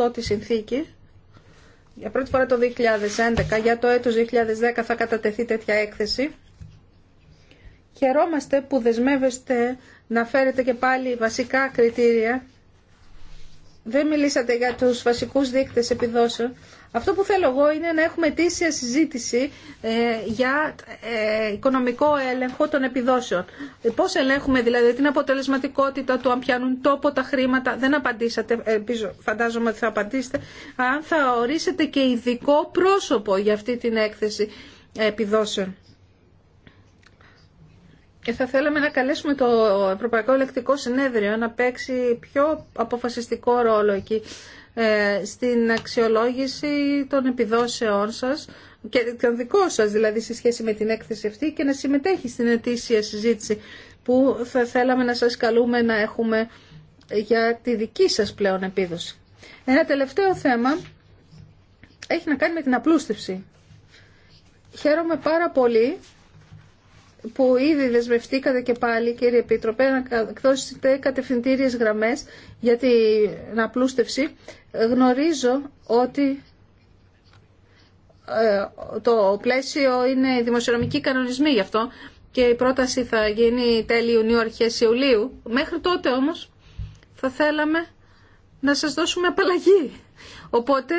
318 της συνθήκη. Για πρώτη φορά το 2011, για το έτος 2010 θα κατατεθεί τέτοια έκθεση. Χαιρόμαστε που δεσμεύεστε να φέρετε και πάλι βασικά κριτήρια. Δεν μιλήσατε για τους βασικούς δείκτες επιδόσεων, αυτό που θέλω εγώ είναι να έχουμε αιτήσια συζήτηση ε, για ε, οικονομικό έλεγχο των επιδόσεων. Πώς ελέγχουμε δηλαδή την αποτελεσματικότητα του αν πιάνουν τόπο τα χρήματα. Δεν απαντήσατε, ε, φαντάζομαι ότι θα απαντήσετε. Αν θα ορίσετε και ειδικό πρόσωπο για αυτή την έκθεση επιδόσεων. Και θα θέλαμε να καλέσουμε το Ευρωπαϊκό Ελεκτικό Συνέδριο να παίξει πιο αποφασιστικό ρόλο εκεί. Ε, στην αξιολόγηση των επιδόσεών σας και των δικό σας δηλαδή σε σχέση με την έκθεση αυτή και να συμμετέχει στην ετήσια συζήτηση που θα θέλαμε να σας καλούμε να έχουμε για τη δική σας πλέον επίδοση. Ένα τελευταίο θέμα έχει να κάνει με την απλούστευση. Χαίρομαι πάρα πολύ που ήδη δεσμευτήκατε και πάλι, κύριε Επίτροπε, να εκδώσετε κατευθυντήριες γραμμές για την απλούστευση. Γνωρίζω ότι ε, το πλαίσιο είναι δημοσιονομική δημοσιονομικοί κανονισμοί γι' αυτό και η πρόταση θα γίνει τέλη Ιουνίου, αρχές Ιουλίου. Μέχρι τότε όμως θα θέλαμε να σας δώσουμε απαλλαγή. Οπότε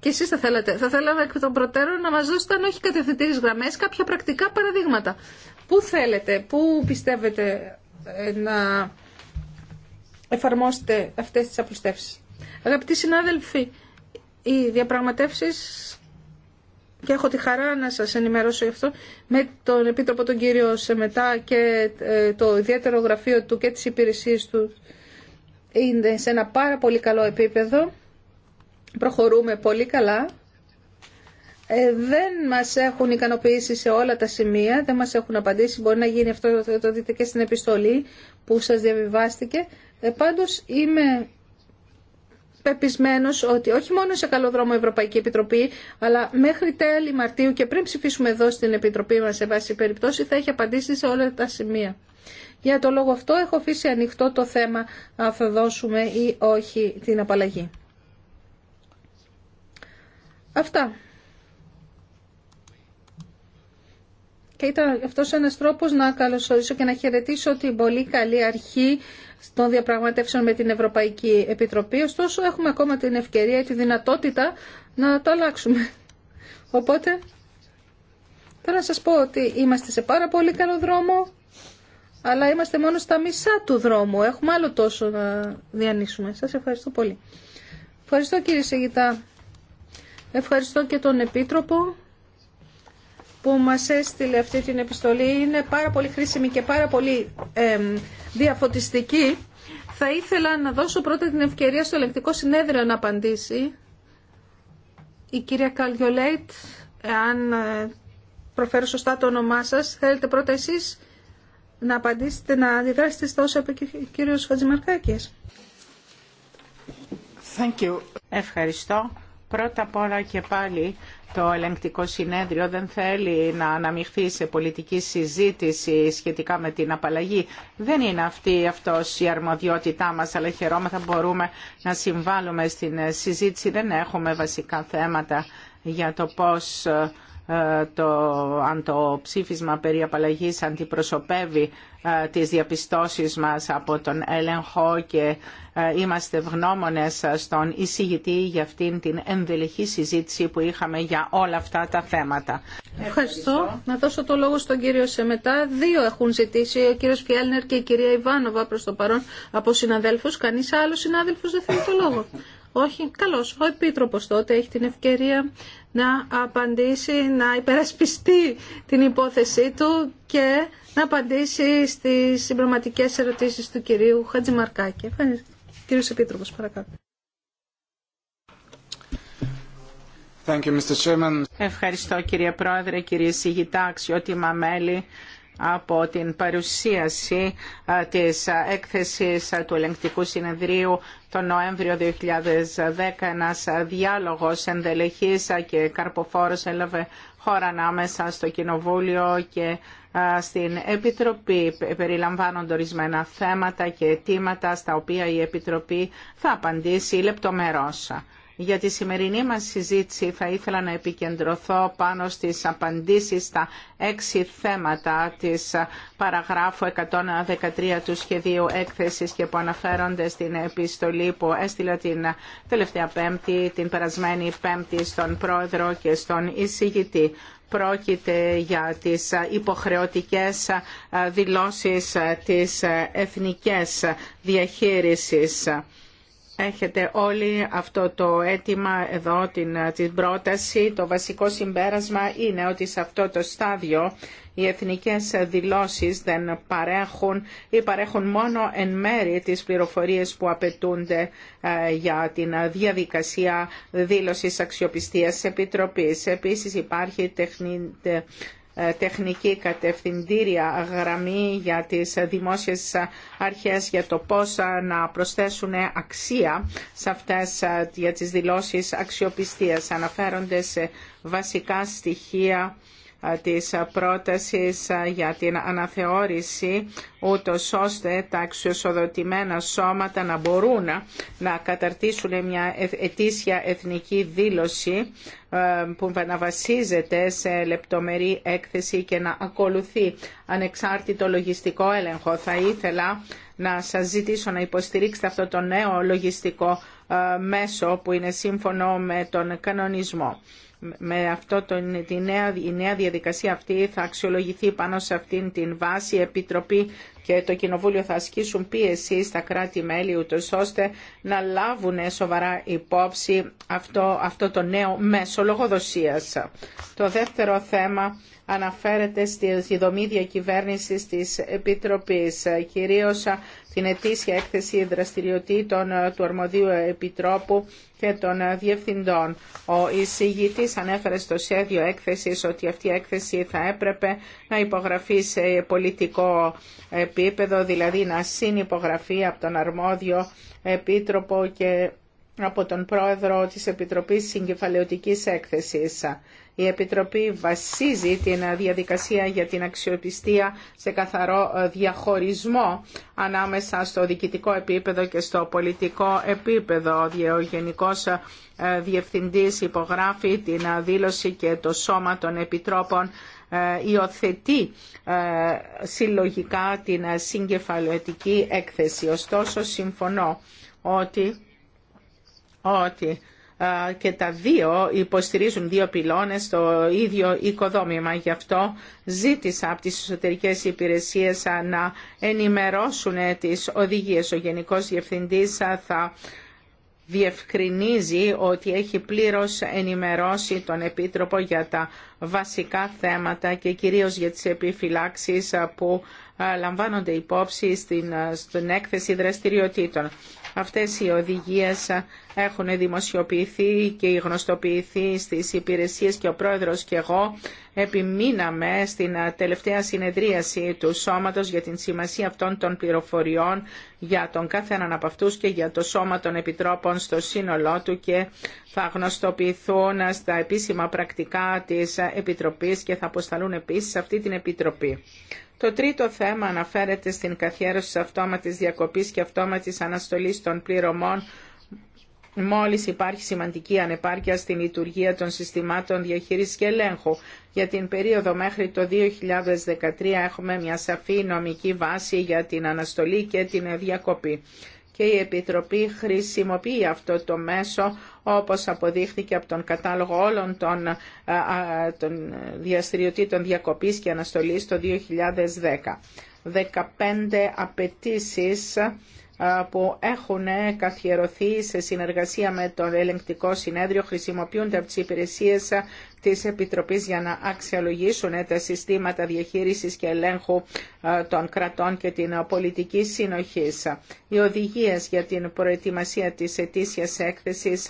και εσεί θα θέλατε, θα θέλαμε εκ των προτέρων να μας δώσετε αν όχι κατευθυντήριες γραμμές, κάποια πρακτικά παραδείγματα. Πού θέλετε, πού πιστεύετε ε, να εφαρμόσετε αυτές τις απλουστεύσει. Αγαπητοί συνάδελφοι, οι διαπραγματεύσει, και έχω τη χαρά να σας ενημερώσω γι' αυτό με τον Επίτροπο τον κύριο Σεμετά και ε, το ιδιαίτερο γραφείο του και τι υπηρεσίε του είναι σε ένα πάρα πολύ καλό επίπεδο προχωρούμε πολύ καλά. Ε, δεν μας έχουν ικανοποιήσει σε όλα τα σημεία, δεν μας έχουν απαντήσει. Μπορεί να γίνει αυτό, το δείτε και στην επιστολή που σας διαβιβάστηκε. Ε, πάντως είμαι πεπισμένος ότι όχι μόνο σε καλό δρόμο η Ευρωπαϊκή Επιτροπή, αλλά μέχρι τέλη Μαρτίου και πριν ψηφίσουμε εδώ στην Επιτροπή μας σε βάση περιπτώσει, θα έχει απαντήσει σε όλα τα σημεία. Για το λόγο αυτό έχω αφήσει ανοιχτό το θέμα αν θα δώσουμε ή όχι την απαλλαγή. Αυτά. Και ήταν αυτό ένα τρόπο να καλωσορίσω και να χαιρετήσω την πολύ καλή αρχή των διαπραγματεύσεων με την Ευρωπαϊκή Επιτροπή. Ωστόσο, έχουμε ακόμα την ευκαιρία ή τη δυνατότητα να το αλλάξουμε. Οπότε, θέλω να σας πω ότι είμαστε σε πάρα πολύ καλό δρόμο, αλλά είμαστε μόνο στα μισά του δρόμου. Έχουμε άλλο τόσο να διανύσουμε. Σα ευχαριστώ πολύ. Ευχαριστώ κύριε Σεγητά. Ευχαριστώ και τον Επίτροπο που μας έστειλε αυτή την επιστολή. Είναι πάρα πολύ χρήσιμη και πάρα πολύ διαφωτιστική. Θα ήθελα να δώσω πρώτα την ευκαιρία στο ελεγκτικό συνέδριο να απαντήσει. Η κυρία Καλγιολέιτ. αν ε, προφέρω σωστά το όνομά σας, θέλετε πρώτα εσείς να απαντήσετε, να αντιδράσετε στα όσα είπε ο κύριος Ευχαριστώ. Πρώτα απ' όλα και πάλι το ελεγκτικό συνέδριο δεν θέλει να αναμειχθεί σε πολιτική συζήτηση σχετικά με την απαλλαγή. Δεν είναι αυτή αυτός η αρμοδιότητά μας, αλλά χαιρόμεθα μπορούμε να συμβάλλουμε στην συζήτηση. Δεν έχουμε βασικά θέματα για το πώς ε, ε, το, αν το ψήφισμα περί απαλλαγής αντιπροσωπεύει ε, τις διαπιστώσεις μας από τον έλεγχο και ε, είμαστε ευγνώμονες στον εισηγητή για αυτήν την ενδελεχή συζήτηση που είχαμε για όλα αυτά τα θέματα. Ευχαριστώ. Να δώσω το λόγο στον κύριο Σεμετά. Δύο έχουν ζητήσει, ο κύριος Φιέλνερ και η κυρία Ιβάνοβα προς το παρόν από συναδέλφους. Κανείς άλλος συνάδελφος δεν θέλει το λόγο. Όχι, καλώς. Ο Επίτροπος τότε έχει την ευκαιρία να απαντήσει, να υπερασπιστεί την υπόθεσή του και να απαντήσει στις συμπληρωματικές ερωτήσεις του κυρίου Χατζημαρκάκη. Ευχαριστώ. Κύριος Επίτροπος, παρακαλώ. Ευχαριστώ κύριε Πρόεδρε, κύριε συγητά, αξιότιμα Μαμέλη από την παρουσίαση της έκθεσης του Ελεγκτικού Συνεδρίου τον Νοέμβριο 2010. Ένας διάλογος ενδελεχής και καρποφόρος έλαβε χώρα ανάμεσα στο Κοινοβούλιο και στην Επιτροπή. Περιλαμβάνονται ορισμένα θέματα και αιτήματα στα οποία η Επιτροπή θα απαντήσει λεπτομερώς. Για τη σημερινή μας συζήτηση θα ήθελα να επικεντρωθώ πάνω στις απαντήσεις στα έξι θέματα της παραγράφου 113 του σχεδίου έκθεσης και που αναφέρονται στην επιστολή που έστειλα την τελευταία πέμπτη, την περασμένη πέμπτη στον πρόεδρο και στον εισηγητή πρόκειται για τις υποχρεωτικές δηλώσεις της εθνικές διαχείρισης Έχετε όλοι αυτό το αίτημα εδώ, την, ε, την πρόταση. Το βασικό συμπέρασμα είναι ότι σε αυτό το στάδιο οι εθνικές δηλώσεις δεν παρέχουν ή παρέχουν μόνο εν μέρη τις πληροφορίες που απαιτούνται ε, για την διαδικασία δήλωσης αξιοπιστίας επιτροπής. Επίσης υπάρχει τεχνη, ε, τεχνική κατευθυντήρια γραμμή για τις δημόσιες αρχές για το πώς ε, να προσθέσουν αξία σε αυτές ε, για τις δηλώσεις αξιοπιστίας. Αναφέρονται σε βασικά στοιχεία ε, της πρότασης ε, για την αναθεώρηση ούτω ώστε τα αξιοσοδοτημένα σώματα να μπορούν να καταρτήσουν μια ετήσια εθνική δήλωση ε, που να βασίζεται σε λεπτομερή έκθεση και να ακολουθεί ανεξάρτητο λογιστικό έλεγχο. Θα ήθελα να σας ζητήσω να υποστηρίξετε αυτό το νέο λογιστικό μέσο που είναι σύμφωνο με τον κανονισμό με αυτό το, τη νέα, η νέα διαδικασία αυτή θα αξιολογηθεί πάνω σε αυτήν την βάση η Επιτροπή και το Κοινοβούλιο θα ασκήσουν πίεση στα κράτη-μέλη ούτως ώστε να λάβουν σοβαρά υπόψη αυτό, αυτό το νέο μέσο λογοδοσίας. Το δεύτερο θέμα αναφέρεται στη δομή διακυβέρνησης της Επιτροπής, ε, κυρίως ε, την ετήσια έκθεση δραστηριοτήτων ε, του Αρμοδίου Επιτρόπου και των Διευθυντών. Ο εισηγητής ανέφερε στο σχέδιο έκθεσης ότι αυτή η έκθεση θα έπρεπε να υπογραφεί σε πολιτικό επίπεδο, δηλαδή να συνυπογραφεί από τον Αρμόδιο Επίτροπο και από τον Πρόεδρο της Επιτροπής Συγκεφαλαιωτικής Έκθεσης. Η Επιτροπή βασίζει την διαδικασία για την αξιοπιστία σε καθαρό διαχωρισμό ανάμεσα στο διοικητικό επίπεδο και στο πολιτικό επίπεδο. Ο Γενικός ε, Διευθυντής υπογράφει την δήλωση και το Σώμα των Επιτρόπων ε, υιοθετεί ε, συλλογικά την συγκεφαλαιοτική έκθεση. Ωστόσο, συμφωνώ ότι, ότι και τα δύο υποστηρίζουν δύο πυλώνες στο ίδιο οικοδόμημα. Γι' αυτό ζήτησα από τις εσωτερικές υπηρεσίες να ενημερώσουν τις οδηγίες. Ο Γενικός Διευθυντής θα διευκρινίζει ότι έχει πλήρως ενημερώσει τον Επίτροπο για τα βασικά θέματα και κυρίως για τις επιφυλάξεις που λαμβάνονται υπόψη στην, στην έκθεση δραστηριοτήτων. Αυτές οι οδηγίες έχουν δημοσιοποιηθεί και γνωστοποιηθεί στις υπηρεσίες και ο πρόεδρος και εγώ επιμείναμε στην τελευταία συνεδρίαση του Σώματος για την σημασία αυτών των πληροφοριών για τον κάθε έναν από αυτούς και για το Σώμα των Επιτρόπων στο σύνολό του και θα γνωστοποιηθούν στα επίσημα πρακτικά της Επιτροπής και θα αποσταλούν επίσης αυτή την Επιτροπή. Το τρίτο θέμα αναφέρεται στην καθιέρωση της αυτόματης διακοπής και αυτόματης αναστολής των πληρωμών μόλις υπάρχει σημαντική ανεπάρκεια στην λειτουργία των συστημάτων διαχείρισης και ελέγχου. Για την περίοδο μέχρι το 2013 έχουμε μια σαφή νομική βάση για την αναστολή και την διακοπή. Και η Επιτροπή χρησιμοποιεί αυτό το μέσο όπως αποδείχθηκε από τον κατάλογο όλων των, ε, των διαστηριοτήτων διακοπής και αναστολής το 2010. 15 απαιτήσει που έχουν καθιερωθεί σε συνεργασία με το ελεγκτικό συνέδριο χρησιμοποιούνται από τις υπηρεσίες της Επιτροπής για να αξιολογήσουν ε, τα συστήματα διαχείρισης και ελέγχου ε, των κρατών και την ε, πολιτική συνοχή. Οι οδηγίες για την προετοιμασία της ετήσιας έκθεσης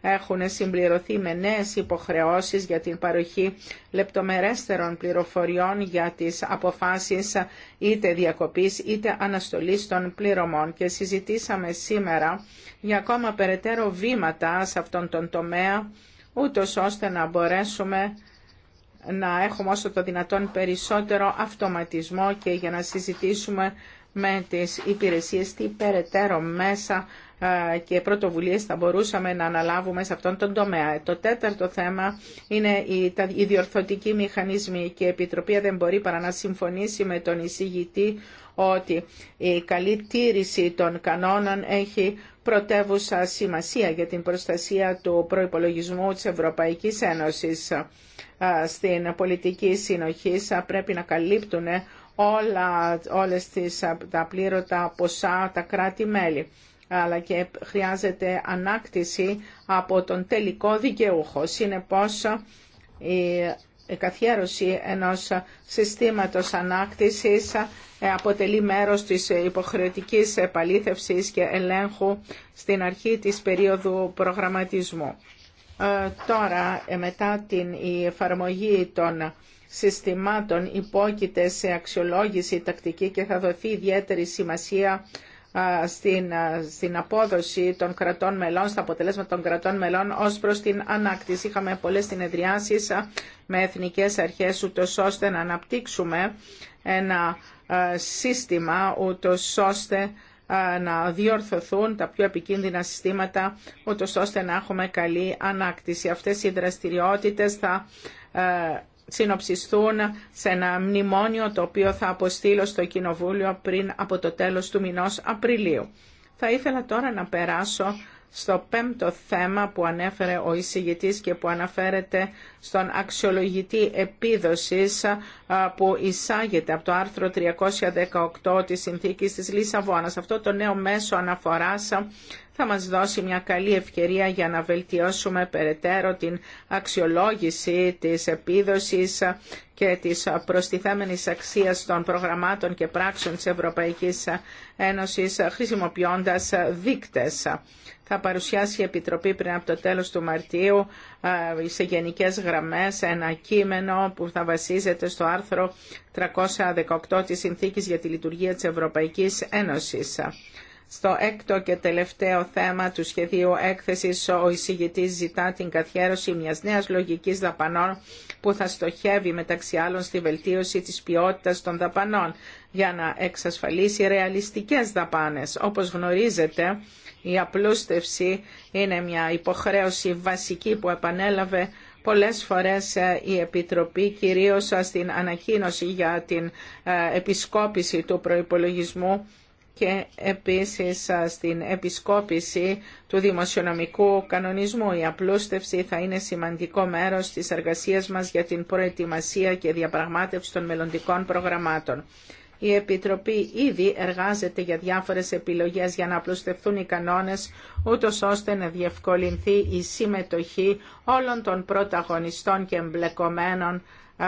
έχουν συμπληρωθεί με νέες υποχρεώσεις για την παροχή λεπτομερέστερων πληροφοριών για τις αποφάσεις είτε διακοπής είτε αναστολής των πληρωμών και συζητήσαμε σήμερα για ακόμα περαιτέρω βήματα σε αυτόν τον τομέα ούτως ώστε να μπορέσουμε να έχουμε όσο το δυνατόν περισσότερο αυτοματισμό και για να συζητήσουμε με τις υπηρεσίες τι περαιτέρω μέσα ε, και πρωτοβουλίες θα μπορούσαμε να αναλάβουμε σε αυτόν τον τομέα. Το τέταρτο θέμα είναι οι διορθωτικοί μηχανισμοί και η Επιτροπή δεν μπορεί παρά να συμφωνήσει με τον εισηγητή ότι η καλή τήρηση των κανόνων έχει πρωτεύουσα σημασία για την προστασία του προϋπολογισμού της Ευρωπαϊκής Ένωσης. Στην πολιτική συνοχή πρέπει να καλύπτουν όλα, όλες τις, τα πλήρωτα ποσά τα κράτη-μέλη αλλά και χρειάζεται ανάκτηση από τον τελικό δικαιούχο. Συνεπώς, η καθιέρωση ενός συστήματος ανάκτησης ε, αποτελεί μέρος της υποχρεωτικής επαλήθευσης και ελέγχου στην αρχή της περίοδου προγραμματισμού. Ε, τώρα, ε, μετά την εφαρμογή των συστημάτων υπόκειται σε αξιολόγηση τακτική και θα δοθεί ιδιαίτερη σημασία στην, στην απόδοση των κρατών μελών, στα αποτελέσματα των κρατών μελών ως προς την ανάκτηση. Είχαμε πολλές συνεδριάσεις με εθνικές αρχές ούτως ώστε να αναπτύξουμε ένα σύστημα ούτως ώστε να διορθωθούν τα πιο επικίνδυνα συστήματα ούτως ώστε να έχουμε καλή ανάκτηση. Αυτές οι δραστηριότητες θα συνοψιστούν σε ένα μνημόνιο το οποίο θα αποστείλω στο Κοινοβούλιο πριν από το τέλος του μηνός Απριλίου. Θα ήθελα τώρα να περάσω στο πέμπτο θέμα που ανέφερε ο εισηγητής και που αναφέρεται στον αξιολογητή επίδοσης που εισάγεται από το άρθρο 318 της Συνθήκης της Λισαβόνας. Αυτό το νέο μέσο αναφοράς θα μας δώσει μια καλή ευκαιρία για να βελτιώσουμε περαιτέρω την αξιολόγηση της επίδοσης και της προστιθέμενης αξίας των προγραμμάτων και πράξεων της Ευρωπαϊκής Ένωσης χρησιμοποιώντας δείκτες. Θα παρουσιάσει η Επιτροπή πριν από το τέλος του Μαρτίου σε γενικές γραμμές ένα κείμενο που θα βασίζεται στο άρθρο 318 της Συνθήκης για τη Λειτουργία της Ευρωπαϊκής Ένωσης. Στο έκτο και τελευταίο θέμα του σχεδίου έκθεσης, ο εισηγητής ζητά την καθιέρωση μιας νέας λογικής δαπανών που θα στοχεύει μεταξύ άλλων στη βελτίωση της ποιότητας των δαπανών για να εξασφαλίσει ρεαλιστικές δαπάνες. Όπως γνωρίζετε, η απλούστευση είναι μια υποχρέωση βασική που επανέλαβε πολλές φορές ε, η Επιτροπή, κυρίως στην ανακοίνωση για την ε, επισκόπηση του προϋπολογισμού και επίσης στην επισκόπηση του δημοσιονομικού κανονισμού. Η απλούστευση θα είναι σημαντικό μέρος της εργασίας μας για την προετοιμασία και διαπραγμάτευση των μελλοντικών προγραμμάτων. Η Επιτροπή ήδη εργάζεται για διάφορες επιλογές για να απλουστευτούν οι κανόνες, ούτως ώστε να διευκολυνθεί η συμμετοχή όλων των πρωταγωνιστών και εμπλεκομένων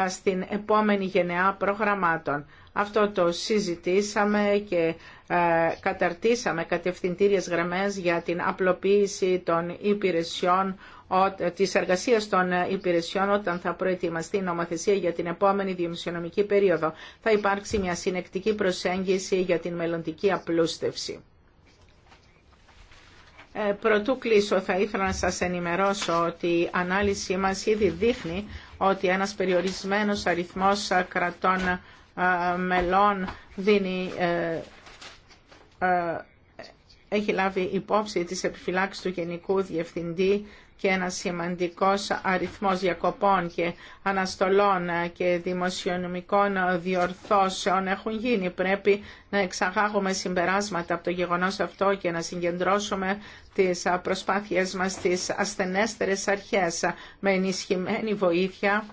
στην επόμενη γενεά προγραμμάτων. Αυτό το συζητήσαμε και ε, καταρτήσαμε κατευθυντήριες γραμμές για την απλοποίηση των υπηρεσιών της εργασίας των υπηρεσιών όταν θα προετοιμαστεί η νομοθεσία για την επόμενη δημοσιονομική περίοδο. Θα υπάρξει μια συνεκτική προσέγγιση για την μελλοντική απλούστευση. Ε, Πρωτού κλείσω θα ήθελα να σας ενημερώσω ότι η ανάλυση μας ήδη δείχνει ότι ένας περιορισμένος αριθμός κρατών μελών δίνει, ε, ε, έχει λάβει υπόψη της επιφυλάξης του Γενικού Διευθυντή και ένα σημαντικός αριθμός διακοπών και αναστολών ε, και δημοσιονομικών διορθώσεων έχουν γίνει. Πρέπει να εξαγάγουμε συμπεράσματα από το γεγονός αυτό και να συγκεντρώσουμε τις προσπάθειές μας στις ασθενέστερες αρχές με ενισχυμένη βοήθεια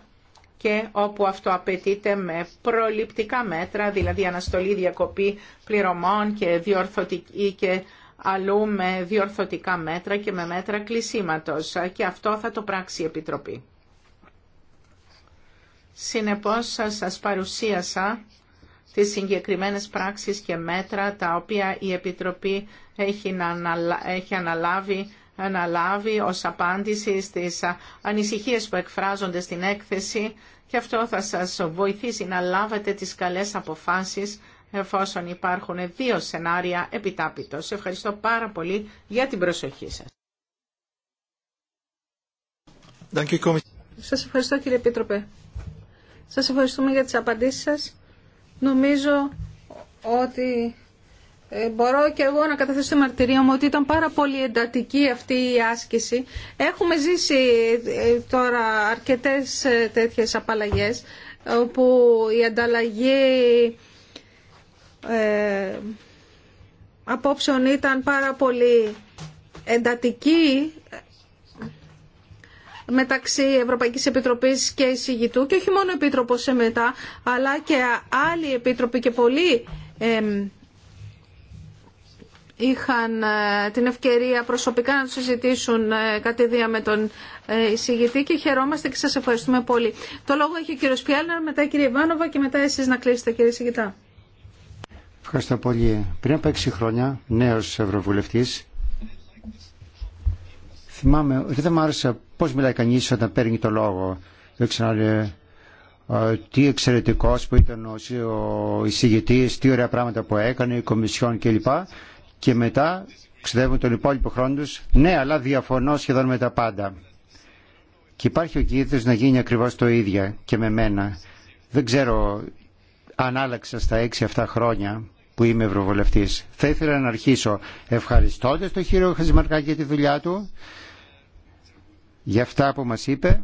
και όπου αυτό απαιτείται με προληπτικά μέτρα, δηλαδή αναστολή, διακοπή πληρωμών και διορθωτική και αλλού με διορθωτικά μέτρα και με μέτρα κλεισίματος και αυτό θα το πράξει η Επιτροπή. Συνεπώς σας παρουσίασα τις συγκεκριμένες πράξεις και μέτρα τα οποία η Επιτροπή έχει, έχει αναλάβει αναλάβει ως απάντηση στις ανησυχίες που εκφράζονται στην έκθεση και αυτό θα σας βοηθήσει να λάβετε τις καλές αποφάσεις εφόσον υπάρχουν δύο σενάρια επιτάπητος. Ευχαριστώ πάρα πολύ για την προσοχή σας. Σας ευχαριστώ κύριε Επίτροπε. Σας ευχαριστούμε για τις απαντήσεις σας. Νομίζω ότι ε, μπορώ και εγώ να καταθέσω τη μαρτυρία μου ότι ήταν πάρα πολύ εντατική αυτή η άσκηση. Έχουμε ζήσει ε, τώρα αρκετές ε, τέτοιες απαλλαγές όπου η ανταλλαγή ε, απόψεων ήταν πάρα πολύ εντατική μεταξύ Ευρωπαϊκής Επιτροπής και εισηγητού και όχι μόνο επίτροπος σε μετά αλλά και άλλοι επίτροποι και πολλοί ε, είχαν ε, την ευκαιρία προσωπικά να συζητήσουν ε, κάτι κατηδία με τον ε, εισηγητή και χαιρόμαστε και σας ευχαριστούμε πολύ. Το λόγο έχει ο κύριος Πιέλνερ, μετά η κυρία Ιβάνοβα και μετά εσείς να κλείσετε κύριε εισηγητά. Ευχαριστώ πολύ. Πριν από έξι χρόνια, νέος ευρωβουλευτής, θυμάμαι ότι δεν μου άρεσε πώς μιλάει κανείς όταν παίρνει το λόγο. Δεν ξέρω τι εξαιρετικός που ήταν ο εισηγητής, τι ωραία πράγματα που έκανε, η Κομισιόν κλπ και μετά ξεδεύουν τον υπόλοιπο χρόνο τους. Ναι, αλλά διαφωνώ σχεδόν με τα πάντα. Και υπάρχει ο κίνδυνος να γίνει ακριβώς το ίδιο και με μένα. Δεν ξέρω αν άλλαξα στα έξι αυτά χρόνια που είμαι ευρωβουλευτής. Θα ήθελα να αρχίσω ευχαριστώντας τον κύριο Χαζημαρκά για τη δουλειά του, για αυτά που μας είπε.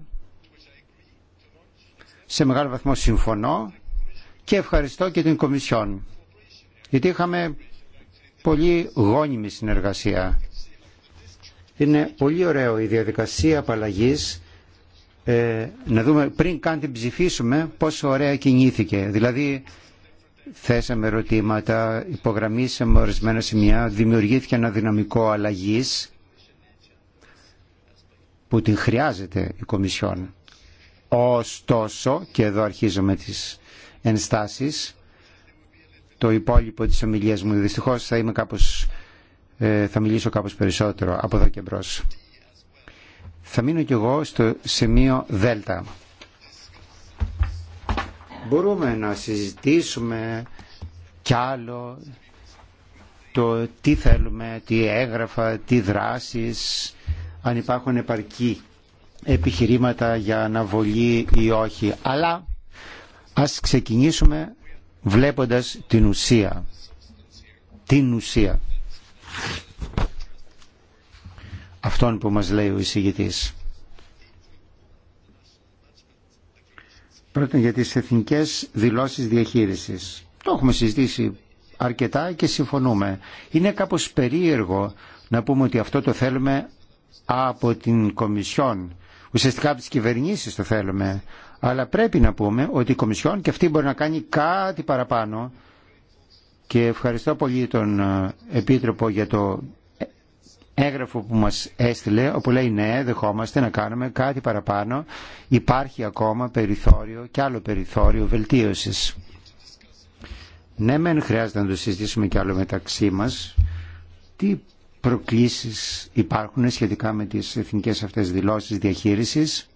Σε μεγάλο βαθμό συμφωνώ και ευχαριστώ και την Κομισιόν. Γιατί είχαμε πολύ γόνιμη συνεργασία. Είναι πολύ ωραίο η διαδικασία απαλλαγή ε, να δούμε πριν καν την ψηφίσουμε πόσο ωραία κινήθηκε. Δηλαδή θέσαμε ερωτήματα, υπογραμμίσαμε ορισμένα σημεία, δημιουργήθηκε ένα δυναμικό αλλαγή που την χρειάζεται η Κομισιόν. Ωστόσο, και εδώ αρχίζουμε τις ενστάσεις, το υπόλοιπο της ομιλίας μου. Δυστυχώς θα, είμαι κάπως, ε, θα μιλήσω κάπως περισσότερο από εδώ και μπρος. Θα μείνω κι εγώ στο σημείο Δέλτα. Μπορούμε να συζητήσουμε κι άλλο το τι θέλουμε, τι έγραφα, τι δράσεις, αν υπάρχουν επαρκή επιχειρήματα για αναβολή ή όχι. Αλλά ας ξεκινήσουμε βλέποντας την ουσία. Την ουσία. Αυτόν που μας λέει ο εισηγητής. Πρώτον για τις εθνικές δηλώσεις διαχείρισης. Το έχουμε συζητήσει αρκετά και συμφωνούμε. Είναι κάπως περίεργο να πούμε ότι αυτό το θέλουμε από την Κομισιόν. Ουσιαστικά από τις κυβερνήσεις το θέλουμε. Αλλά πρέπει να πούμε ότι η Κομισιόν και αυτή μπορεί να κάνει κάτι παραπάνω και ευχαριστώ πολύ τον ε, Επίτροπο για το έγγραφο που μας έστειλε όπου λέει ναι δεχόμαστε να κάνουμε κάτι παραπάνω υπάρχει ακόμα περιθώριο και άλλο περιθώριο βελτίωσης. Ναι μεν χρειάζεται να το συζητήσουμε κι άλλο μεταξύ μας τι προκλήσεις υπάρχουν σχετικά με τις εθνικές αυτές δηλώσεις διαχείρισης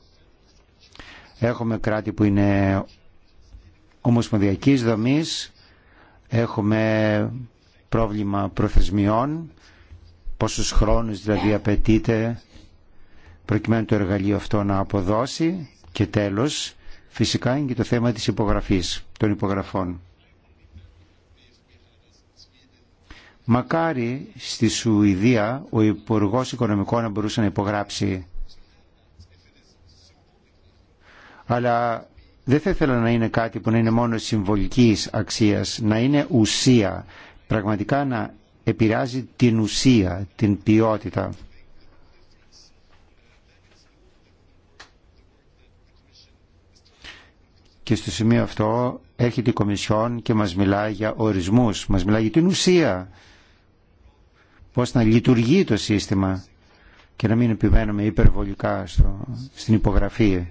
Έχουμε κράτη που είναι ομοσπονδιακής δομής, έχουμε πρόβλημα προθεσμιών, πόσους χρόνους δηλαδή απαιτείται προκειμένου το εργαλείο αυτό να αποδώσει και τέλος φυσικά είναι και το θέμα της υπογραφής των υπογραφών. Μακάρι στη Σουηδία ο υπουργός Οικονομικών να μπορούσε να υπογράψει αλλά δεν θα ήθελα να είναι κάτι που να είναι μόνο συμβολικής αξίας, να είναι ουσία, πραγματικά να επηρεάζει την ουσία, την ποιότητα. Και στο σημείο αυτό έρχεται η Κομισιόν και μας μιλάει για ορισμούς, μας μιλάει για την ουσία, πώς να λειτουργεί το σύστημα και να μην επιμένουμε υπερβολικά στο, στην υπογραφή.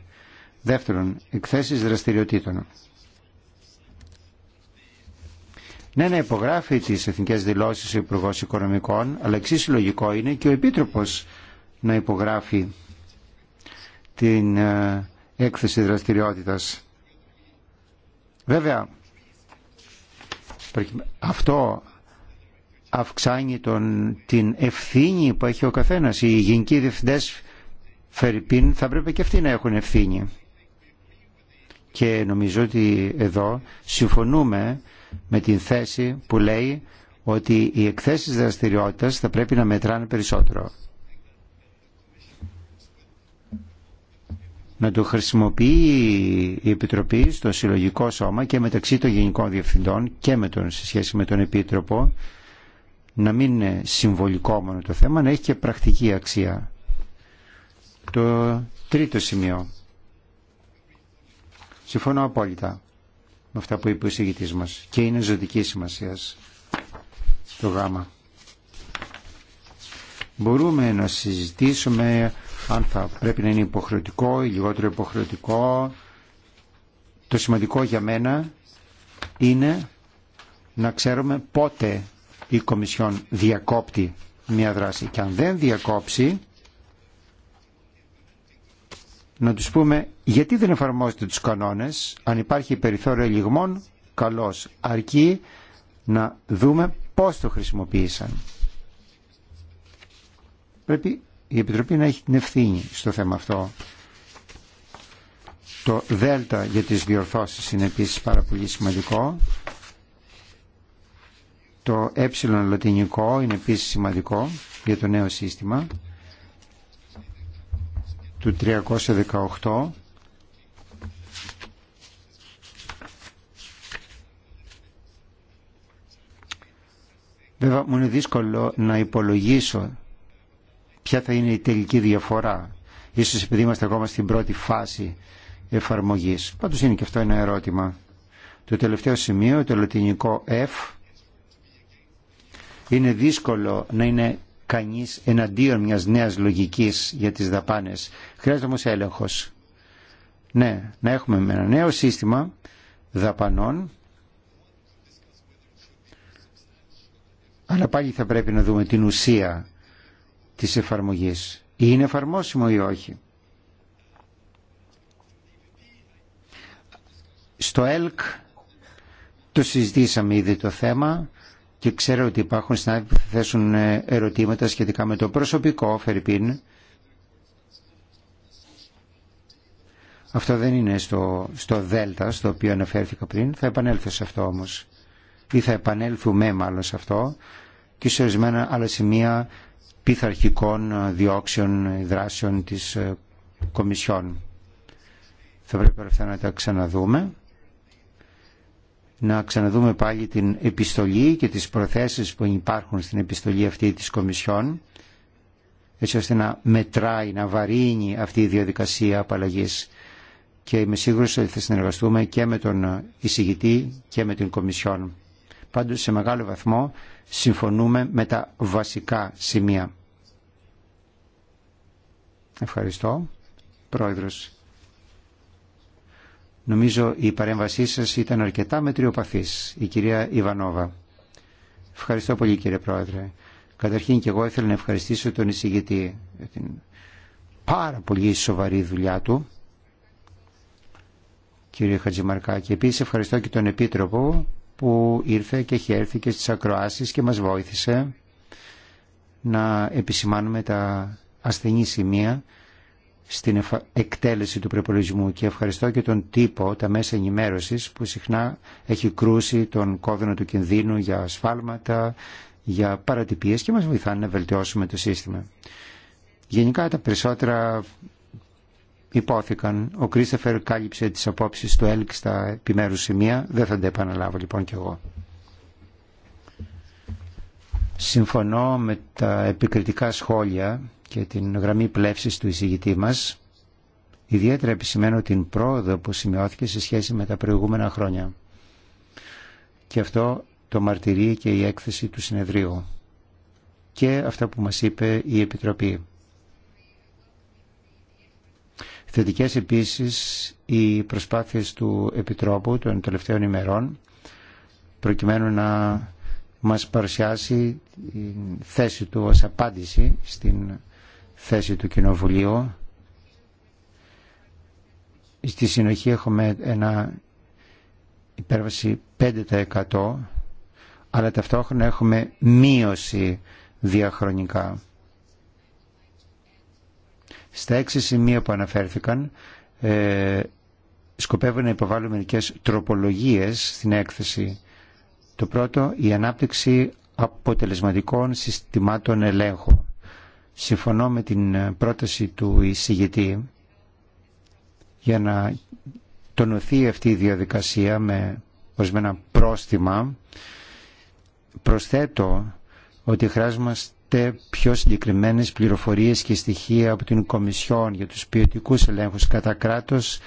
Δεύτερον, εκθέσεις δραστηριοτήτων. Ναι, να υπογράφει τις εθνικές δηλώσεις ο υπουργό Οικονομικών, αλλά εξίσου λογικό είναι και ο Επίτροπος να υπογράφει την ε, έκθεση δραστηριότητας. Βέβαια, αυτό αυξάνει τον, την ευθύνη που έχει ο καθένας. Οι γενικοί διευθυντές Φερρυπίν θα πρέπει και αυτοί να έχουν ευθύνη και νομίζω ότι εδώ συμφωνούμε με την θέση που λέει ότι οι εκθέσεις δραστηριότητας θα πρέπει να μετράνε περισσότερο. Να το χρησιμοποιεί η Επιτροπή στο συλλογικό σώμα και μεταξύ των γενικών διευθυντών και με τον, σε σχέση με τον Επίτροπο να μην είναι συμβολικό μόνο το θέμα, να έχει και πρακτική αξία. Το τρίτο σημείο Συμφωνώ απόλυτα με αυτά που είπε ο εισηγητής μας και είναι ζωτική σημασία το γάμα. Μπορούμε να συζητήσουμε αν θα πρέπει να είναι υποχρεωτικό ή λιγότερο υποχρεωτικό. Το σημαντικό για μένα είναι να ξέρουμε πότε η Κομισιόν διακόπτει μια δράση και αν δεν διακόψει να τους πούμε γιατί δεν εφαρμόζετε τους κανόνες, αν υπάρχει περιθώριο ελιγμών καλώς. Αρκεί να δούμε πώς το χρησιμοποίησαν. Πρέπει η Επιτροπή να έχει την ευθύνη στο θέμα αυτό. Το ΔΕΛΤΑ για τις διορθώσεις είναι επίσης πάρα πολύ σημαντικό. Το ε λατινικό είναι επίσης σημαντικό για το νέο σύστημα του 318 Βέβαια μου είναι δύσκολο να υπολογίσω ποια θα είναι η τελική διαφορά. Ίσως επειδή είμαστε ακόμα στην πρώτη φάση εφαρμογής. Πάντως είναι και αυτό ένα ερώτημα. Το τελευταίο σημείο, το λατινικό F, είναι δύσκολο να είναι κανείς εναντίον μιας νέας λογικής για τις δαπάνες. Χρειάζεται όμως έλεγχος. Ναι, να έχουμε ένα νέο σύστημα δαπανών Αλλά πάλι θα πρέπει να δούμε την ουσία της εφαρμογής. Είναι εφαρμόσιμο ή όχι. Στο ΕΛΚ το συζητήσαμε ήδη το θέμα και ξέρω ότι υπάρχουν συνάδελφοι που θα θέσουν ε, ερωτήματα σχετικά με το προσωπικό, Φερρυπίν. Αυτό δεν είναι στο, στο ΔΕΛΤΑ, στο οποίο αναφέρθηκα πριν. Θα επανέλθω σε αυτό όμως. Ή θα επανέλθουμε μάλλον σε αυτό και σε ορισμένα άλλα σημεία πειθαρχικών ε, διώξεων, ε, δράσεων της ε, Κομισιόν. Θα πρέπει όλα αυτά να τα ξαναδούμε. Να ξαναδούμε πάλι την επιστολή και τις προθέσεις που υπάρχουν στην επιστολή αυτή της Κομισιόν έτσι ώστε να μετράει, να βαρύνει αυτή η διαδικασία απαλλαγή. Και είμαι σίγουρος ότι θα συνεργαστούμε και με τον εισηγητή και με την Κομισιόν. Πάντως σε μεγάλο βαθμό συμφωνούμε με τα βασικά σημεία. Ευχαριστώ. Πρόεδρος. Νομίζω η παρέμβασή σας ήταν αρκετά μετριοπαθής. Η κυρία Ιβανόβα. Ευχαριστώ πολύ κύριε Πρόεδρε. Καταρχήν και εγώ ήθελα να ευχαριστήσω τον εισηγητή για την πάρα πολύ σοβαρή δουλειά του κύριε Χατζημαρκάκη. Επίσης ευχαριστώ και τον Επίτροπο που ήρθε και έχει έρθει και στις ακροάσεις και μας βοήθησε να επισημάνουμε τα ασθενή σημεία στην εκτέλεση του προπολογισμού και ευχαριστώ και τον τύπο, τα μέσα ενημέρωσης που συχνά έχει κρούσει τον κόδωνο του κινδύνου για ασφάλματα, για παρατυπίες και μας βοηθάνε να βελτιώσουμε το σύστημα. Γενικά τα περισσότερα υπόθηκαν. Ο Κρίστεφερ κάλυψε τις απόψεις του ΕΛΚ στα επιμέρους σημεία. Δεν θα τα επαναλάβω λοιπόν κι εγώ. Συμφωνώ με τα επικριτικά σχόλια και την γραμμή πλεύσης του εισηγητή μας. Ιδιαίτερα επισημαίνω την πρόοδο που σημειώθηκε σε σχέση με τα προηγούμενα χρόνια. Και αυτό το μαρτυρεί και η έκθεση του συνεδρίου και αυτά που μας είπε η Επιτροπή. Θετικές επίσης οι προσπάθειες του Επιτρόπου των τελευταίων ημερών προκειμένου να μας παρουσιάσει τη θέση του ως απάντηση στην θέση του Κοινοβουλίου. Στη συνοχή έχουμε ένα υπέρβαση 5% αλλά ταυτόχρονα έχουμε μείωση διαχρονικά στα έξι σημεία που αναφέρθηκαν ε, σκοπεύω να υποβάλω μερικέ τροπολογίες στην έκθεση. Το πρώτο, η ανάπτυξη αποτελεσματικών συστημάτων ελέγχου. Συμφωνώ με την πρόταση του εισηγητή για να τονωθεί αυτή η διαδικασία με ορισμένα πρόστιμα. Προσθέτω ότι χρειάζομαστε πιο συγκεκριμένες πληροφορίες και στοιχεία από την Κομισιόν για τους ποιοτικού ελέγχους κατά κράτος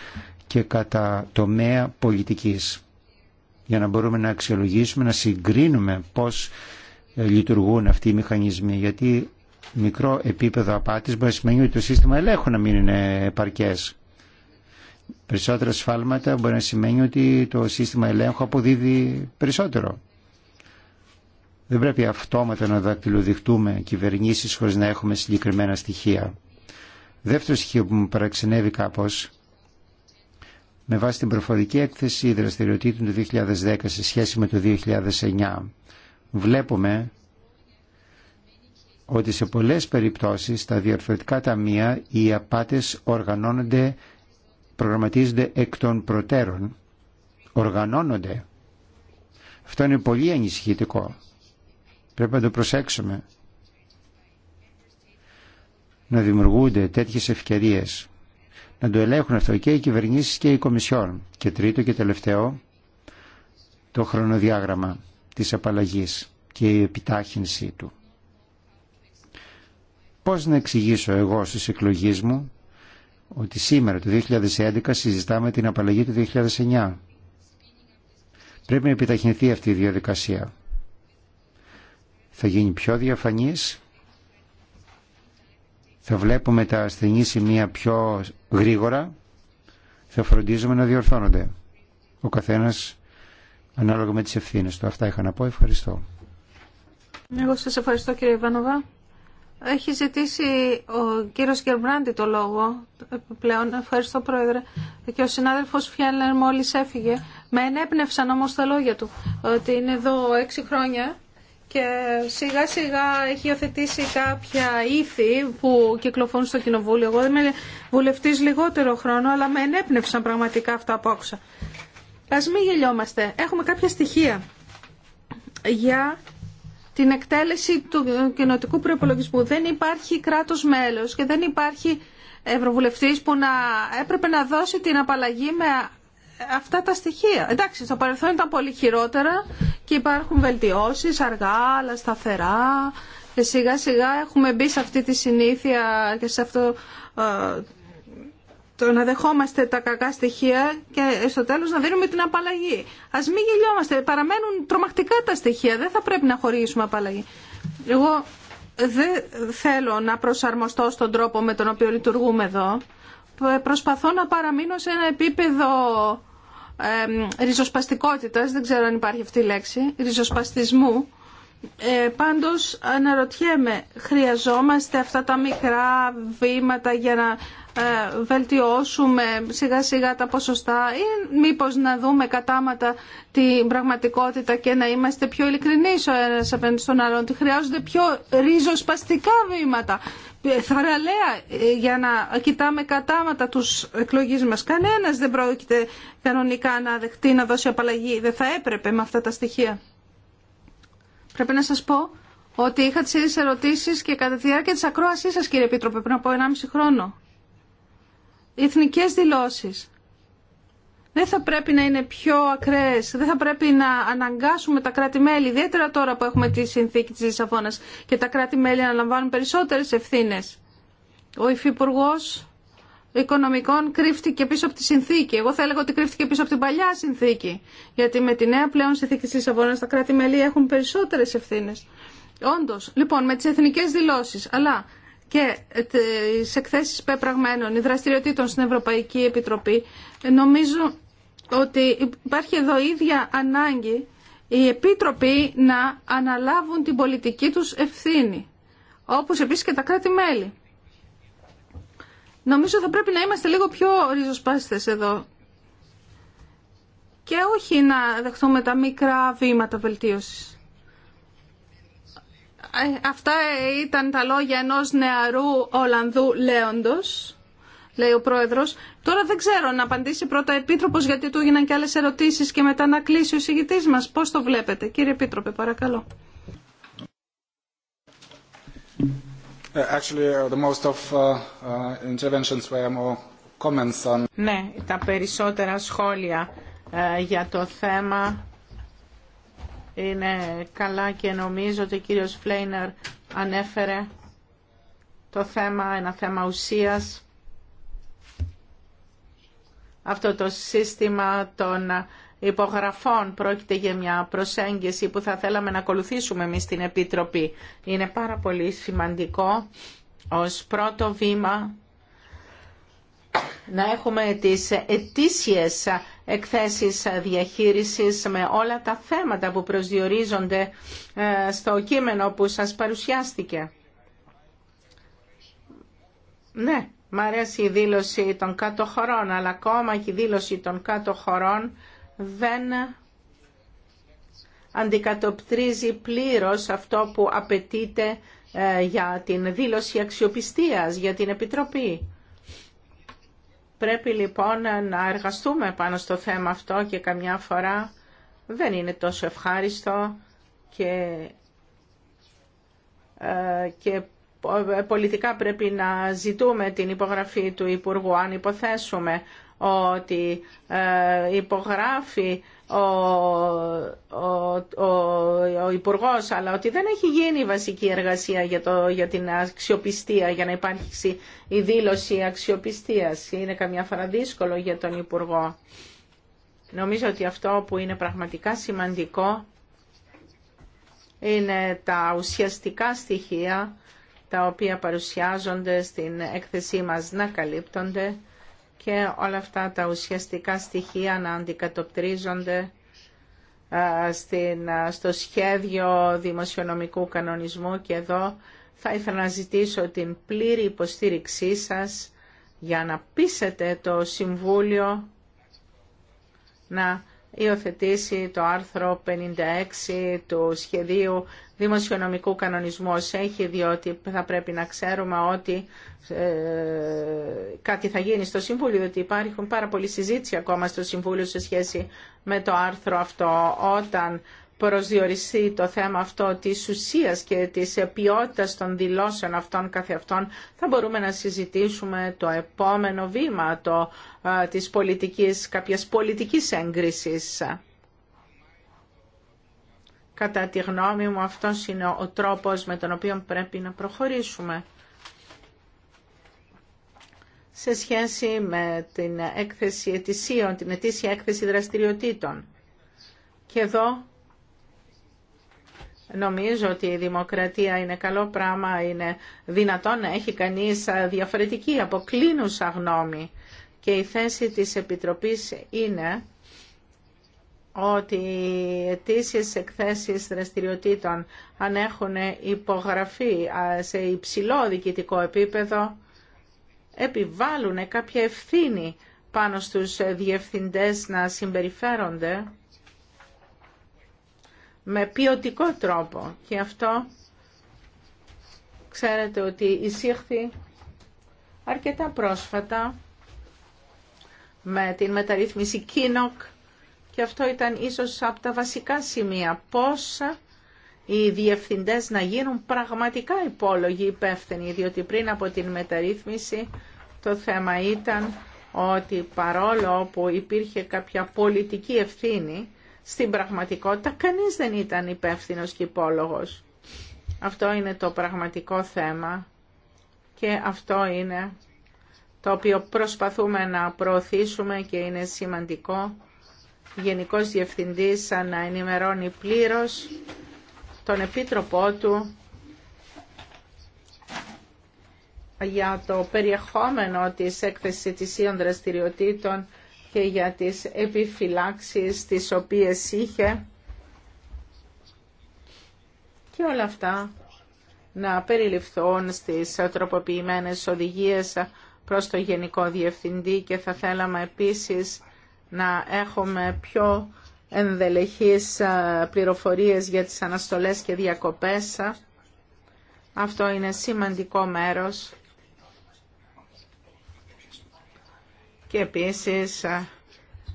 και κατά τομέα πολιτικής για να μπορούμε να αξιολογήσουμε, να συγκρίνουμε πώς ε, λειτουργούν αυτοί οι μηχανισμοί γιατί μικρό επίπεδο απάτης μπορεί να σημαίνει ότι το σύστημα ελέγχου να μην είναι επαρκές. Περισσότερα σφάλματα μπορεί να σημαίνει ότι το σύστημα ελέγχου αποδίδει περισσότερο. Δεν πρέπει αυτόματα να δακτυλοδειχτούμε κυβερνήσεις χωρίς να έχουμε συγκεκριμένα στοιχεία. Δεύτερο στοιχείο που μου παραξενεύει κάπως, με βάση την προφορική έκθεση δραστηριοτήτων του 2010 σε σχέση με το 2009, βλέπουμε ότι σε πολλές περιπτώσεις τα διαφορετικά ταμεία οι απάτες οργανώνονται, προγραμματίζονται εκ των προτέρων. Οργανώνονται. Αυτό είναι πολύ ανησυχητικό. Πρέπει να το προσέξουμε. Να δημιουργούνται τέτοιες ευκαιρίες. Να το ελέγχουν αυτό και οι κυβερνήσεις και οι κομισιόν. Και τρίτο και τελευταίο, το χρονοδιάγραμμα της απαλλαγής και η επιτάχυνσή του. Πώς να εξηγήσω εγώ στις εκλογείς μου ότι σήμερα το 2011 συζητάμε την απαλλαγή του 2009. Πρέπει να επιταχυνθεί αυτή η διαδικασία θα γίνει πιο διαφανής, θα βλέπουμε τα ασθενή σημεία πιο γρήγορα, θα φροντίζουμε να διορθώνονται. Ο καθένας ανάλογα με τις ευθύνες του. Αυτά είχα να πω. Ευχαριστώ. Εγώ σας ευχαριστώ κύριε Ιβάνοβα. Έχει ζητήσει ο κύριος Γερμπράντη το λόγο πλέον. Ευχαριστώ πρόεδρε. Και ο συνάδελφος Φιέλνερ μόλις έφυγε. Με ενέπνευσαν όμως τα λόγια του ότι είναι εδώ έξι χρόνια και σιγά σιγά έχει υιοθετήσει κάποια ήθη που κυκλοφώνουν στο κοινοβούλιο. Εγώ είμαι βουλευτή λιγότερο χρόνο, αλλά με ενέπνευσαν πραγματικά αυτά που άκουσα. Α μην γελιόμαστε. Έχουμε κάποια στοιχεία για την εκτέλεση του κοινοτικού προπολογισμού. Δεν υπάρχει κράτος μέλος και δεν υπάρχει ευρωβουλευτή που να έπρεπε να δώσει την απαλλαγή με αυτά τα στοιχεία. Εντάξει, στο παρελθόν ήταν πολύ χειρότερα και υπάρχουν βελτιώσεις αργά αλλά σταθερά και σιγά σιγά έχουμε μπει σε αυτή τη συνήθεια και σε αυτό ε, το να δεχόμαστε τα κακά στοιχεία και στο τέλος να δίνουμε την απαλλαγή. Ας μην γελιόμαστε, παραμένουν τρομακτικά τα στοιχεία, δεν θα πρέπει να χορηγήσουμε απαλλαγή. Εγώ δεν θέλω να προσαρμοστώ στον τρόπο με τον οποίο λειτουργούμε εδώ προσπαθώ να παραμείνω σε ένα επίπεδο ε, ριζοσπαστικότητας, δεν ξέρω αν υπάρχει αυτή η λέξη, ριζοσπαστισμού. Ε, πάντως αναρωτιέμαι, χρειαζόμαστε αυτά τα μικρά βήματα για να ε, βελτιώσουμε σιγά σιγά τα ποσοστά ή μήπως να δούμε κατάματα την πραγματικότητα και να είμαστε πιο ειλικρινείς ο ένας απέναντι στον άλλον ότι χρειάζονται πιο ριζοσπαστικά βήματα θαραλέα ε, για να κοιτάμε κατάματα τους εκλογής μας. Κανένας δεν πρόκειται κανονικά να δεχτεί να δώσει απαλλαγή. Δεν θα έπρεπε με αυτά τα στοιχεία. Πρέπει να σας πω ότι είχα τις ίδιες ερωτήσεις και κατά τη διάρκεια της ακρόασής σας κύριε Επίτροπε πριν από 1,5 χρόνο εθνικές δηλώσεις δεν θα πρέπει να είναι πιο ακραίες, δεν θα πρέπει να αναγκάσουμε τα κράτη-μέλη, ιδιαίτερα τώρα που έχουμε τη συνθήκη της Λισαβόνας και τα κράτη-μέλη να λαμβάνουν περισσότερες ευθύνες. Ο υφυπουργό οικονομικών κρύφτηκε πίσω από τη συνθήκη. Εγώ θα έλεγα ότι κρύφτηκε πίσω από την παλιά συνθήκη. Γιατί με τη νέα πλέον συνθήκη της Λισαβόνας τα κράτη-μέλη έχουν περισσότερες ευθύνες. Όντως, λοιπόν, με τις εθνικές δηλώσεις, αλλά και τις εκθέσεις πεπραγμένων, οι δραστηριοτήτων στην Ευρωπαϊκή Επιτροπή, νομίζω ότι υπάρχει εδώ ίδια ανάγκη οι επίτροποι να αναλάβουν την πολιτική τους ευθύνη, όπως επίσης και τα κράτη-μέλη. Νομίζω θα πρέπει να είμαστε λίγο πιο ριζοσπάστες εδώ και όχι να δεχθούμε τα μικρά βήματα βελτίωσης. Αυτά ήταν τα λόγια ενός νεαρού Ολλανδού λέοντος, λέει ο πρόεδρος. Τώρα δεν ξέρω να απαντήσει πρώτα ο Επίτροπος γιατί του έγιναν και άλλες ερωτήσεις και μετά να κλείσει ο συγητής μας. Πώς το βλέπετε. Κύριε Επίτροπε, παρακαλώ. Uh, actually, uh, the most of uh, interventions were more comments Ναι, τα περισσότερα σχόλια για το θέμα είναι καλά και νομίζω ότι ο κύριος Φλέινερ ανέφερε το θέμα, ένα θέμα ουσίας. Αυτό το σύστημα των υπογραφών πρόκειται για μια προσέγγιση που θα θέλαμε να ακολουθήσουμε εμείς στην Επίτροπη. Είναι πάρα πολύ σημαντικό ως πρώτο βήμα να έχουμε τις ετήσιες εκθέσεις διαχείρισης με όλα τα θέματα που προσδιορίζονται ε, στο κείμενο που σας παρουσιάστηκε. Ναι, μ' αρέσει η δήλωση των κάτω χωρών, αλλά ακόμα και η δήλωση των κάτω χωρών δεν αντικατοπτρίζει πλήρως αυτό που απαιτείται ε, για την δήλωση αξιοπιστίας, για την Επιτροπή. Πρέπει λοιπόν να εργαστούμε πάνω στο θέμα αυτό και καμιά φορά δεν είναι τόσο ευχάριστο και, ε, και ε, πολιτικά πρέπει να ζητούμε την υπογραφή του Υπουργού αν υποθέσουμε ότι ε, υπογράφει ο, ο, ο, ο υπουργό, αλλά ότι δεν έχει γίνει η βασική εργασία για, το, για την αξιοπιστία, για να υπάρξει η δήλωση αξιοπιστίας. Είναι καμιά φορά δύσκολο για τον υπουργό. Νομίζω ότι αυτό που είναι πραγματικά σημαντικό είναι τα ουσιαστικά στοιχεία τα οποία παρουσιάζονται στην έκθεσή μας να καλύπτονται και όλα αυτά τα ουσιαστικά στοιχεία να αντικατοπτρίζονται στο σχέδιο δημοσιονομικού κανονισμού και εδώ θα ήθελα να ζητήσω την πλήρη υποστήριξή σας για να πείσετε το Συμβούλιο να υιοθετήσει το άρθρο 56 του σχεδίου δημοσιονομικού κανονισμού έχει, διότι θα πρέπει να ξέρουμε ότι ε, κάτι θα γίνει στο Συμβούλιο, διότι υπάρχουν πάρα πολλοί συζήτηση ακόμα στο Συμβούλιο σε σχέση με το άρθρο αυτό. Όταν προσδιοριστεί το θέμα αυτό της ουσίας και της ποιότητας των δηλώσεων αυτών καθεαυτών, θα μπορούμε να συζητήσουμε το επόμενο βήμα το, α, της πολιτικής, κάποιας πολιτικής έγκρισης. Κατά τη γνώμη μου αυτός είναι ο τρόπος με τον οποίο πρέπει να προχωρήσουμε. Σε σχέση με την έκθεση ετησίων, την ετήσια έκθεση δραστηριοτήτων. Και εδώ Νομίζω ότι η δημοκρατία είναι καλό πράγμα, είναι δυνατόν να έχει κανείς διαφορετική, αποκλίνουσα γνώμη. Και η θέση της Επιτροπής είναι ότι οι αιτήσει εκθέσεις δραστηριοτήτων αν έχουν υπογραφεί σε υψηλό διοικητικό επίπεδο επιβάλλουν κάποια ευθύνη πάνω στους διευθυντές να συμπεριφέρονται με ποιοτικό τρόπο. Και αυτό ξέρετε ότι εισήχθη αρκετά πρόσφατα με την μεταρρύθμιση Κίνοκ και αυτό ήταν ίσως από τα βασικά σημεία. Πώς οι διευθυντές να γίνουν πραγματικά υπόλογοι υπεύθυνοι, διότι πριν από την μεταρρύθμιση το θέμα ήταν ότι παρόλο που υπήρχε κάποια πολιτική ευθύνη, στην πραγματικότητα κανείς δεν ήταν υπεύθυνος και υπόλογος. Αυτό είναι το πραγματικό θέμα και αυτό είναι το οποίο προσπαθούμε να προωθήσουμε και είναι σημαντικό. Γενικό Γενικός Διευθυντής να ενημερώνει πλήρως τον Επίτροπό του για το περιεχόμενο της έκθεσης της δραστηριοτήτων και για τις επιφυλάξεις τις οποίες είχε και όλα αυτά να περιληφθούν στις τροποποιημένες οδηγίες προς το Γενικό Διευθυντή και θα θέλαμε επίσης να έχουμε πιο ενδελεχείς ε, πληροφορίες για τις αναστολές και διακοπές. Αυτό είναι σημαντικό μέρος και επίσης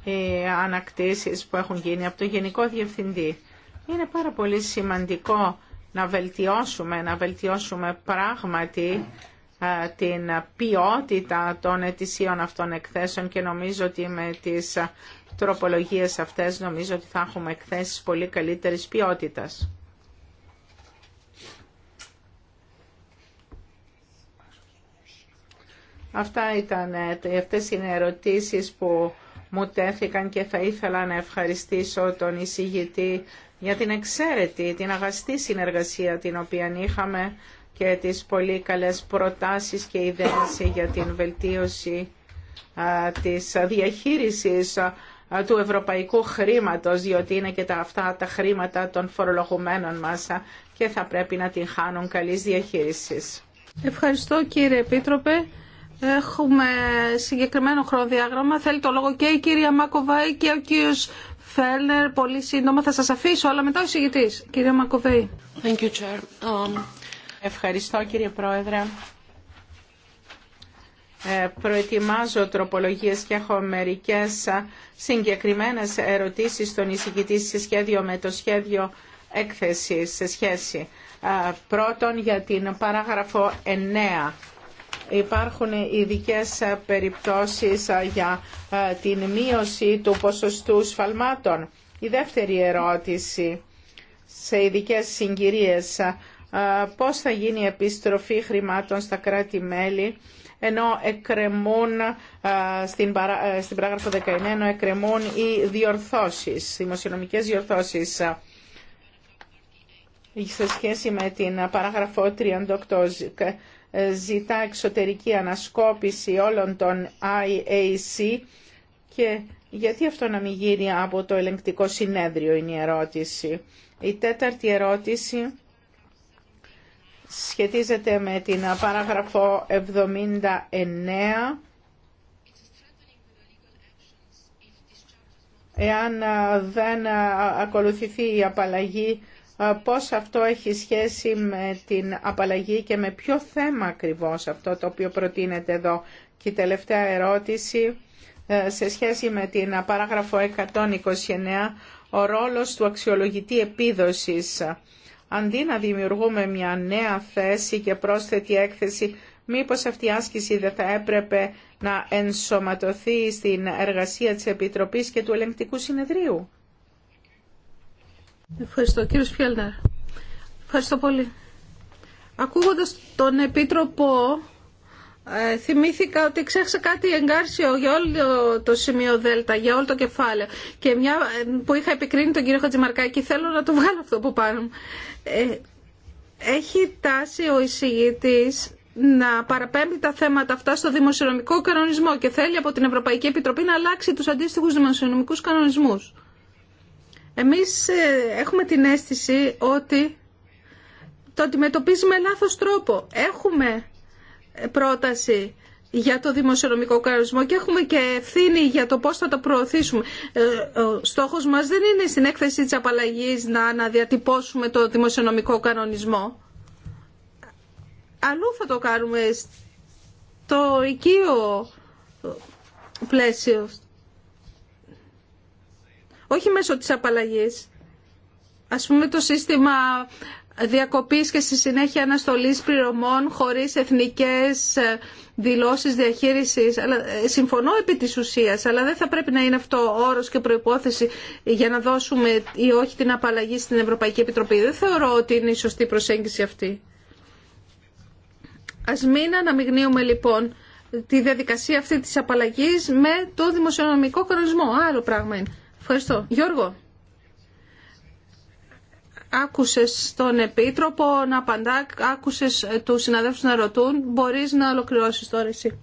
οι ανακτήσεις που έχουν γίνει από το Γενικό Διευθυντή. Είναι πάρα πολύ σημαντικό να βελτιώσουμε, να βελτιώσουμε πράγματι την ποιότητα των ετησίων αυτών εκθέσεων και νομίζω ότι με τις τροπολογίες αυτές νομίζω ότι θα έχουμε εκθέσεις πολύ καλύτερης ποιότητας. Αυτά ήταν, ε, αυτές είναι ερωτήσεις που μου τέθηκαν και θα ήθελα να ευχαριστήσω τον εισηγητή για την εξαίρετη, την αγαστή συνεργασία την οποία είχαμε και τις πολύ καλές προτάσεις και ιδέες για την βελτίωση της διαχείρισης του ευρωπαϊκού χρήματος, διότι είναι και τα, αυτά τα χρήματα των φορολογουμένων μας και θα πρέπει να την χάνουν καλής διαχείρισης. Ευχαριστώ κύριε Επίτροπε. Έχουμε συγκεκριμένο χρονοδιάγραμμα. Θέλει το λόγο και η κυρία Μακοβάη και ο κύριος Φέλνερ. Πολύ σύντομα θα σας αφήσω, αλλά μετά ο συγητής. Κυρία Μακοβέη. Thank you, Chair. Um, ευχαριστώ κύριε Πρόεδρε. Ε, προετοιμάζω τροπολογίες και έχω μερικές συγκεκριμένες ερωτήσεις στον εισηγητή σε σχέδιο με το σχέδιο έκθεση σε σχέση. πρώτον για την παράγραφο 9 Υπάρχουν ειδικέ περιπτώσεις ε, για ε, την μείωση του ποσοστού σφαλμάτων. Η δεύτερη ερώτηση σε ειδικέ συγκυρίες. Ε, πώς θα γίνει η επιστροφή χρημάτων στα κράτη-μέλη ενώ εκκρεμούν στην, παρά, στην παράγραφο 19 ενώ εκκρεμούν οι διορθώσεις, δημοσιονομικές διορθώσεις σε σχέση με την παράγραφο 38 ε, ζητά εξωτερική ανασκόπηση όλων των IAC και γιατί αυτό να μην γίνει από το ελεγκτικό συνέδριο είναι η ερώτηση. Η τέταρτη ερώτηση σχετίζεται με την παράγραφο 79 εάν ε, δεν ε, ακολουθηθεί η απαλλαγή ε, πώς αυτό έχει σχέση με την απαλλαγή και με ποιο θέμα ακριβώς αυτό το οποίο προτείνεται εδώ. Και η τελευταία ερώτηση ε, σε σχέση με την παράγραφο 129, ο ρόλος του αξιολογητή επίδοσης. Αντί να δημιουργούμε μια νέα θέση και πρόσθετη έκθεση, μήπως αυτή η άσκηση δεν θα έπρεπε να ενσωματωθεί στην εργασία της Επιτροπής και του Ελεγκτικού Συνεδρίου. Ευχαριστώ κύριε Φιέλνερ. Ευχαριστώ πολύ. Ακούγοντας τον Επίτροπο ε, θυμήθηκα ότι ξέχασα κάτι εγκάρσιο για όλο το σημείο Δέλτα, για όλο το κεφάλαιο. Και μια ε, που είχα επικρίνει τον κύριο Χατζημαρκάκη, θέλω να το βγάλω αυτό από πάνω Ε, έχει τάση ο εισηγητής να παραπέμπει τα θέματα αυτά στο δημοσιονομικό κανονισμό και θέλει από την Ευρωπαϊκή Επιτροπή να αλλάξει τους αντίστοιχου δημοσιονομικούς κανονισμούς. Εμείς ε, έχουμε την αίσθηση ότι το αντιμετωπίζουμε λάθος τρόπο. Έχουμε πρόταση για το δημοσιονομικό κανονισμό και έχουμε και ευθύνη για το πώς θα το προωθήσουμε. Ε, ο στόχος μας δεν είναι στην έκθεση της απαλλαγής να αναδιατυπώσουμε το δημοσιονομικό κανονισμό. Αλλού θα το κάνουμε στο οικείο πλαίσιο όχι μέσω της απαλλαγής. Ας πούμε το σύστημα διακοπής και στη συνέχεια αναστολής πληρωμών χωρίς εθνικές ε, δηλώσεις διαχείρισης. Αλλά, ε, συμφωνώ επί της ουσίας, αλλά δεν θα πρέπει να είναι αυτό όρος και προϋπόθεση για να δώσουμε ή όχι την απαλλαγή στην Ευρωπαϊκή Επιτροπή. Δεν θεωρώ ότι είναι η σωστή προσέγγιση αυτή. Ας μην αναμειγνύουμε λοιπόν τη διαδικασία αυτή της απαλλαγής με το δημοσιονομικό κανονισμό. Άλλο πράγμα είναι. Ευχαριστώ. Γιώργο, άκουσες τον Επίτροπο να απαντά, άκουσες τους συναδέλφους να ρωτούν, μπορείς να ολοκληρώσεις τώρα εσύ.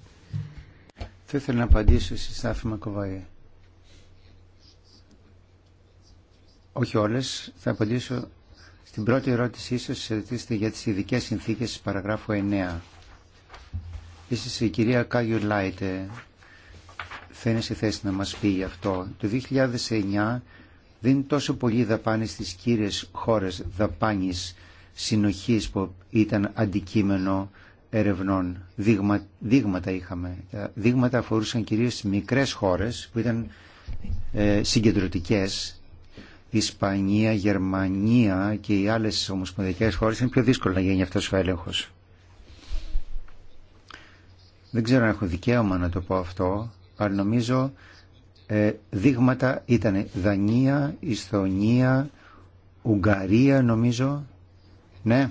Θα ήθελα να απαντήσω στη Στάφη Μακοβάη. Όχι όλες, θα απαντήσω στην πρώτη ερώτηση ίσως ρωτήσετε για τις ειδικές συνθήκες της παραγράφου 9. Είσαι η κυρία Κάγιου Λάιτε θα είναι σε θέση να μας πει γι' αυτό. Το 2009 δεν είναι τόσο πολύ δαπάνε στις κύριες χώρες δαπάνης συνοχής που ήταν αντικείμενο ερευνών. Δείγμα, δείγματα είχαμε. δείγματα αφορούσαν κυρίως τις μικρές χώρες που ήταν ε, συγκεντρωτικές. Ισπανία, Γερμανία και οι άλλες ομοσπονδιακές χώρες είναι πιο δύσκολο να γίνει αυτός ο έλεγχος. Δεν ξέρω αν έχω δικαίωμα να το πω αυτό, αλλά νομίζω ε, δείγματα ήταν Δανία, Ισθονία, Ουγγαρία νομίζω, ναι.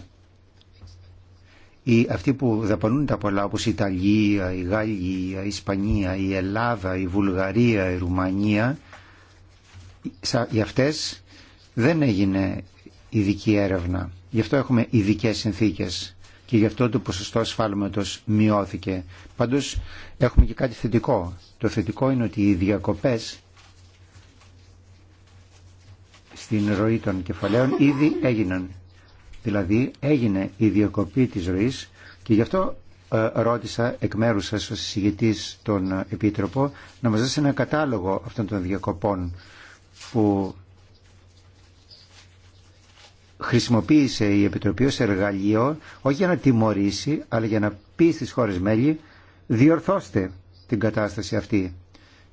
Οι, αυτοί που δαπανούν τα πολλά όπως η Ιταλία, η Γαλλία, η Ισπανία, η Ελλάδα, η Βουλγαρία, η Ρουμανία, για αυτές δεν έγινε ειδική έρευνα. Γι' αυτό έχουμε ειδικέ συνθήκες και γι' αυτό το ποσοστό ασφάλματος μειώθηκε. Πάντως έχουμε και κάτι θετικό. Το θετικό είναι ότι οι διακοπές στην ροή των κεφαλαίων ήδη έγιναν. Δηλαδή έγινε η διακοπή της ροής και γι' αυτό ε, ρώτησα εκ μέρου σα ως τον Επίτροπο να μας δώσει ένα κατάλογο αυτών των διακοπών που χρησιμοποίησε η Επιτροπή ως εργαλείο όχι για να τιμωρήσει αλλά για να πει στις χώρες μέλη διορθώστε την κατάσταση αυτή.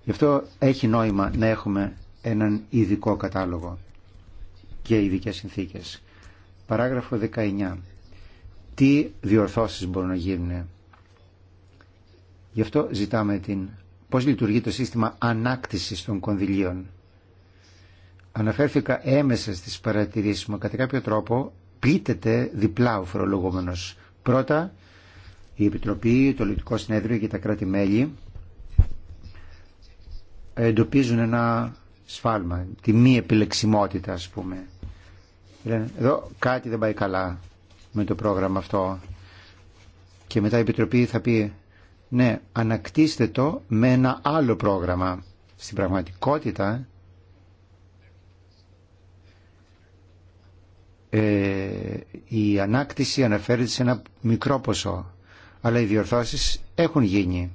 Γι' αυτό έχει νόημα να έχουμε έναν ειδικό κατάλογο και ειδικέ συνθήκες. Παράγραφο 19. Τι διορθώσεις μπορούν να γίνουν. Γι' αυτό ζητάμε την πώς λειτουργεί το σύστημα ανάκτησης των κονδυλίων αναφέρθηκα έμεσα στις παρατηρήσεις μου. Κατά κάποιο τρόπο πείτεται διπλά ο Πρώτα, η Επιτροπή, το Λυτικό Συνέδριο και τα κράτη-μέλη εντοπίζουν ένα σφάλμα, τη μη επιλεξιμότητα ας πούμε. εδώ κάτι δεν πάει καλά με το πρόγραμμα αυτό. Και μετά η Επιτροπή θα πει, ναι, ανακτήστε το με ένα άλλο πρόγραμμα. Στην πραγματικότητα Ε, η ανάκτηση αναφέρεται σε ένα μικρό ποσό, αλλά οι διορθώσεις έχουν γίνει.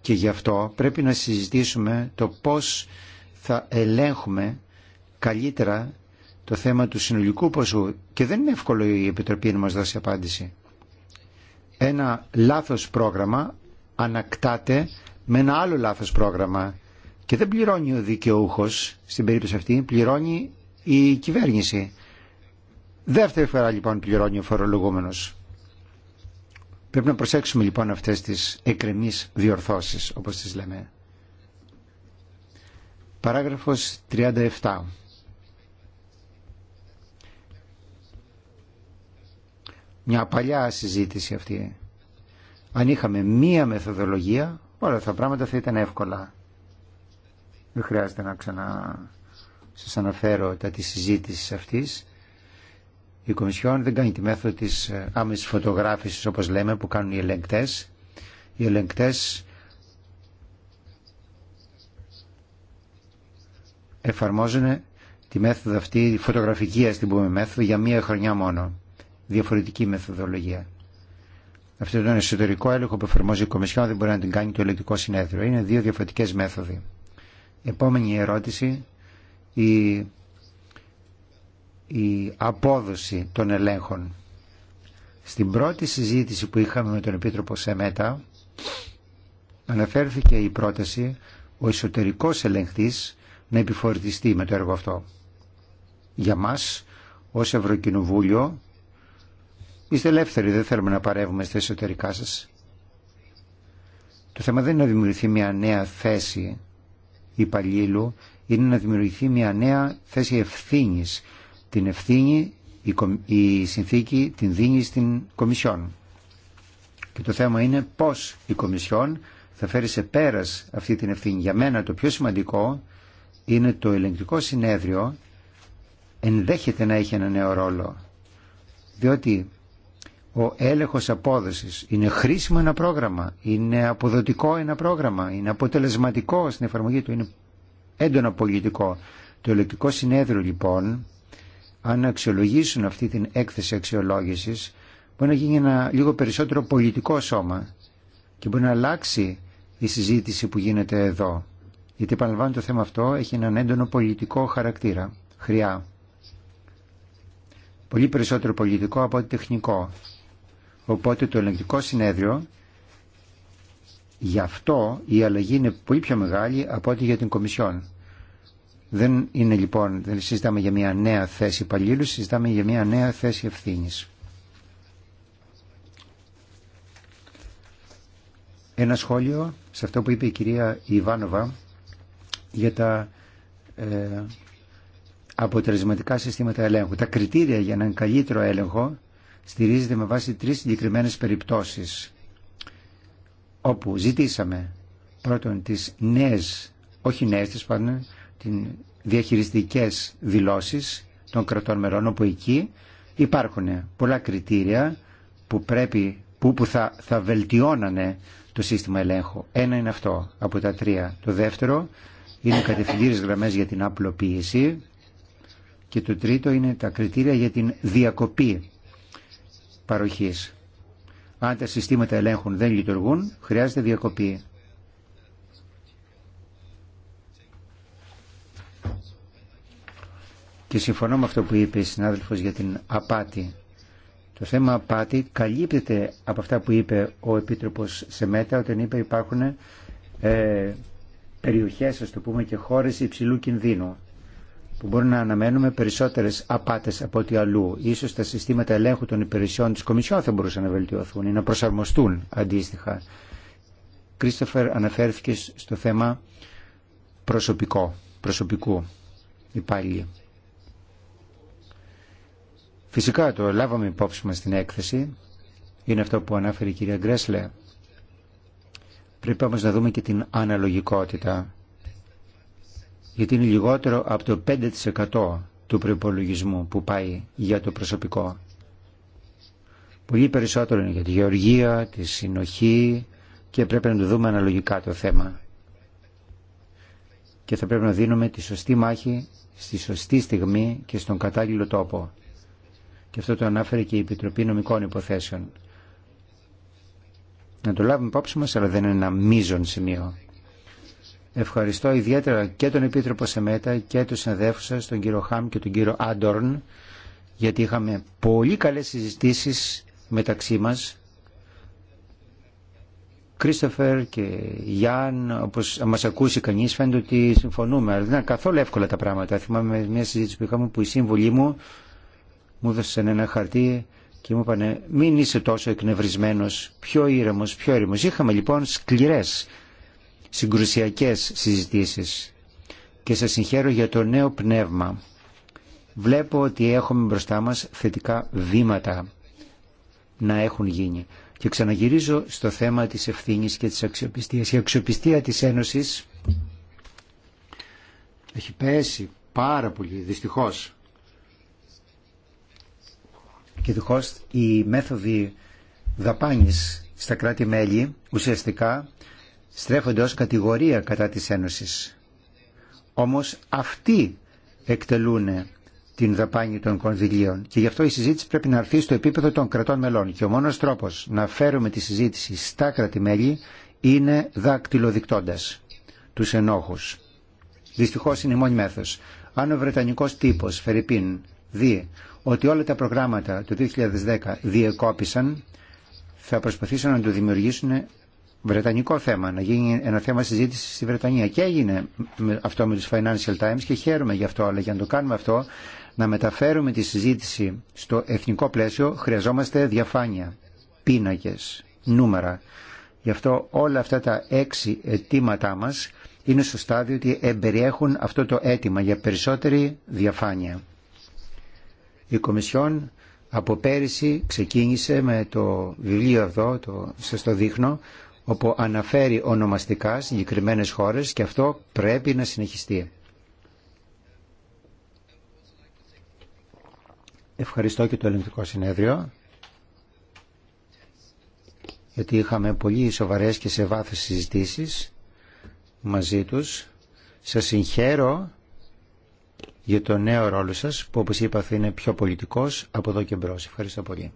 Και γι' αυτό πρέπει να συζητήσουμε το πώς θα ελέγχουμε καλύτερα το θέμα του συνολικού ποσού και δεν είναι εύκολο η Επιτροπή να μας δώσει απάντηση. Ένα λάθος πρόγραμμα ανακτάται με ένα άλλο λάθος πρόγραμμα και δεν πληρώνει ο δικαιούχος, στην περίπτωση αυτή πληρώνει η κυβέρνηση. Δεύτερη φορά λοιπόν πληρώνει ο φορολογούμενος. Πρέπει να προσέξουμε λοιπόν αυτές τις εκκρεμεί διορθώσεις, όπως τις λέμε. Παράγραφος 37. Μια παλιά συζήτηση αυτή. Αν είχαμε μία μεθοδολογία, όλα τα πράγματα θα ήταν εύκολα. Δεν χρειάζεται να ξανά σας αναφέρω τα τη συζήτησης αυτής. Η Κομισιόν δεν κάνει τη μέθοδο της ε, άμεσης φωτογράφησης όπως λέμε που κάνουν οι ελεγκτές. Οι ελεγκτές εφαρμόζουν τη μέθοδο αυτή, τη φωτογραφική α την πούμε μέθοδο για μία χρονιά μόνο. Διαφορετική μεθοδολογία. Αυτό τον εσωτερικό έλεγχο που εφαρμόζει η Κομισιόν δεν μπορεί να την κάνει το ελεγκτικό συνέδριο. Είναι δύο διαφορετικέ μέθοδοι. Επόμενη ερώτηση, η η απόδοση των ελέγχων. Στην πρώτη συζήτηση που είχαμε με τον Επίτροπο Σεμέτα αναφέρθηκε η πρόταση ο εσωτερικός ελεγχτής να επιφορτιστεί με το έργο αυτό. Για μας, ως Ευρωκοινοβούλιο, είστε ελεύθεροι, δεν θέλουμε να παρεύουμε στα εσωτερικά σας. Το θέμα δεν είναι να δημιουργηθεί μια νέα θέση υπαλλήλου, είναι να δημιουργηθεί μια νέα θέση ευθύνης την ευθύνη η συνθήκη την δίνει στην Κομισιόν. Και το θέμα είναι πώς η Κομισιόν θα φέρει σε πέρας αυτή την ευθύνη. Για μένα το πιο σημαντικό είναι το ελεγκτικό συνέδριο ενδέχεται να έχει ένα νέο ρόλο. Διότι ο έλεγχος απόδοσης είναι χρήσιμο ένα πρόγραμμα, είναι αποδοτικό ένα πρόγραμμα, είναι αποτελεσματικό στην εφαρμογή του, είναι έντονα πολιτικό. Το ελεγκτικό συνέδριο λοιπόν αν αξιολογήσουν αυτή την έκθεση αξιολόγησης μπορεί να γίνει ένα λίγο περισσότερο πολιτικό σώμα και μπορεί να αλλάξει η συζήτηση που γίνεται εδώ. Γιατί επαναλαμβάνω το θέμα αυτό έχει έναν έντονο πολιτικό χαρακτήρα. Χρειά. Πολύ περισσότερο πολιτικό από τεχνικό. Οπότε το ελεγκτικό συνέδριο γι' αυτό η αλλαγή είναι πολύ πιο μεγάλη από ό,τι για την Κομισιόν. Δεν είναι λοιπόν, δεν συζητάμε για μια νέα θέση υπαλλήλου, συζητάμε για μια νέα θέση ευθύνης. Ένα σχόλιο σε αυτό που είπε η κυρία Ιβάνοβα για τα ε, αποτελεσματικά συστήματα ελέγχου. Τα κριτήρια για έναν καλύτερο έλεγχο στηρίζεται με βάση τρεις συγκεκριμένες περιπτώσεις όπου ζητήσαμε πρώτον τις νέες, όχι νέες τις πάντων, την διαχειριστικές δηλώσεις των κρατών μερών όπου εκεί υπάρχουν πολλά κριτήρια που, πρέπει, που, θα, θα βελτιώνανε το σύστημα ελέγχου. Ένα είναι αυτό από τα τρία. Το δεύτερο είναι κατευθυντήρες γραμμές για την απλοποίηση και το τρίτο είναι τα κριτήρια για την διακοπή παροχής. Αν τα συστήματα ελέγχουν δεν λειτουργούν, χρειάζεται διακοπή. Και συμφωνώ με αυτό που είπε η συνάδελφος για την απάτη. Το θέμα απάτη καλύπτεται από αυτά που είπε ο Επίτροπος Σεμέτα όταν είπε υπάρχουν ε, περιοχές, ας το πούμε, και χώρες υψηλού κινδύνου που μπορεί να αναμένουμε περισσότερες απάτες από ό,τι αλλού. Ίσως τα συστήματα ελέγχου των υπηρεσιών της Κομισιόν θα μπορούσαν να βελτιωθούν ή να προσαρμοστούν αντίστοιχα. Κρίστοφερ αναφέρθηκε στο θέμα προσωπικό, προσωπικού υπάλληλοι. Φυσικά το λάβαμε υπόψη μας στην έκθεση. Είναι αυτό που ανάφερε η κυρία Γκρέσλε. Πρέπει όμως να δούμε και την αναλογικότητα. Γιατί είναι λιγότερο από το 5% του προπολογισμού που πάει για το προσωπικό. Πολύ περισσότερο είναι για τη γεωργία, τη συνοχή και πρέπει να το δούμε αναλογικά το θέμα. Και θα πρέπει να δίνουμε τη σωστή μάχη στη σωστή στιγμή και στον κατάλληλο τόπο και αυτό το ανάφερε και η Επιτροπή Νομικών Υποθέσεων. Να το λάβουμε υπόψη μας, αλλά δεν είναι ένα μείζον σημείο. Ευχαριστώ ιδιαίτερα και τον Επίτροπο Σεμέτα και τους συναδέλφους σας, τον κύριο Χάμ και τον κύριο Άντορν, γιατί είχαμε πολύ καλές συζητήσεις μεταξύ μας. Κρίστοφερ και Γιάν, όπως μας ακούσει κανείς, φαίνεται ότι συμφωνούμε, αλλά δεν είναι καθόλου εύκολα τα πράγματα. Θυμάμαι μια συζήτηση που είχαμε που η σύμβολή μου μου έδωσαν ένα χαρτί και μου είπανε μην είσαι τόσο εκνευρισμένος, πιο ήρεμος, πιο ήρεμος. Είχαμε λοιπόν σκληρές συγκρουσιακές συζητήσεις και σας συγχαίρω για το νέο πνεύμα. Βλέπω ότι έχουμε μπροστά μας θετικά βήματα να έχουν γίνει. Και ξαναγυρίζω στο θέμα της ευθύνης και της αξιοπιστίας. Η αξιοπιστία της Ένωσης έχει πέσει πάρα πολύ δυστυχώς και δυχώς οι μέθοδοι δαπάνης στα κράτη-μέλη ουσιαστικά στρέφονται ως κατηγορία κατά της Ένωσης. Όμως αυτοί εκτελούν την δαπάνη των κονδυλίων και γι' αυτό η συζήτηση πρέπει να έρθει στο επίπεδο των κρατών μελών και ο μόνος τρόπος να φέρουμε τη συζήτηση στα κράτη-μέλη είναι δακτυλοδεικτώντας τους ενόχους. Δυστυχώς είναι η μόνη μέθος. Αν ο Βρετανικός τύπος, Φερρυπίν, δει ότι όλα τα προγράμματα του 2010 διεκόπησαν, θα προσπαθήσουν να το δημιουργήσουν βρετανικό θέμα, να γίνει ένα θέμα συζήτηση στη Βρετανία. Και έγινε αυτό με του Financial Times και χαίρομαι γι' αυτό, αλλά για να το κάνουμε αυτό, να μεταφέρουμε τη συζήτηση στο εθνικό πλαίσιο, χρειαζόμαστε διαφάνεια, πίνακε, νούμερα. Γι' αυτό όλα αυτά τα έξι αιτήματά μας είναι στο στάδιο ότι εμπεριέχουν αυτό το αίτημα για περισσότερη διαφάνεια. Η Κομισιόν από πέρυσι ξεκίνησε με το βιβλίο εδώ, το, σας το δείχνω, όπου αναφέρει ονομαστικά συγκεκριμένε χώρες και αυτό πρέπει να συνεχιστεί. Ευχαριστώ και το Ελληνικό Συνέδριο γιατί είχαμε πολύ σοβαρές και σε βάθος συζητήσεις μαζί τους. Σας συγχαίρω για το νέο ρόλο σας που όπως είπα θα είναι πιο πολιτικός από εδώ και μπρος. Ευχαριστώ πολύ.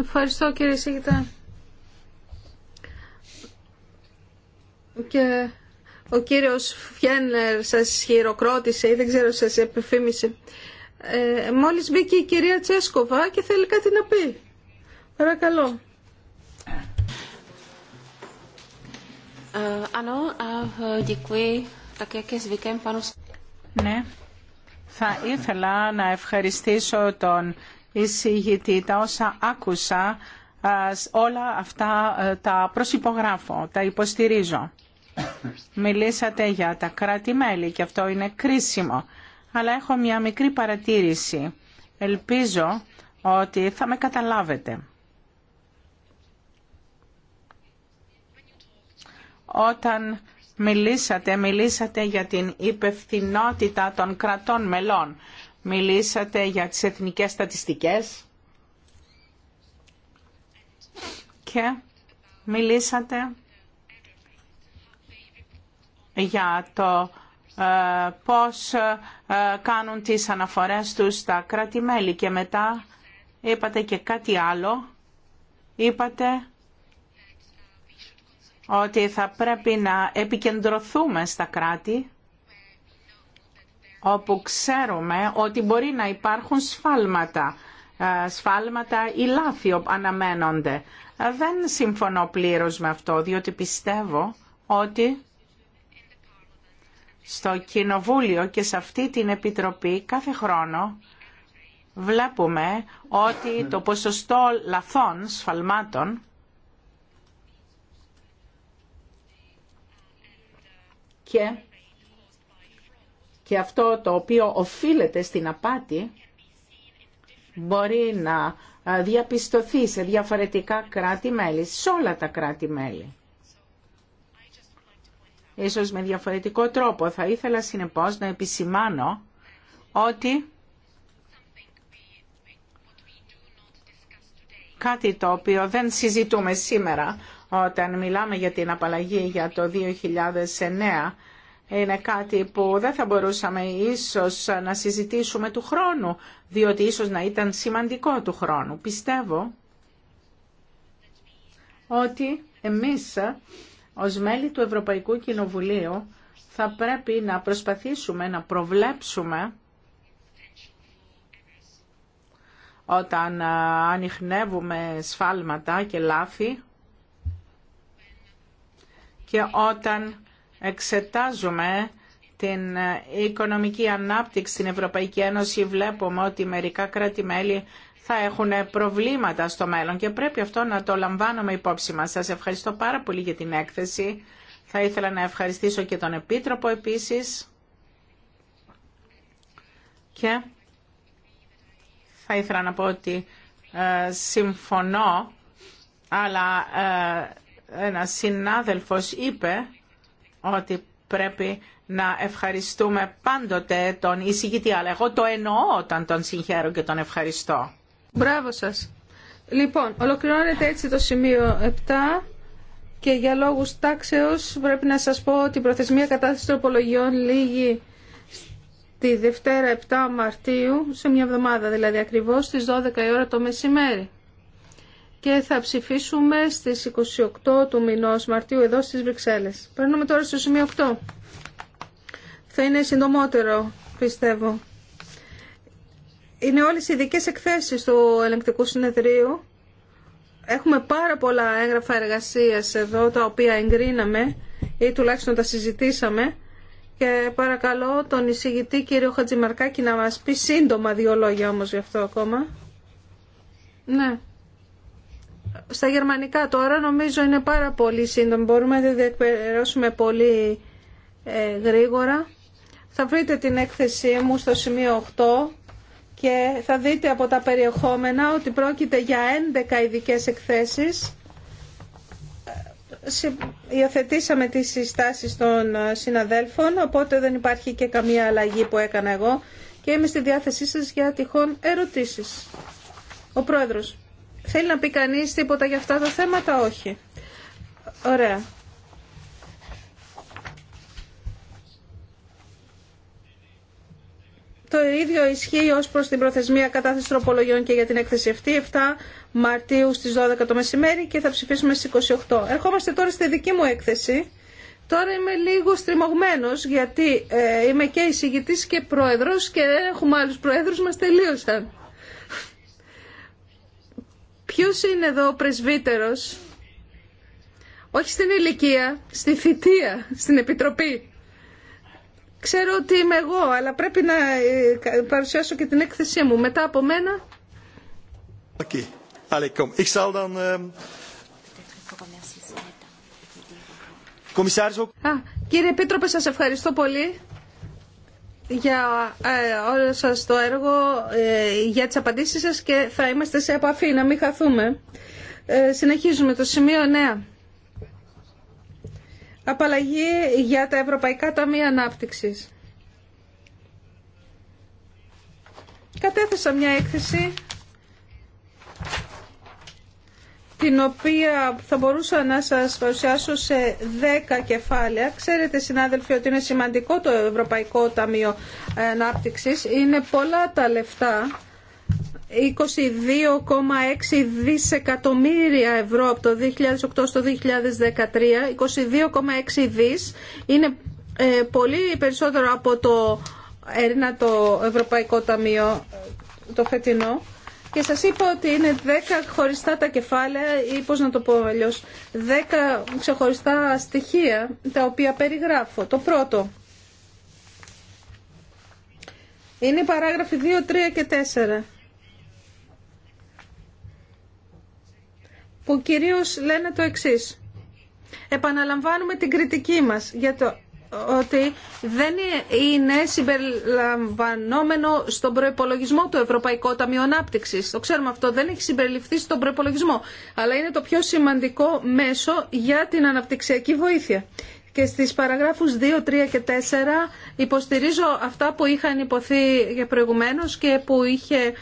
Ευχαριστώ κύριε Σίγητα. Και ο κύριος Φιένερ σας χειροκρότησε ή δεν ξέρω σας επιφήμισε. Ε, μόλις μπήκε η κυρία Τσέσκοβα και θέλει κάτι να πει. Παρακαλώ. Ε, ε, ναι, θα ήθελα να ευχαριστήσω τον εισηγητή. Τα όσα άκουσα, ε, όλα αυτά τα προσυπογράφω, τα υποστηρίζω. Μιλήσατε για τα κράτη-μέλη και αυτό είναι κρίσιμο. Αλλά έχω μια μικρή παρατήρηση. Ελπίζω ότι θα με καταλάβετε. Όταν μιλήσατε, μιλήσατε για την υπευθυνότητα των κρατών μελών. Μιλήσατε για τις εθνικές στατιστικές και μιλήσατε για το ε, πώς ε, κάνουν τις αναφορές τους στα κράτη-μέλη και μετά είπατε και κάτι άλλο. Είπατε ότι θα πρέπει να επικεντρωθούμε στα κράτη όπου ξέρουμε ότι μπορεί να υπάρχουν σφάλματα, ε, σφάλματα ή λάθη αναμένονται. Ε, δεν συμφωνώ πλήρως με αυτό, διότι πιστεύω ότι στο Κοινοβούλιο και σε αυτή την Επιτροπή κάθε χρόνο βλέπουμε ότι το ποσοστό λαθών, σφαλμάτων, και, και αυτό το οποίο οφείλεται στην απάτη μπορεί να διαπιστωθεί σε διαφορετικά κράτη-μέλη, σε όλα τα κράτη-μέλη. Ίσως με διαφορετικό τρόπο θα ήθελα συνεπώς να επισημάνω ότι κάτι το οποίο δεν συζητούμε σήμερα, όταν μιλάμε για την απαλλαγή για το 2009 είναι κάτι που δεν θα μπορούσαμε ίσως να συζητήσουμε του χρόνου, διότι ίσως να ήταν σημαντικό του χρόνου. Πιστεύω ότι εμείς ως μέλη του Ευρωπαϊκού Κοινοβουλίου θα πρέπει να προσπαθήσουμε να προβλέψουμε όταν ε, ανοιχνεύουμε σφάλματα και λάθη και όταν εξετάζουμε την οικονομική ανάπτυξη στην Ευρωπαϊκή Ένωση βλέπουμε ότι μερικά κράτη-μέλη θα έχουν προβλήματα στο μέλλον και πρέπει αυτό να το λαμβάνουμε υπόψη μας. Σας ευχαριστώ πάρα πολύ για την έκθεση. Θα ήθελα να ευχαριστήσω και τον Επίτροπο επίσης. Και θα ήθελα να πω ότι ε, συμφωνώ, αλλά ε, ένα συνάδελφος είπε ότι πρέπει να ευχαριστούμε πάντοτε τον εισηγητή, αλλά εγώ το εννοώ όταν τον συγχαίρω και τον ευχαριστώ. Μπράβο σας. Λοιπόν, ολοκληρώνεται έτσι το σημείο 7 και για λόγους τάξεως πρέπει να σας πω ότι η προθεσμία κατάθεση τροπολογιών λύγει τη Δευτέρα 7 Μαρτίου, σε μια εβδομάδα δηλαδή ακριβώς, στις 12 η ώρα το μεσημέρι και θα ψηφίσουμε στις 28 του μηνός Μαρτίου εδώ στις Βρυξέλλες. Παίρνουμε τώρα στο σημείο 8. Θα είναι συντομότερο, πιστεύω. Είναι όλες οι ειδικέ εκθέσεις του ελεγκτικού συνεδρίου. Έχουμε πάρα πολλά έγγραφα εργασίας εδώ, τα οποία εγκρίναμε ή τουλάχιστον τα συζητήσαμε. Και παρακαλώ τον εισηγητή κύριο Χατζημαρκάκη να μας πει σύντομα δύο λόγια όμως γι' αυτό ακόμα. Ναι. Στα γερμανικά τώρα νομίζω είναι πάρα πολύ σύντομο. Μπορούμε να διεκπαιρεώσουμε πολύ ε, γρήγορα. Θα βρείτε την έκθεσή μου στο σημείο 8 και θα δείτε από τα περιεχόμενα ότι πρόκειται για 11 ειδικέ εκθέσεις. Ε, υιοθετήσαμε τις συστάσεις των ε, συναδέλφων, οπότε δεν υπάρχει και καμία αλλαγή που έκανα εγώ και είμαι στη διάθεσή σας για τυχόν ερωτήσεις. Ο Πρόεδρος. Θέλει να πει κανείς τίποτα για αυτά τα θέματα, όχι. Ωραία. Το ίδιο ισχύει ως προς την προθεσμία κατάθεση τροπολογιών και για την έκθεση αυτή, 7 Μαρτίου στις 12 το μεσημέρι και θα ψηφίσουμε στις 28. Ερχόμαστε τώρα στη δική μου έκθεση. Τώρα είμαι λίγο στριμωγμένος γιατί ε, είμαι και εισηγητής και πρόεδρος και έχουμε άλλους πρόεδρους, μας τελείωσαν. Ποιος είναι εδώ ο πρεσβύτερος, όχι στην ηλικία, στη θητεία, στην επιτροπή. Ξέρω ότι είμαι εγώ, αλλά πρέπει να ε, παρουσιάσω και την έκθεσή μου. Μετά από μένα... κύριε Επίτροπε, σας ευχαριστώ πολύ για ε, όλο σας το έργο, ε, για τις απαντήσεις σας και θα είμαστε σε επαφή, να μην χαθούμε. Ε, συνεχίζουμε το σημείο 9. Απαλλαγή για τα Ευρωπαϊκά Ταμεία Ανάπτυξης. Κατέθεσα μια έκθεση την οποία θα μπορούσα να σας παρουσιάσω σε 10 κεφάλαια. Ξέρετε συνάδελφοι ότι είναι σημαντικό το Ευρωπαϊκό Ταμείο ε, Ανάπτυξης. Είναι πολλά τα λεφτά. 22,6 δισεκατομμύρια ευρώ από το 2008 στο 2013. 22,6 δις είναι ε, πολύ περισσότερο από το Ερίνα το Ευρωπαϊκό Ταμείο ε, το φετινό και σας είπα ότι είναι 10 χωριστά τα κεφάλαια ή πώς να το πω αλλιώ, 10 ξεχωριστά στοιχεία τα οποία περιγράφω. Το πρώτο είναι οι παράγραφοι 2, 3 και 4 που κυρίως λένε το εξής. Επαναλαμβάνουμε την κριτική μας για το ότι δεν είναι συμπεριλαμβανόμενο στον προπολογισμό του Ευρωπαϊκού Ταμείου Ανάπτυξη. Το ξέρουμε αυτό, δεν έχει συμπεριληφθεί στον προπολογισμό. Αλλά είναι το πιο σημαντικό μέσο για την αναπτυξιακή βοήθεια. Και στις παραγράφους 2, 3 και 4 υποστηρίζω αυτά που είχαν υποθεί προηγουμένως και που είχε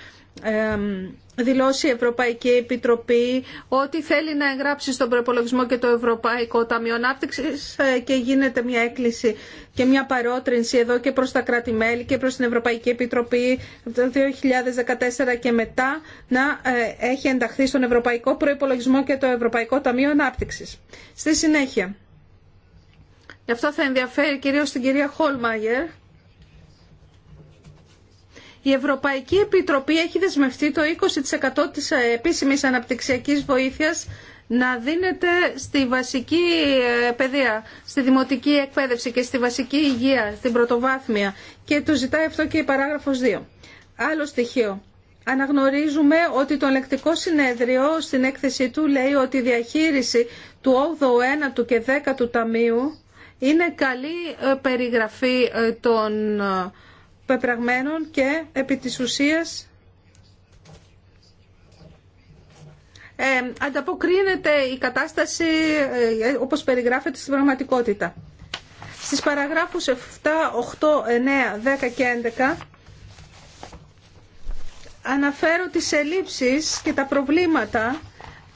δηλώσει η Ευρωπαϊκή Επιτροπή ότι θέλει να εγγράψει στον προπολογισμό και το Ευρωπαϊκό Ταμείο Ανάπτυξη ε, και γίνεται μια έκκληση και μια παρότρινση εδώ και προς τα κράτη-μέλη και προς την Ευρωπαϊκή Επιτροπή από το 2014 και μετά να ε, έχει ενταχθεί στον Ευρωπαϊκό Προπολογισμό και το Ευρωπαϊκό Ταμείο Ανάπτυξη. Στη συνέχεια. Γι' αυτό θα ενδιαφέρει κυρίως την κυρία Χόλμαγερ η Ευρωπαϊκή Επιτροπή έχει δεσμευτεί το 20% της επίσημης αναπτυξιακής βοήθειας να δίνεται στη βασική ε, παιδεία, στη δημοτική εκπαίδευση και στη βασική υγεία, στην πρωτοβάθμια. Και το ζητάει αυτό και η παράγραφος 2. Άλλο στοιχείο. Αναγνωρίζουμε ότι το ελεκτικό συνέδριο στην έκθεσή του λέει ότι η διαχείριση του 8ου, 9ου και 10ου ταμείου είναι καλή ε, περιγραφή ε, των πεπραγμένων και επί της ουσίας ε, ανταποκρίνεται η κατάσταση ε, όπως περιγράφεται στην πραγματικότητα. Στις παραγράφους 7, 8, 9, 10 και 11 αναφέρω τις ελλείψεις και τα προβλήματα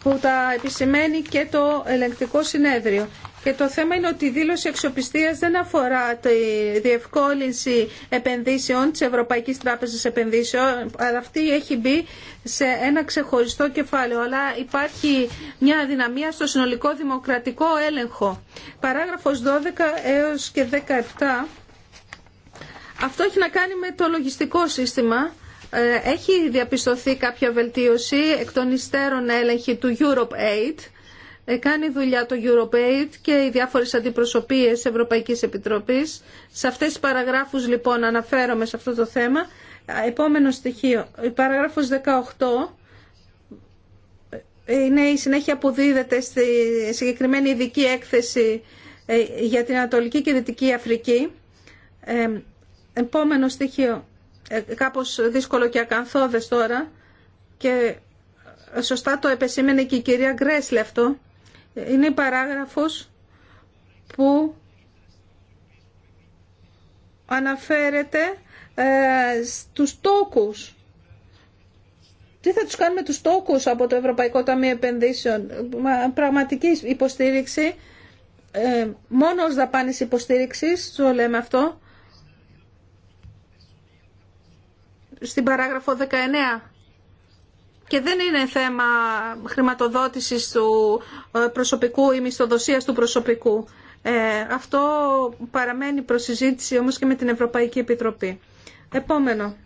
που τα επισημαίνει και το ελεγκτικό συνέδριο. Και το θέμα είναι ότι η δήλωση αξιοπιστία δεν αφορά τη διευκόλυνση επενδύσεων τη Ευρωπαϊκή Τράπεζα Επενδύσεων, αλλά αυτή έχει μπει σε ένα ξεχωριστό κεφάλαιο, αλλά υπάρχει μια αδυναμία στο συνολικό δημοκρατικό έλεγχο. Παράγραφος 12 έως και 17. Αυτό έχει να κάνει με το λογιστικό σύστημα. Ε, έχει διαπιστωθεί κάποια βελτίωση εκ των υστέρων έλεγχη του Europe Aid ε, κάνει δουλειά το EuroPaid και οι διάφορες αντιπροσωπείες Ευρωπαϊκής Επιτροπής. Σε αυτές τις παραγράφους λοιπόν αναφέρομαι σε αυτό το θέμα. Επόμενο στοιχείο, η παράγραφος 18 είναι η συνέχεια που δίδεται στη συγκεκριμένη ειδική έκθεση ε, για την Ανατολική και Δυτική Αφρική. Ε, επόμενο στοιχείο, κάπως δύσκολο και ακαθόδες τώρα και σωστά το επεσήμενε και η κυρία Γκρέσλε είναι η παράγραφος που αναφέρεται ε, στους τόκους. Τι θα τους κάνουμε τους τόκους από το Ευρωπαϊκό Ταμείο Επενδύσεων. Πραγματική υποστήριξη, ε, μόνο ως δαπάνης υποστήριξης, το λέμε αυτό, στην παράγραφο 19 και δεν είναι θέμα χρηματοδότησης του ε, προσωπικού ή μισθοδοσίας του προσωπικού. Ε, αυτό παραμένει προσυζήτηση όμως και με την Ευρωπαϊκή Επιτροπή. Επόμενο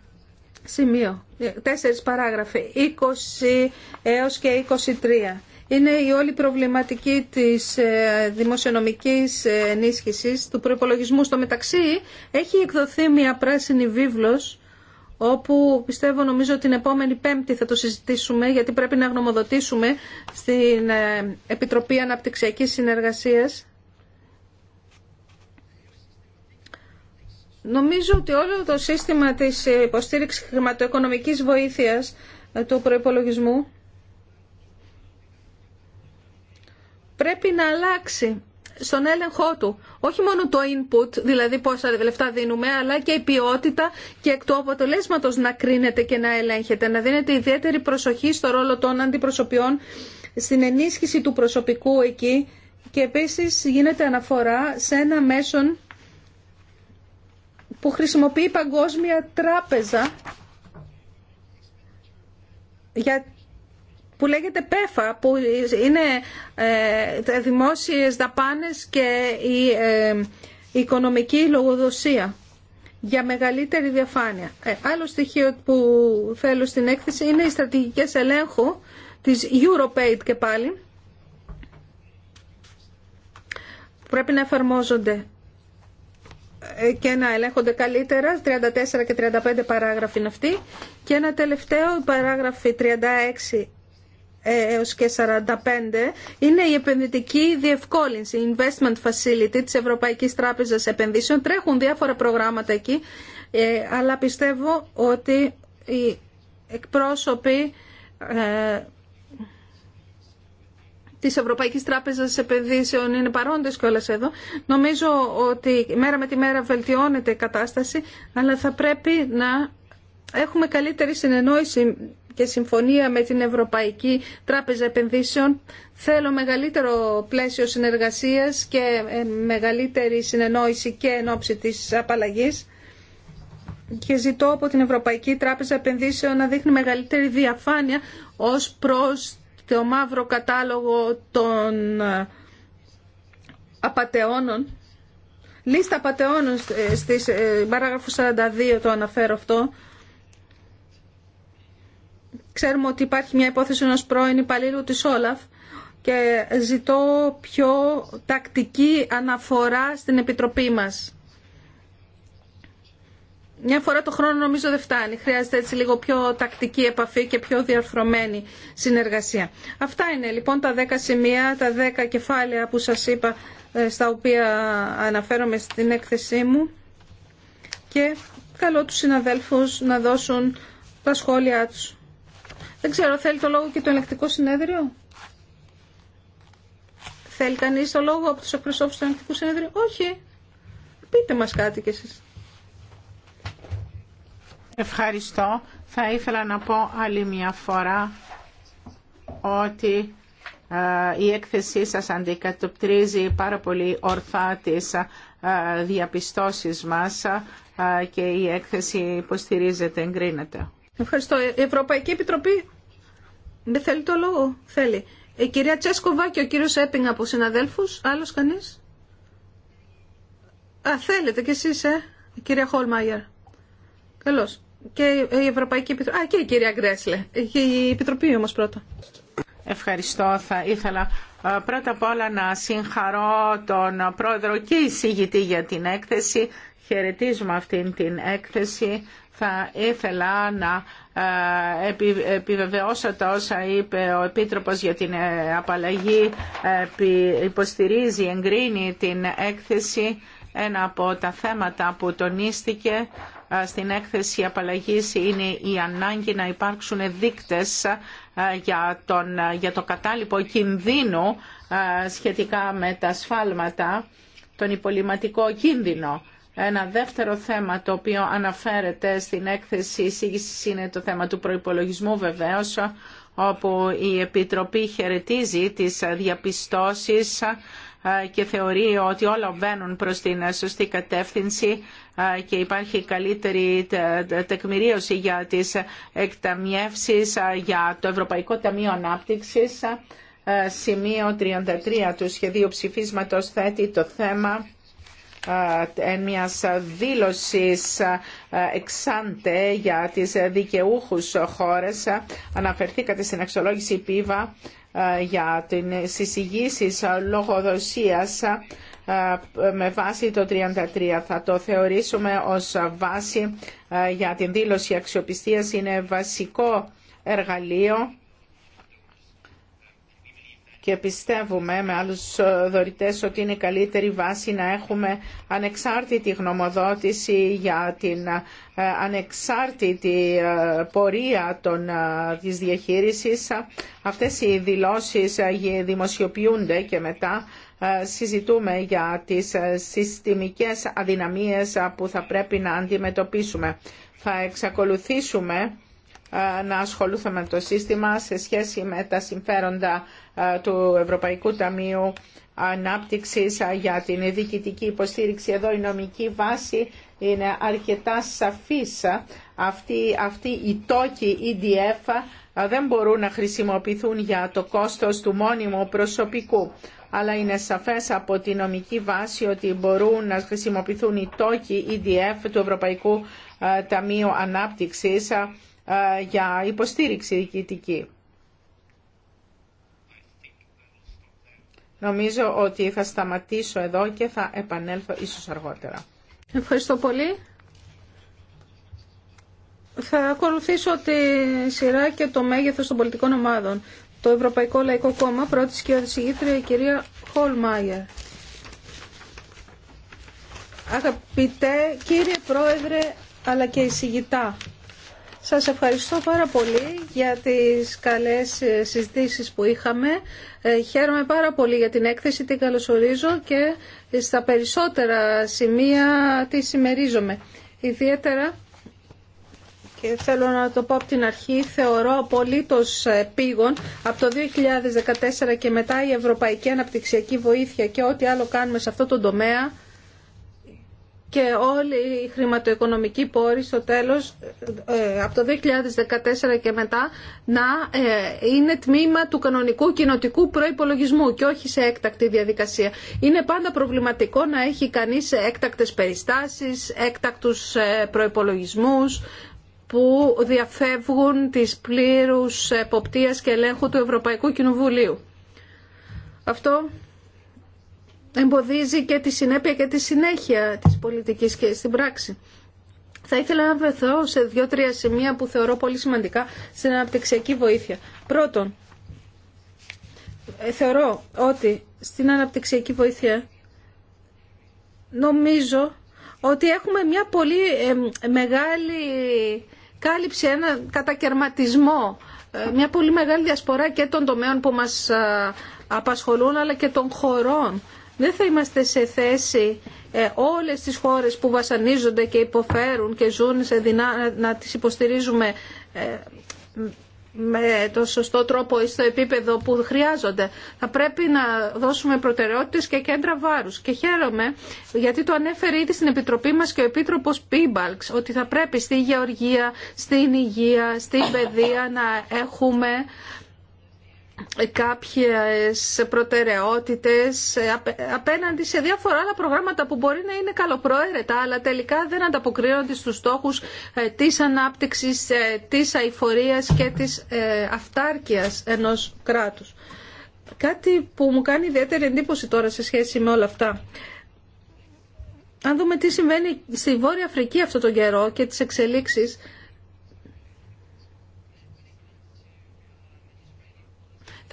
σημείο, ε, τέσσερις παράγραφοι, 20 έως και 23. Είναι η όλη προβληματική της δημοσιονομικής ενίσχυσης του προϋπολογισμού. Στο μεταξύ έχει εκδοθεί μια πράσινη βίβλος όπου πιστεύω νομίζω την επόμενη Πέμπτη θα το συζητήσουμε γιατί πρέπει να γνωμοδοτήσουμε στην ε, Επιτροπή Αναπτυξιακής Συνεργασίας. Νομίζω ότι όλο το σύστημα της υποστήριξης χρηματοοικονομικής βοήθειας ε, του προϋπολογισμού πρέπει να αλλάξει στον έλεγχό του. Όχι μόνο το input, δηλαδή πόσα λεφτά δίνουμε, αλλά και η ποιότητα και εκ του αποτελέσματο να κρίνεται και να ελέγχεται. Να δίνεται ιδιαίτερη προσοχή στο ρόλο των αντιπροσωπιών στην ενίσχυση του προσωπικού εκεί και επίσης γίνεται αναφορά σε ένα μέσον που χρησιμοποιεί η Παγκόσμια Τράπεζα για που λέγεται ΠΕΦΑ, που είναι ε, δημόσιες δαπάνες και η, ε, οικονομική λογοδοσία για μεγαλύτερη διαφάνεια. Ε, άλλο στοιχείο που θέλω στην έκθεση είναι οι στρατηγικές ελέγχου της Europaid και πάλι. Πρέπει να εφαρμόζονται ε, και να ελέγχονται καλύτερα, 34 και 35 παράγραφοι είναι αυτοί. Και ένα τελευταίο, παράγραφοι 36 έως και 45 είναι η επενδυτική διευκόλυνση, η Investment Facility της Ευρωπαϊκής Τράπεζας Επενδύσεων. Τρέχουν διάφορα προγράμματα εκεί, ε, αλλά πιστεύω ότι οι εκπρόσωποι ε, της Ευρωπαϊκής Τράπεζας Επενδύσεων είναι παρόντες κιόλας εδώ. Νομίζω ότι μέρα με τη μέρα βελτιώνεται η κατάσταση, αλλά θα πρέπει να έχουμε καλύτερη συνεννόηση και συμφωνία με την Ευρωπαϊκή Τράπεζα Επενδύσεων. Θέλω μεγαλύτερο πλαίσιο συνεργασίας και ε, μεγαλύτερη συνεννόηση και ενόψη της απαλλαγής και ζητώ από την Ευρωπαϊκή Τράπεζα Επενδύσεων να δείχνει μεγαλύτερη διαφάνεια ως προς το μαύρο κατάλογο των ε, απαταιώνων. Λίστα απαταιώνων ε, στις παράγραφο 42 το αναφέρω αυτό Ξέρουμε ότι υπάρχει μια υπόθεση ενός πρώην υπαλλήλου της Όλαφ και ζητώ πιο τακτική αναφορά στην Επιτροπή μας. Μια φορά το χρόνο νομίζω δεν φτάνει. Χρειάζεται έτσι λίγο πιο τακτική επαφή και πιο διαρθρωμένη συνεργασία. Αυτά είναι λοιπόν τα 10 σημεία, τα 10 κεφάλαια που σας είπα, ε, στα οποία αναφέρομαι στην έκθεσή μου. Και καλώ τους συναδέλφους να δώσουν τα σχόλιά τους. Δεν ξέρω, θέλει το λόγο και το ελεκτικό συνέδριο. Θέλει κανείς το λόγο από τους εκπροσώπους του ελεκτικού συνέδριου. Όχι. Πείτε μας κάτι κι εσείς. Ευχαριστώ. Θα ήθελα να πω άλλη μια φορά ότι ε, η έκθεσή σας αντικατοπτρίζει πάρα πολύ ορθά τις ε, διαπιστώσεις μας ε, και η έκθεση υποστηρίζεται, εγκρίνεται. Ευχαριστώ. Ε, η Ευρωπαϊκή Επιτροπή δεν θέλει το λόγο. Θέλει. Η ε, κυρία Τσέσκοβα και ο κύριος Έπινγκ από συναδέλφους. Άλλος κανείς. Α, θέλετε κι εσείς, ε, η κυρία Χολμάγερ. Καλώς. Και η Ευρωπαϊκή Επιτροπή. Α, και η κυρία Γκρέσλε. η Επιτροπή όμως πρώτα. Ευχαριστώ. Θα ήθελα ε, πρώτα απ' όλα να συγχαρώ τον πρόεδρο και εισηγητή για την έκθεση. Χαιρετίζουμε αυτήν την έκθεση θα ήθελα να ε, επιβεβαιώσω τα όσα είπε ο Επίτροπος για την ε, απαλλαγή ε, υποστηρίζει, εγκρίνει την έκθεση ένα από τα θέματα που τονίστηκε στην έκθεση απαλλαγής είναι η ανάγκη να υπάρξουν δείκτες για, τον, για το κατάλοιπο κινδύνου σχετικά με τα σφάλματα, τον υπολοιματικό κίνδυνο. Ένα δεύτερο θέμα το οποίο αναφέρεται στην έκθεση εισήγηση είναι το θέμα του προϋπολογισμού βεβαίως, όπου η Επιτροπή χαιρετίζει τις διαπιστώσεις ε, και θεωρεί ότι όλα βαίνουν προς την σωστή κατεύθυνση ε, και υπάρχει καλύτερη τεκμηρίωση για τις εκταμιεύσεις ε, για το Ευρωπαϊκό Ταμείο Ανάπτυξης. Σημείο 33 του σχεδίου ψηφίσματος θέτει το θέμα μιας δήλωσης εξάντε για τις δικαιούχους χώρες. Αναφερθήκατε στην αξιολόγηση ΠΙΒΑ για την συζυγήσεις λογοδοσίας με βάση το 33. Θα το θεωρήσουμε ως βάση για την δήλωση αξιοπιστίας. Είναι βασικό εργαλείο και πιστεύουμε με άλλους ε, δωρητές ότι είναι καλύτερη βάση να έχουμε ανεξάρτητη γνωμοδότηση για την ε, ανεξάρτητη ε, πορεία των, της διαχείρισης. Αυτές οι δηλώσεις δημοσιοποιούνται και μετά συζητούμε για τις συστημικές αδυναμίες που θα πρέπει να αντιμετωπίσουμε. Θα εξακολουθήσουμε να ασχολούθαμε με το σύστημα σε σχέση με τα συμφέροντα του Ευρωπαϊκού Ταμείου Ανάπτυξης για την διοικητική υποστήριξη. Εδώ η νομική βάση είναι αρκετά σαφής. Αυτοί, αυτοί οι τόκοι EDF δεν μπορούν να χρησιμοποιηθούν για το κόστος του μόνιμου προσωπικού. Αλλά είναι σαφές από τη νομική βάση ότι μπορούν να χρησιμοποιηθούν οι τόκοι EDF του Ευρωπαϊκού Ταμείου Ανάπτυξης ε, για υποστήριξη διοικητική. Νομίζω ότι θα σταματήσω εδώ και θα επανέλθω ίσως αργότερα. Ευχαριστώ πολύ. Θα ακολουθήσω τη σειρά και το μέγεθος των πολιτικών ομάδων. Το Ευρωπαϊκό Λαϊκό Κόμμα, πρώτη σκιοδησηγήτρια, η κυρία Χολμάγερ. Αγαπητέ κύριε Πρόεδρε, αλλά και εισηγητά, σας ευχαριστώ πάρα πολύ για τις καλές ε, συζητήσεις που είχαμε. Ε, χαίρομαι πάρα πολύ για την έκθεση, την καλωσορίζω και στα περισσότερα σημεία τη συμμερίζομαι. Ιδιαίτερα και θέλω να το πω από την αρχή, θεωρώ απολύτως πήγον από το 2014 και μετά η Ευρωπαϊκή Αναπτυξιακή Βοήθεια και ό,τι άλλο κάνουμε σε αυτό το τομέα και όλη η χρηματοοικονομική πόροι στο τέλος ε, από το 2014 και μετά να ε, είναι τμήμα του κανονικού κοινοτικού προϋπολογισμού και όχι σε έκτακτη διαδικασία. Είναι πάντα προβληματικό να έχει κανείς έκτακτες περιστάσεις, έκτακτους ε, προϋπολογισμούς που διαφεύγουν της πλήρους εποπτείας και ελέγχου του Ευρωπαϊκού Κοινοβουλίου. Αυτό εμποδίζει και τη συνέπεια και τη συνέχεια της πολιτικής και στην πράξη. Θα ήθελα να βρεθώ σε δύο-τρία σημεία που θεωρώ πολύ σημαντικά στην αναπτυξιακή βοήθεια. Πρώτον, ε, θεωρώ ότι στην αναπτυξιακή βοήθεια νομίζω ότι έχουμε μια πολύ μεγάλη κάλυψη, ένα κατακαιρματισμό, ε, μια πολύ μεγάλη διασπορά και των τομέων που μας ε, απασχολούν αλλά και των χωρών δεν θα είμαστε σε θέση ε, όλες τις χώρες που βασανίζονται και υποφέρουν και ζουν σε να τις υποστηρίζουμε ε, με το σωστό τρόπο ή στο επίπεδο που χρειάζονται. Θα πρέπει να δώσουμε προτεραιότητες και κέντρα βάρους. Και χαίρομαι γιατί το ανέφερε ήδη στην Επιτροπή μας και ο Επίτροπος Πίμπαλξ ότι θα πρέπει στη γεωργία, στην υγεία, στην παιδεία να έχουμε κάποιες προτεραιότητες απέναντι σε διάφορα άλλα προγράμματα που μπορεί να είναι καλοπροαίρετα αλλά τελικά δεν ανταποκρίνονται στους στόχους ε, της ανάπτυξης, ε, της αηφορίας και της ε, αυτάρκειας ενός κράτους. Κάτι που μου κάνει ιδιαίτερη εντύπωση τώρα σε σχέση με όλα αυτά. Αν δούμε τι συμβαίνει στη Βόρεια Αφρική αυτό τον καιρό και τις εξελίξεις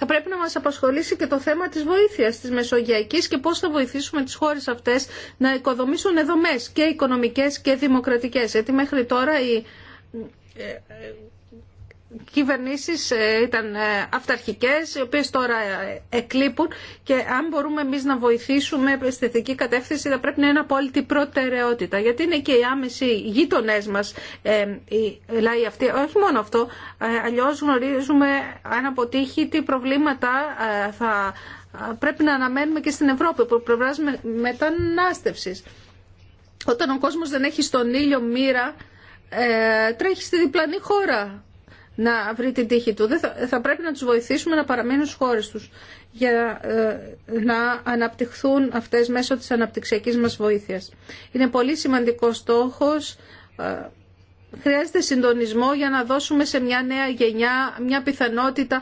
θα πρέπει να μας απασχολήσει και το θέμα της βοήθειας της Μεσογειακής και πώς θα βοηθήσουμε τις χώρες αυτές να οικοδομήσουν δομές και οικονομικές και δημοκρατικές. Γιατί μέχρι τώρα η ε, ε, κυβερνήσεις ε, ήταν ε, αυταρχικές, οι οποίες τώρα ε, εκλείπουν και αν μπορούμε εμείς να βοηθήσουμε στη θετική κατεύθυνση θα πρέπει να είναι απόλυτη προτεραιότητα. Γιατί είναι και οι άμεσοι γείτονέ μας οι λαοί αυτοί. Όχι μόνο αυτό, αλλιώς γνωρίζουμε αν αποτύχει τι προβλήματα θα πρέπει να αναμένουμε και στην Ευρώπη, που πλευρά μετανάστευσης. Όταν ο κόσμος δεν έχει στον ήλιο μοίρα, τρέχει στη διπλανή χώρα να βρει την τύχη του. θα, θα πρέπει να τους βοηθήσουμε να παραμείνουν στις χώρες τους για ε, να αναπτυχθούν αυτές μέσω της αναπτυξιακής μας βοήθειας. Είναι πολύ σημαντικός στόχος. Ε, χρειάζεται συντονισμό για να δώσουμε σε μια νέα γενιά μια πιθανότητα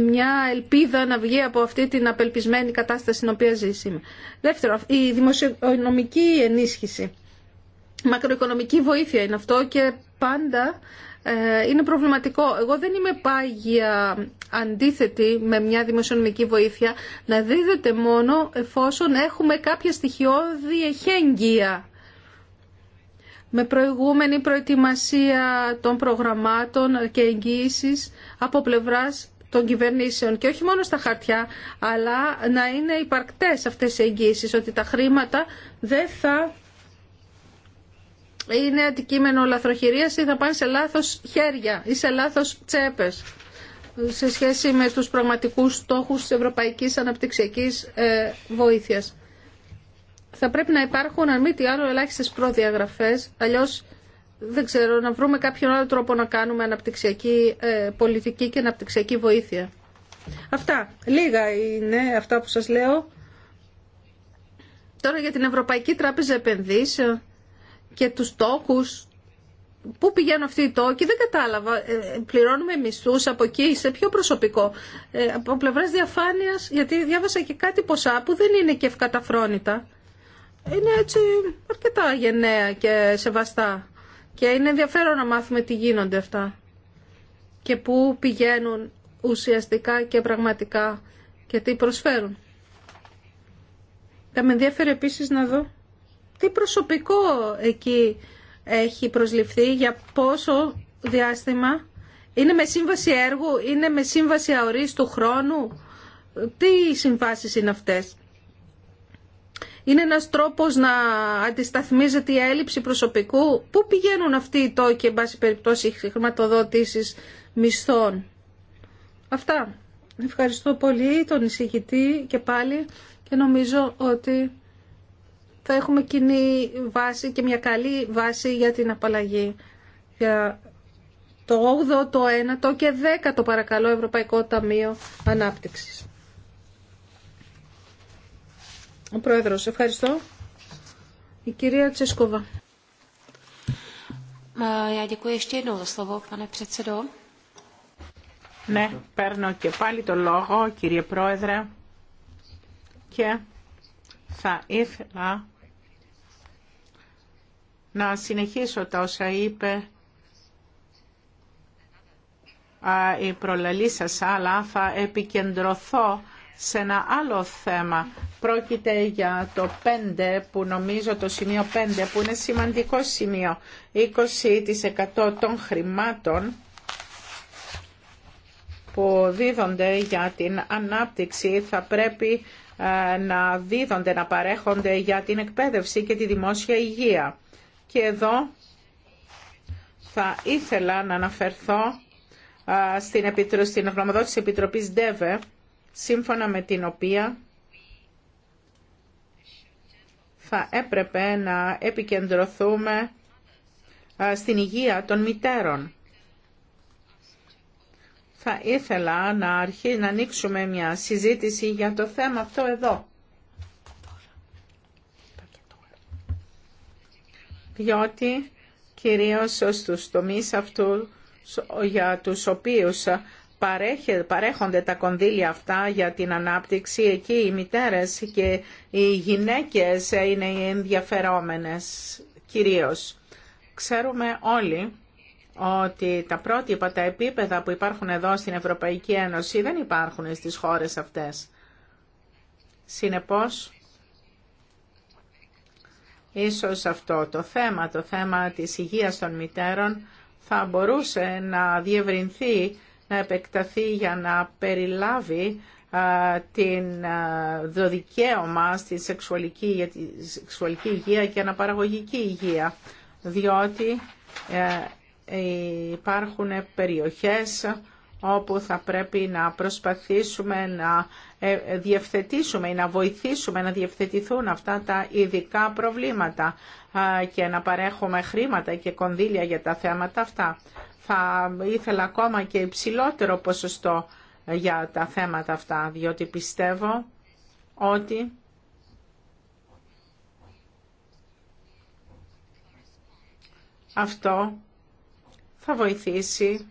μια ελπίδα να βγει από αυτή την απελπισμένη κατάσταση στην οποία ζει σήμερα. Δεύτερο, η δημοσιονομική ενίσχυση. Μακροοικονομική βοήθεια είναι αυτό και πάντα ε, είναι προβληματικό. Εγώ δεν είμαι πάγια αντίθετη με μια δημοσιονομική βοήθεια να δίδεται μόνο εφόσον έχουμε κάποια στοιχειώδη εχέγγυα με προηγούμενη προετοιμασία των προγραμμάτων και εγγύησης από πλευράς των κυβερνήσεων και όχι μόνο στα χαρτιά, αλλά να είναι υπαρκτές αυτές οι εγγύησει ότι τα χρήματα δεν θα είναι αντικείμενο λαθροχειρίας ή θα πάνε σε λάθος χέρια ή σε λάθος τσέπες σε σχέση με τους πραγματικούς στόχους της ευρωπαϊκής αναπτυξιακής ε, βοήθειας. Θα πρέπει να υπάρχουν, αν μη τι άλλο, ελάχιστες προδιαγραφές, αλλιώς δεν ξέρω, να βρούμε κάποιον άλλο τρόπο να κάνουμε αναπτυξιακή ε, πολιτική και αναπτυξιακή βοήθεια. Αυτά. Λίγα είναι αυτά που σας λέω. Τώρα για την Ευρωπαϊκή Τράπεζα Επενδύσεων και τους τόκους. Πού πηγαίνουν αυτοί οι τόκοι, δεν κατάλαβα. Ε, πληρώνουμε μισθού από εκεί, σε πιο προσωπικό. Ε, από πλευράς διαφάνειας, γιατί διάβασα και κάτι ποσά που δεν είναι και ευκαταφρόνητα. Είναι έτσι αρκετά γενναία και σεβαστά. Και είναι ενδιαφέρον να μάθουμε τι γίνονται αυτά. Και πού πηγαίνουν ουσιαστικά και πραγματικά και τι προσφέρουν. Θα ε, με ενδιαφέρει επίσης να δω τι προσωπικό εκεί έχει προσληφθεί, για πόσο διάστημα, είναι με σύμβαση έργου, είναι με σύμβαση αορίστου χρόνου, τι συμβάσεις είναι αυτές. Είναι ένας τρόπος να αντισταθμίζεται η έλλειψη προσωπικού. Πού πηγαίνουν αυτοί οι τόκοι, εν πάση περιπτώσει, χρηματοδοτήσεις μισθών. Αυτά. Ευχαριστώ πολύ τον εισηγητή και πάλι και νομίζω ότι θα έχουμε κοινή βάση και μια καλή βάση για την απαλλαγή. Για το 8ο, το 9ο και 10ο παρακαλώ Ευρωπαϊκό Ταμείο Ανάπτυξης. Ο Πρόεδρος, ευχαριστώ. Η κυρία Τσέσκοβα. Ε, ε, ναι, παίρνω και πάλι το λόγο, κύριε Πρόεδρε, και θα ήθελα να συνεχίσω τα όσα είπε η προλαλή σα, αλλά θα επικεντρωθώ σε ένα άλλο θέμα. Πρόκειται για το 5 που νομίζω το σημείο 5 που είναι σημαντικό σημείο. 20% των χρημάτων που δίδονται για την ανάπτυξη θα πρέπει ε, να δίδονται, να παρέχονται για την εκπαίδευση και τη δημόσια υγεία. Και εδώ θα ήθελα να αναφερθώ στην, επιτρο... στην γνωμοδότηση της Επιτροπής ΔΕΒΕ, σύμφωνα με την οποία θα έπρεπε να επικεντρωθούμε στην υγεία των μητέρων. Θα ήθελα να, αρχί... να ανοίξουμε μια συζήτηση για το θέμα αυτό εδώ. διότι κυρίως στους τομείς αυτού για τους οποίους παρέχονται τα κονδύλια αυτά για την ανάπτυξη, εκεί οι μητέρες και οι γυναίκες είναι οι ενδιαφερόμενες κυρίως. Ξέρουμε όλοι ότι τα πρότυπα, τα επίπεδα που υπάρχουν εδώ στην Ευρωπαϊκή Ένωση δεν υπάρχουν στις χώρες αυτές. Συνεπώς, Ίσως αυτό το θέμα, το θέμα της υγείας των μητέρων θα μπορούσε να διευρυνθεί, να επεκταθεί για να περιλάβει την, το δικαίωμα στη σεξουαλική, σεξουαλική υγεία και αναπαραγωγική υγεία, διότι ε, υπάρχουν περιοχές όπου θα πρέπει να προσπαθήσουμε να ε, ε, διευθετήσουμε ή να βοηθήσουμε να διευθετηθούν αυτά τα ειδικά προβλήματα και να παρέχουμε χρήματα και κονδύλια για τα θέματα αυτά. Θα ήθελα ακόμα και υψηλότερο ποσοστό ε, για τα θέματα αυτά, διότι πιστεύω ότι αυτό θα βοηθήσει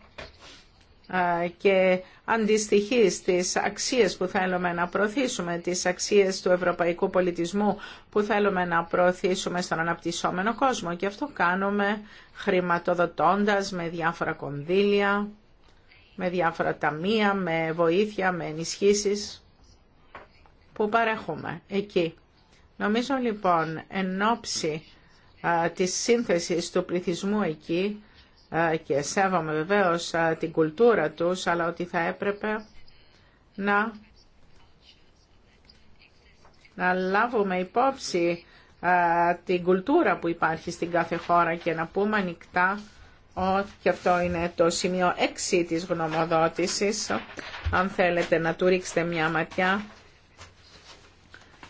και αντιστοιχεί στις αξίες που θέλουμε να προωθήσουμε, τις αξίες του ευρωπαϊκού πολιτισμού που θέλουμε να προωθήσουμε στον αναπτυσσόμενο κόσμο. Και αυτό κάνουμε χρηματοδοτώντας με διάφορα κονδύλια, με διάφορα ταμεία, με βοήθεια, με ενισχύσεις που παρέχουμε εκεί. Νομίζω λοιπόν εν ώψη της σύνθεσης του πληθυσμού εκεί και σέβομαι βεβαίως την κουλτούρα τους, αλλά ότι θα έπρεπε να, να λάβουμε υπόψη την κουλτούρα που υπάρχει στην κάθε χώρα και να πούμε ανοιχτά ότι και αυτό είναι το σημείο 6 της γνωμοδότησης. Αν θέλετε να του ρίξετε μια ματιά,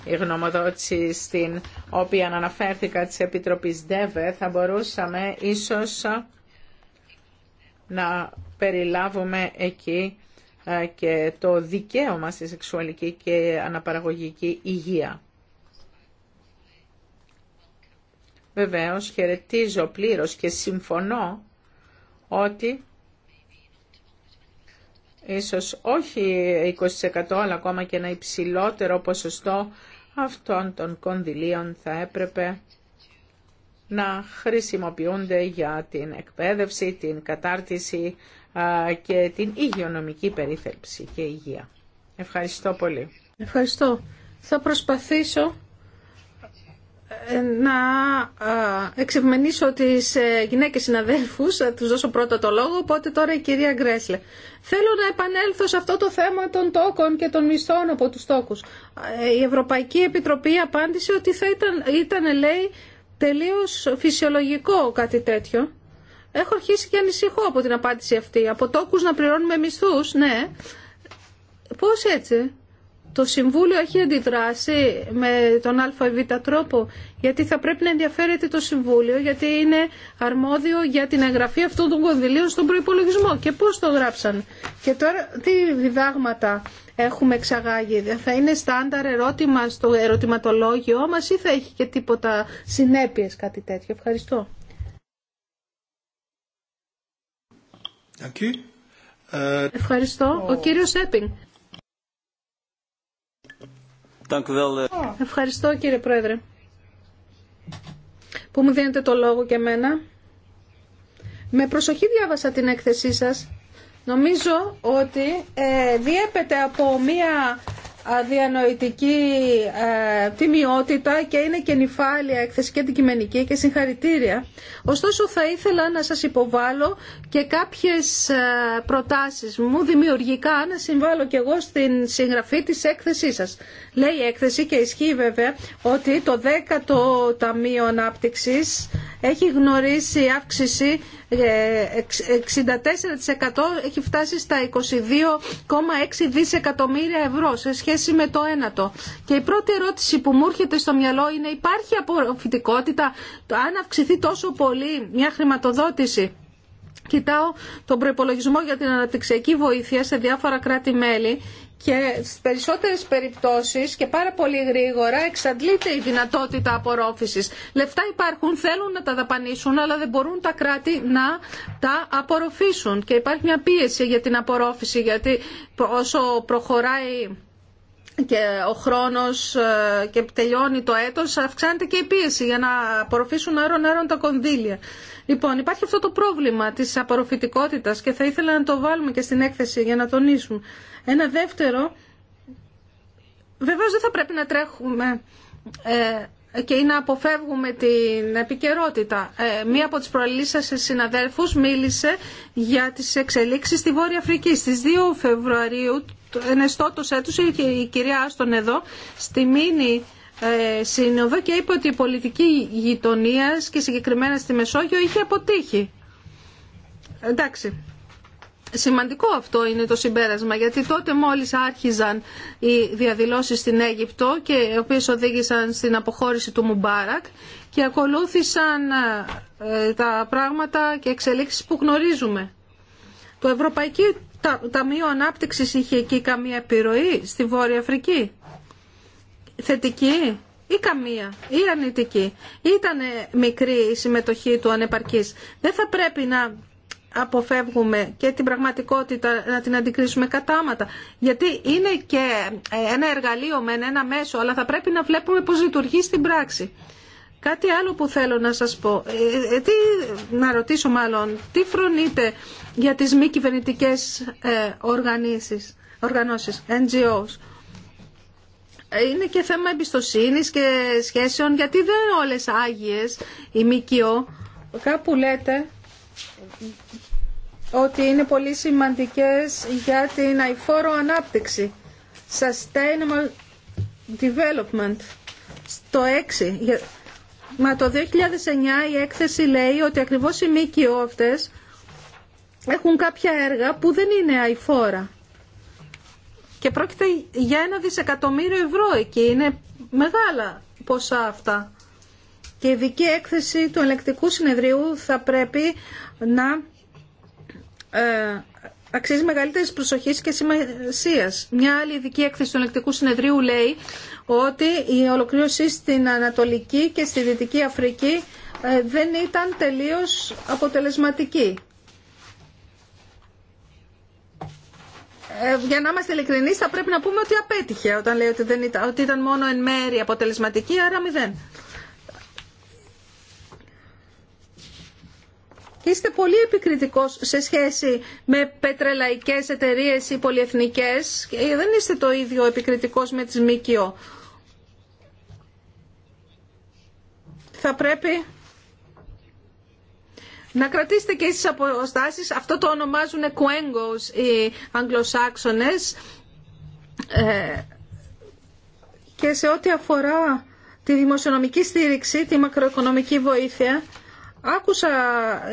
η γνωμοδότηση στην οποία αναφέρθηκα της Επιτροπής ΔΕΒΕ, θα μπορούσαμε ίσως να περιλάβουμε εκεί ε, και το δικαίωμα στη σεξουαλική και αναπαραγωγική υγεία. Βεβαίως χαιρετίζω πλήρως και συμφωνώ ότι ίσως όχι 20% αλλά ακόμα και ένα υψηλότερο ποσοστό αυτών των κονδυλίων θα έπρεπε να χρησιμοποιούνται για την εκπαίδευση, την κατάρτιση και την υγειονομική περίθαλψη και υγεία. Ευχαριστώ πολύ. Ευχαριστώ. Θα προσπαθήσω ε, να εξευμενήσω τις ε, γυναίκες συναδέλφους, θα τους δώσω πρώτα το λόγο, οπότε τώρα η κυρία Γκρέσλε. Θέλω να επανέλθω σε αυτό το θέμα των τόκων και των μισθών από τους τόκους. Ε, η Ευρωπαϊκή Επιτροπή απάντησε ότι θα ήταν, ήταν λέει, τελείως φυσιολογικό κάτι τέτοιο. Έχω αρχίσει και ανησυχώ από την απάντηση αυτή. Από τόκους να πληρώνουμε μισθούς, ναι. Πώς έτσι το Συμβούλιο έχει αντιδράσει με τον ΑΒ τρόπο, γιατί θα πρέπει να ενδιαφέρεται το Συμβούλιο, γιατί είναι αρμόδιο για την εγγραφή αυτού του κονδυλίων στον προϋπολογισμό. Και πώς το γράψαν. Και τώρα τι διδάγματα έχουμε εξαγάγει. Θα είναι στάνταρ ερώτημα στο ερωτηματολόγιο μα ή θα έχει και τίποτα συνέπειε κάτι τέτοιο. Ευχαριστώ. Ε, Ευχαριστώ. Ο κύριος Έπινγκ. Eh. Ευχαριστώ κύριε Πρόεδρε που μου δίνετε το λόγο και εμένα. Με προσοχή διάβασα την έκθεσή σας. Νομίζω ότι ε, διέπεται από μία αδιανοητική ε, τιμιότητα και είναι και νυφάλια έκθεση και αντικειμενική και συγχαρητήρια. Ωστόσο θα ήθελα να σας υποβάλω και κάποιες ε, προτάσεις μου δημιουργικά να συμβάλλω και εγώ στην συγγραφή της έκθεσής σας. Λέει η έκθεση και ισχύει βέβαια ότι το 10ο Ταμείο Ανάπτυξης έχει γνωρίσει αύξηση 64% ε, έχει φτάσει στα 22,6 δισεκατομμύρια ευρώ σε σχέση με το ένατο. Και η πρώτη ερώτηση που μου έρχεται στο μυαλό είναι υπάρχει αποφυτικότητα αν αυξηθεί τόσο πολύ μια χρηματοδότηση. Κοιτάω τον προπολογισμό για την αναπτυξιακή βοήθεια σε διάφορα κράτη-μέλη και στις περισσότερες περιπτώσεις και πάρα πολύ γρήγορα εξαντλείται η δυνατότητα απορρόφησης. Λεφτά υπάρχουν, θέλουν να τα δαπανίσουν, αλλά δεν μπορούν τα κράτη να τα απορροφήσουν. Και υπάρχει μια πίεση για την απορρόφηση, γιατί όσο προχωράει και ο χρόνος ε, και τελειώνει το έτος, αυξάνεται και η πίεση για να απορροφήσουν άρον-άρον τα κονδύλια. Λοιπόν, υπάρχει αυτό το πρόβλημα της απορροφητικότητα και θα ήθελα να το βάλουμε και στην έκθεση για να τονίσουμε. Ένα δεύτερο, Βεβαίω δεν θα πρέπει να τρέχουμε ε, και να αποφεύγουμε την επικαιρότητα. Ε, μία από τις προαλήσεις σε συναδέλφους μίλησε για τις εξελίξεις στη Βόρεια Αφρική. Στις 2 Φεβρουαρίου, ενεστώτος έτους, και η κυρία Άστον εδώ, στη Μίνη, ε, Σύνοδο και είπε ότι η πολιτική γειτονία και συγκεκριμένα στη Μεσόγειο είχε αποτύχει. Εντάξει. Σημαντικό αυτό είναι το συμπέρασμα, γιατί τότε μόλις άρχιζαν οι διαδηλώσεις στην Αίγυπτο και οι οποίες οδήγησαν στην αποχώρηση του Μουμπάρακ και ακολούθησαν ε, τα πράγματα και εξελίξεις που γνωρίζουμε. Το Ευρωπαϊκό Ταμείο Ανάπτυξης είχε εκεί καμία επιρροή στη Βόρεια Αφρική θετική ή καμία ή αρνητική. Ήταν μικρή η συμμετοχή του ανεπαρκής. Δεν θα πρέπει να αποφεύγουμε και την πραγματικότητα να την αντικρίσουμε κατάματα. Γιατί είναι και ε, ένα εργαλείο με ένα μέσο, αλλά θα πρέπει να βλέπουμε πώς λειτουργεί στην πράξη. Κάτι άλλο που θέλω να σας πω, ε, ε, τι, να ρωτήσω μάλλον, τι φρονείτε για τις μη κυβερνητικέ ε, οργανώσεις, NGOs είναι και θέμα εμπιστοσύνη και σχέσεων, γιατί δεν είναι όλες άγιες η ΜΚΟ. Κάπου λέτε ότι είναι πολύ σημαντικές για την αηφόρο ανάπτυξη. Sustainable Development. Στο 6. Μα το 2009 η έκθεση λέει ότι ακριβώς οι ΜΚΟ αυτές έχουν κάποια έργα που δεν είναι αηφόρα. Και πρόκειται για ένα δισεκατομμύριο ευρώ εκεί. Είναι μεγάλα ποσά αυτά. Και η ειδική έκθεση του ελεκτικού συνεδρίου θα πρέπει να ε, αξίζει μεγαλύτερη προσοχή και σημασία. Μια άλλη ειδική έκθεση του ελεκτικού συνεδρίου λέει ότι η ολοκλήρωση στην Ανατολική και στη Δυτική Αφρική ε, δεν ήταν τελείως αποτελεσματική. Ε, για να είμαστε ειλικρινεί, θα πρέπει να πούμε ότι απέτυχε όταν λέει ότι, δεν ήταν, ότι ήταν μόνο εν μέρη αποτελεσματική, άρα μηδέν. Είστε πολύ επικριτικός σε σχέση με πετρελαϊκές εταιρείες ή πολυεθνικές. Δεν είστε το ίδιο επικριτικός με τις ΜΚΟ. Θα πρέπει να κρατήσετε και εσείς αποστάσεις. Αυτό το ονομάζουν κουέγκος οι Αγγλοσάξονες. Ε, και σε ό,τι αφορά τη δημοσιονομική στήριξη, τη μακροοικονομική βοήθεια, άκουσα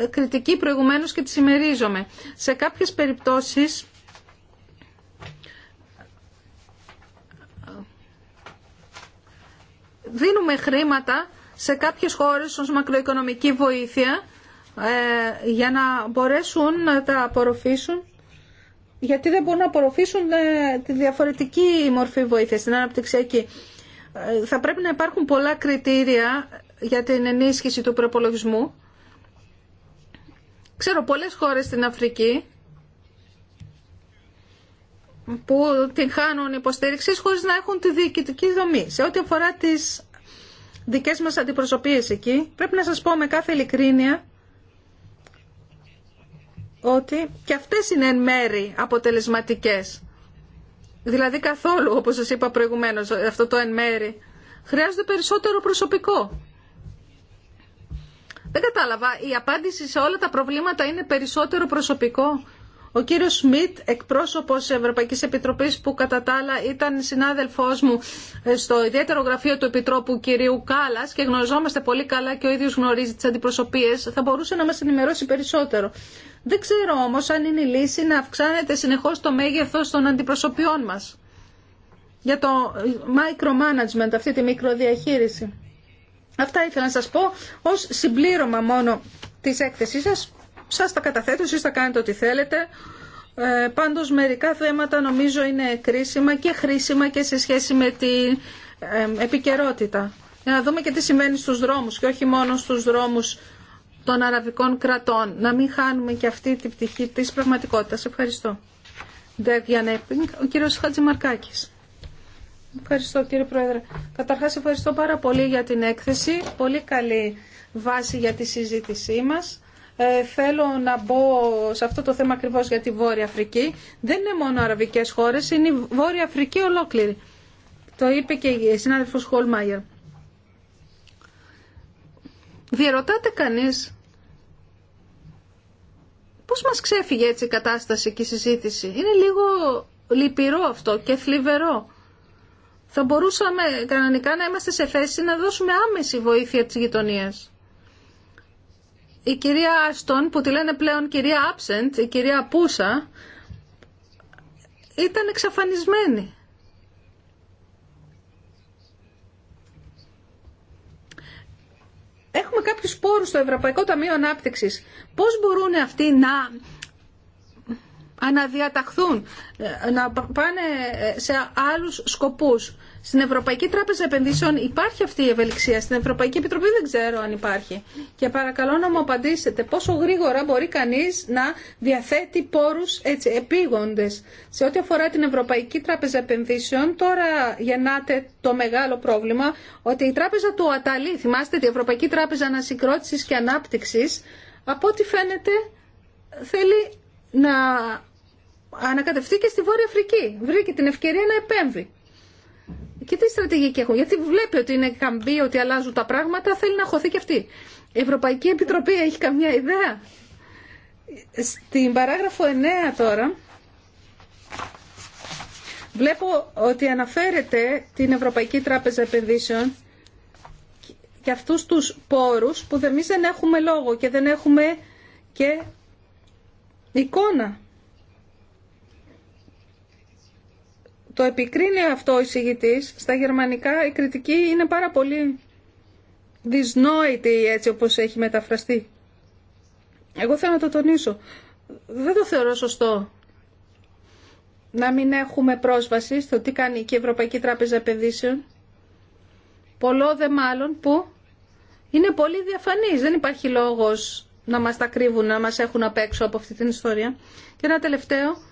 κριτική προηγουμένως και τη συμμερίζομαι. Σε κάποιες περιπτώσεις δίνουμε χρήματα σε κάποιες χώρες ως μακροοικονομική βοήθεια ε, για να μπορέσουν να τα απορροφήσουν γιατί δεν μπορούν να απορροφήσουν ε, τη διαφορετική μορφή βοήθειας, στην αναπτυξιακή. Ε, θα πρέπει να υπάρχουν πολλά κριτήρια για την ενίσχυση του προπολογισμού. Ξέρω πολλές χώρες στην Αφρική που την χάνουν υποστήριξη χωρίς να έχουν τη διοικητική δομή. Σε ό,τι αφορά τις δικές μας αντιπροσωπείες εκεί, πρέπει να σας πω με κάθε ειλικρίνεια ότι και αυτές είναι εν μέρη αποτελεσματικές. Δηλαδή καθόλου, όπως σας είπα προηγουμένως, αυτό το εν μέρη. Χρειάζεται περισσότερο προσωπικό. Δεν κατάλαβα, η απάντηση σε όλα τα προβλήματα είναι περισσότερο προσωπικό. Ο κύριος Σμιτ, εκπρόσωπος Ευρωπαϊκής Επιτροπής που κατά τα άλλα ήταν συνάδελφός μου στο ιδιαίτερο γραφείο του Επιτρόπου κυρίου Κάλλας και γνωριζόμαστε πολύ καλά και ο ίδιος γνωρίζει τις αντιπροσωπίες, θα μπορούσε να μας ενημερώσει περισσότερο. Δεν ξέρω όμως αν είναι η λύση να αυξάνεται συνεχώς το μέγεθος των αντιπροσωπιών μας για το micromanagement, αυτή τη μικροδιαχείριση. Αυτά ήθελα να σας πω ως συμπλήρωμα μόνο της έκθεσής σας σας τα καταθέτω, εσείς θα κάνετε ό,τι θέλετε. Ε, πάντως μερικά θέματα νομίζω είναι κρίσιμα και χρήσιμα και σε σχέση με την ε, επικαιρότητα. Για να δούμε και τι συμβαίνει στους δρόμους και όχι μόνο στους δρόμους των αραβικών κρατών. Να μην χάνουμε και αυτή την πτυχή της πραγματικότητας. Ευχαριστώ. Ο κύριος Χατζημαρκάκης. Ευχαριστώ κύριε Πρόεδρε. Καταρχάς ευχαριστώ πάρα πολύ για την έκθεση. Πολύ καλή βάση για τη συζήτησή μας. Ε, θέλω να μπω σε αυτό το θέμα ακριβώ για τη Βόρεια Αφρική. Δεν είναι μόνο αραβικέ χώρε, είναι η Βόρεια Αφρική ολόκληρη. Το είπε και η συνάδελφο Χολμάγερ. Διερωτάται κανεί πώ μα ξέφυγε έτσι η κατάσταση και η συζήτηση. Είναι λίγο λυπηρό αυτό και θλιβερό. Θα μπορούσαμε κανονικά να είμαστε σε θέση να δώσουμε άμεση βοήθεια τη γειτονία η κυρία Άστον, που τη λένε πλέον κυρία Άψεντ, η κυρία Πούσα, ήταν εξαφανισμένη. Έχουμε κάποιους πόρους στο Ευρωπαϊκό Ταμείο Ανάπτυξης. Πώς μπορούν αυτοί να αναδιαταχθούν, να πάνε σε άλλους σκοπούς. Στην Ευρωπαϊκή Τράπεζα Επενδύσεων υπάρχει αυτή η ευελιξία. Στην Ευρωπαϊκή Επιτροπή δεν ξέρω αν υπάρχει. Και παρακαλώ να μου απαντήσετε πόσο γρήγορα μπορεί κανεί να διαθέτει πόρου επιγοντε. Σε ό,τι αφορά την Ευρωπαϊκή Τράπεζα Επενδύσεων, τώρα γεννάται το μεγάλο πρόβλημα ότι η Τράπεζα του Αταλή, θυμάστε την Ευρωπαϊκή Τράπεζα Ανασυγκρότηση και ανάπτυξη, από ό,τι φαίνεται θέλει να ανακατευτεί και στη Βόρεια Αφρική. Βρήκε την ευκαιρία να επέμβει. Και τι στρατηγική έχουν. Γιατί βλέπει ότι είναι καμπή, ότι αλλάζουν τα πράγματα, θέλει να χωθεί και αυτή. Η Ευρωπαϊκή Επιτροπή έχει καμιά ιδέα. Στην παράγραφο 9 τώρα, βλέπω ότι αναφέρεται την Ευρωπαϊκή Τράπεζα Επενδύσεων και αυτούς τους πόρους που εμεί δεν έχουμε λόγο και δεν έχουμε και εικόνα το επικρίνει αυτό ο εισηγητής. Στα γερμανικά η κριτική είναι πάρα πολύ δυσνόητη έτσι όπως έχει μεταφραστεί. Εγώ θέλω να το τονίσω. Δεν το θεωρώ σωστό να μην έχουμε πρόσβαση στο τι κάνει και η Ευρωπαϊκή Τράπεζα Επενδύσεων. Πολλό δε μάλλον που είναι πολύ διαφανής. Δεν υπάρχει λόγος να μας τα κρύβουν, να μας έχουν απ' έξω από αυτή την ιστορία. Και ένα τελευταίο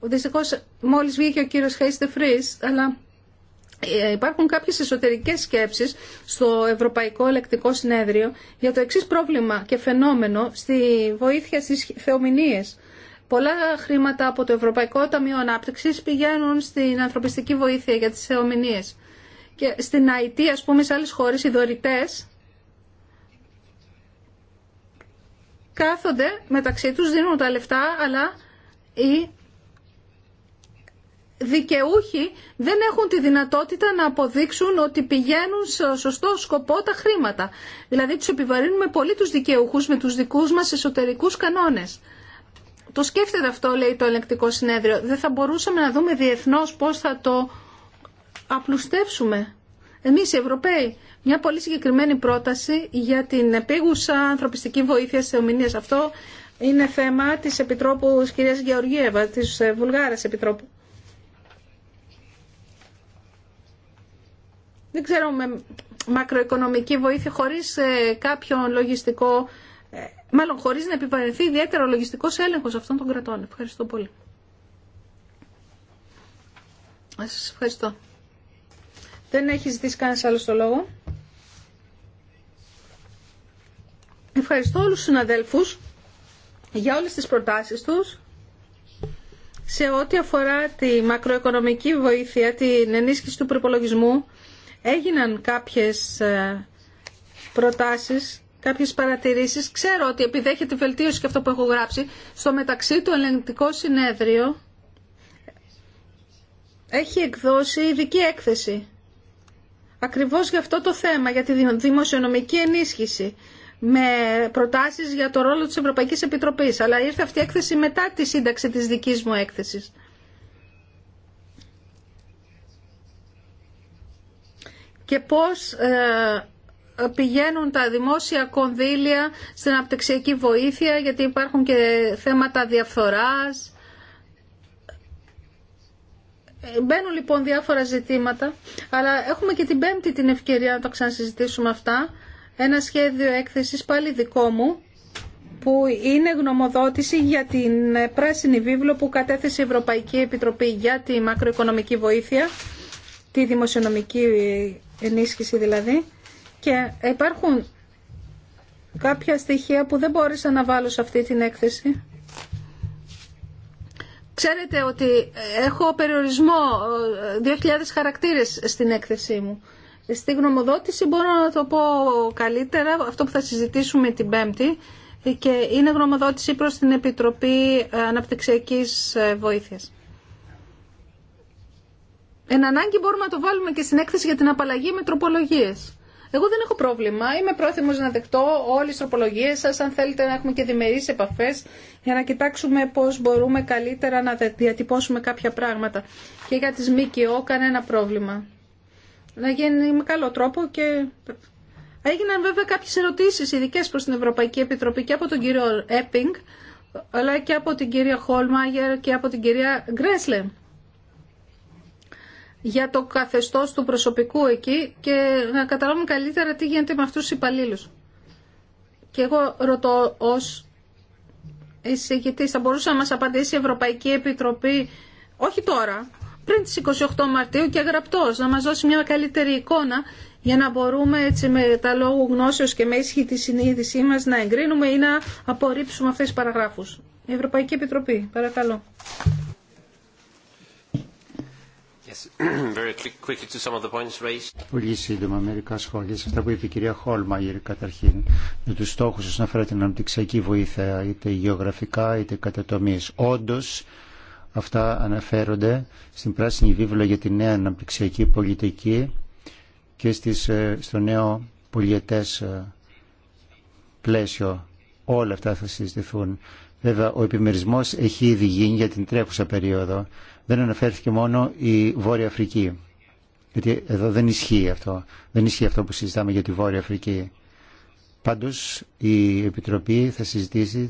Δυστυχώ, μόλις βγήκε ο κύριος Χέιστε Φρίς, αλλά ε, υπάρχουν κάποιες εσωτερικές σκέψεις στο Ευρωπαϊκό Ελεκτικό Συνέδριο για το εξής πρόβλημα και φαινόμενο στη βοήθεια στις θεομηνίες. Πολλά χρήματα από το Ευρωπαϊκό Ταμείο Ανάπτυξης πηγαίνουν στην ανθρωπιστική βοήθεια για τις θεομηνίες. Και στην αιτία, ας πούμε, σε άλλες χώρες, οι δωρητές κάθονται μεταξύ τους, δίνουν τα λεφτά, αλλά δικαιούχοι δεν έχουν τη δυνατότητα να αποδείξουν ότι πηγαίνουν σε σωστό σκοπό τα χρήματα. Δηλαδή τους επιβαρύνουμε πολύ τους δικαιούχους με τους δικούς μας εσωτερικούς κανόνες. Το σκέφτεται αυτό, λέει το ελεκτικό συνέδριο. Δεν θα μπορούσαμε να δούμε διεθνώς πώς θα το απλουστεύσουμε. Εμείς οι Ευρωπαίοι, μια πολύ συγκεκριμένη πρόταση για την επίγουσα ανθρωπιστική βοήθεια σε ομιλίες. Αυτό είναι θέμα της Επιτρόπου κυρίας Γεωργίευα, της Βουλγάρας Επιτρόπου. δεν ξέρω, με μακροοικονομική βοήθεια χωρίς ε, κάποιο λογιστικό, ε, μάλλον χωρίς να επιβαρυνθεί ιδιαίτερο λογιστικός έλεγχος αυτών των κρατών. Ευχαριστώ πολύ. Ε, σας ευχαριστώ. Δεν έχει ζητήσει κανένα άλλο το λόγο. Ευχαριστώ όλους τους συναδέλφους για όλες τις προτάσεις τους σε ό,τι αφορά τη μακροοικονομική βοήθεια, την ενίσχυση του προπολογισμού έγιναν κάποιες ε, προτάσεις, κάποιες παρατηρήσεις. Ξέρω ότι επιδέχεται βελτίωση και αυτό που έχω γράψει. Στο μεταξύ του ελεγκτικό συνέδριο έχει εκδώσει ειδική έκθεση. Ακριβώς για αυτό το θέμα, για τη δημοσιονομική ενίσχυση με προτάσεις για το ρόλο της Ευρωπαϊκής Επιτροπής. Αλλά ήρθε αυτή η έκθεση μετά τη σύνταξη της δικής μου έκθεσης. και πώς ε, πηγαίνουν τα δημόσια κονδύλια στην απτυξιακή βοήθεια γιατί υπάρχουν και θέματα διαφθοράς. Μπαίνουν λοιπόν διάφορα ζητήματα, αλλά έχουμε και την πέμπτη την ευκαιρία να τα ξανασυζητήσουμε αυτά. Ένα σχέδιο έκθεσης πάλι δικό μου, που είναι γνωμοδότηση για την πράσινη βίβλο που κατέθεσε η Ευρωπαϊκή Επιτροπή για τη μακροοικονομική βοήθεια τη δημοσιονομική ενίσχυση δηλαδή και υπάρχουν κάποια στοιχεία που δεν μπόρεσα να βάλω σε αυτή την έκθεση. Ξέρετε ότι έχω περιορισμό 2.000 ε, χαρακτήρες στην έκθεσή μου. Στη γνωμοδότηση μπορώ να το πω καλύτερα, αυτό που θα συζητήσουμε την Πέμπτη, και είναι γνωμοδότηση προς την Επιτροπή Αναπτυξιακής Βοήθειας. Εν ανάγκη μπορούμε να το βάλουμε και στην έκθεση για την απαλλαγή με τροπολογίε. Εγώ δεν έχω πρόβλημα. Είμαι πρόθυμο να δεχτώ όλε τι τροπολογίε, σα αν θέλετε να έχουμε και διμερεί επαφέ για να κοιτάξουμε πώ μπορούμε καλύτερα να διατυπώσουμε κάποια πράγματα. Και για τι ΜΚΟ κανένα πρόβλημα. Να γίνει με καλό τρόπο και... Έγιναν βέβαια κάποιε ερωτήσει, ειδικέ προ την Ευρωπαϊκή Επιτροπή και από τον κύριο Έπινγκ, αλλά και από την κυρία Χόλμαγερ και από την κυρία Γκρέσλε για το καθεστώ του προσωπικού εκεί και να καταλάβουμε καλύτερα τι γίνεται με αυτού του υπαλλήλου. Και εγώ ρωτώ ως εισηγητή, θα μπορούσε να μα απαντήσει η Ευρωπαϊκή Επιτροπή, όχι τώρα, πριν τις 28 Μαρτίου και γραπτό, να μας δώσει μια καλύτερη εικόνα για να μπορούμε έτσι με τα λόγου γνώσεως και με ίσχυ τη συνείδησή μα να εγκρίνουμε ή να απορρίψουμε αυτές τις παραγράφους. Η να απορριψουμε αυτε τι παραγραφου η παρακαλώ. Πολύ σύντομα μερικά σχόλια σε αυτά που είπε η κυρία Χόλμαγερ καταρχήν για τους στόχους όσον αφορά την αναπτυξιακή βοήθεια είτε γεωγραφικά είτε κατατομής. Όντως αυτά αναφέρονται στην πράσινη βίβλο για τη νέα αναπτυξιακή πολιτική και στις, ε, στο νέο πολιετές ε, πλαίσιο. Όλα αυτά θα συζητηθούν. Βέβαια, ο επιμερισμός έχει ήδη γίνει για την τρέχουσα περίοδο δεν αναφέρθηκε μόνο η Βόρεια Αφρική. Γιατί εδώ δεν ισχύει αυτό. Δεν ισχύει αυτό που συζητάμε για τη Βόρεια Αφρική. Πάντω η Επιτροπή θα συζητήσει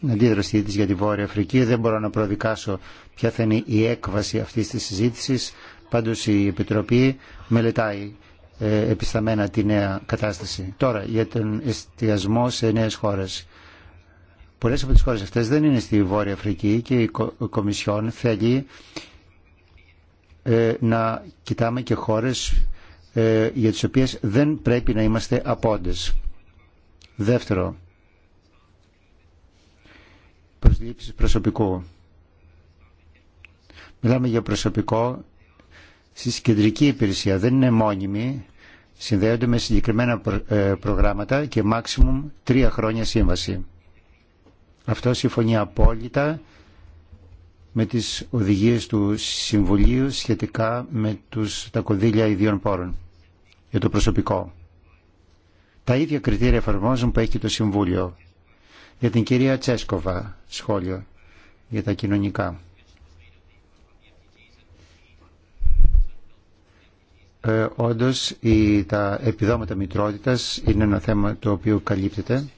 την αντίδρασή τη για τη Βόρεια Αφρική. Δεν μπορώ να προδικάσω ποια θα είναι η έκβαση αυτής της συζήτησης. Πάντως η Επιτροπή μελετάει επισταμμένα επισταμένα τη νέα κατάσταση. Τώρα για τον εστιασμό σε νέες χώρε. Πολλέ από τι χώρες αυτές δεν είναι στη Βόρεια Αφρική και η Κομισιόν θέλει ε, να κοιτάμε και χώρες ε, για τις οποίες δεν πρέπει να είμαστε απόντε. Δεύτερο, προσλήψεις προσωπικού. Μιλάμε για προσωπικό στη κεντρική υπηρεσία, δεν είναι μόνιμη, συνδέονται με συγκεκριμένα ε, προγράμματα και maximum τρία χρόνια σύμβαση. Αυτό συμφωνεί απόλυτα με τις οδηγίες του Συμβουλίου σχετικά με τους, τα κονδύλια ιδίων πόρων για το προσωπικό. Τα ίδια κριτήρια εφαρμόζουν που έχει το Συμβούλιο. Για την κυρία Τσέσκοβα, σχόλιο για τα κοινωνικά. Ε, όντως, η, τα επιδόματα μητρότητας είναι ένα θέμα το οποίο καλύπτεται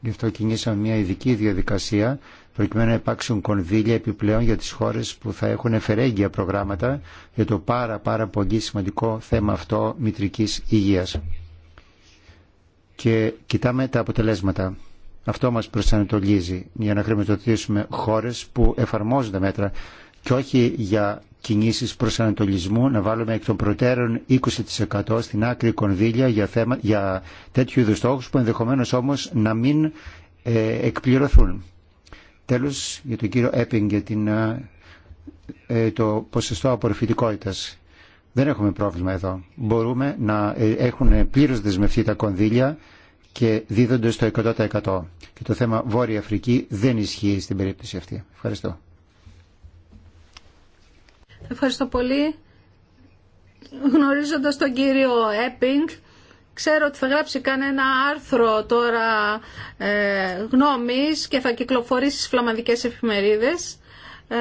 Γι' αυτό κινήσαμε μια ειδική διαδικασία προκειμένου να υπάρξουν κονδύλια επιπλέον για τις χώρες που θα έχουν εφερέγγια προγράμματα για το πάρα πάρα πολύ σημαντικό θέμα αυτό μητρικής υγείας. Και κοιτάμε τα αποτελέσματα. Αυτό μας προσανατολίζει για να χρηματοδοτήσουμε χώρες που εφαρμόζουν τα μέτρα και όχι για κινήσεις προσανατολισμού να βάλουμε εκ των προτέρων 20% στην άκρη κονδύλια για, θέμα, για τέτοιου είδους στόχους που ενδεχομένως όμως να μην ε, εκπληρωθούν. Τέλος, για τον κύριο Έπινγκ για την, ε, ε, το ποσοστό απορροφητικότητας. Δεν έχουμε πρόβλημα εδώ. Μπορούμε να έχουν πλήρως δεσμευτεί τα κονδύλια και δίδονται στο 100%. Και το θέμα Βόρεια Αφρική δεν ισχύει στην περίπτωση αυτή. Ευχαριστώ. Ευχαριστώ πολύ. Γνωρίζοντας τον κύριο Έπινγκ, ξέρω ότι θα γράψει κανένα άρθρο τώρα ε, γνώμης και θα κυκλοφορήσει στις φλαμανδικές εφημερίδες. Ε,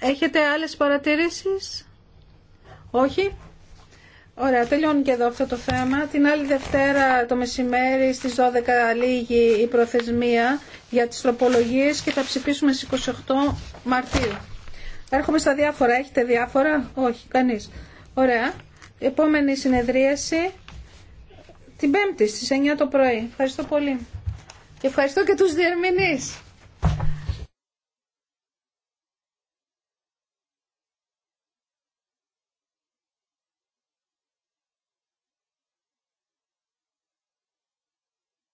έχετε άλλες παρατηρήσεις? Όχι? Ωραία, τελειώνει και εδώ αυτό το θέμα. Την άλλη Δευτέρα το μεσημέρι στις 12 λίγη η προθεσμία για τις τροπολογίες και θα ψηφίσουμε στις 28 Μαρτίου. Έρχομαι στα διάφορα. Έχετε διάφορα? Όχι, κανείς. Ωραία. Η επόμενη συνεδρίαση την Πέμπτη στις 9 το πρωί. Ευχαριστώ πολύ. Και ευχαριστώ και τους διερμηνείς.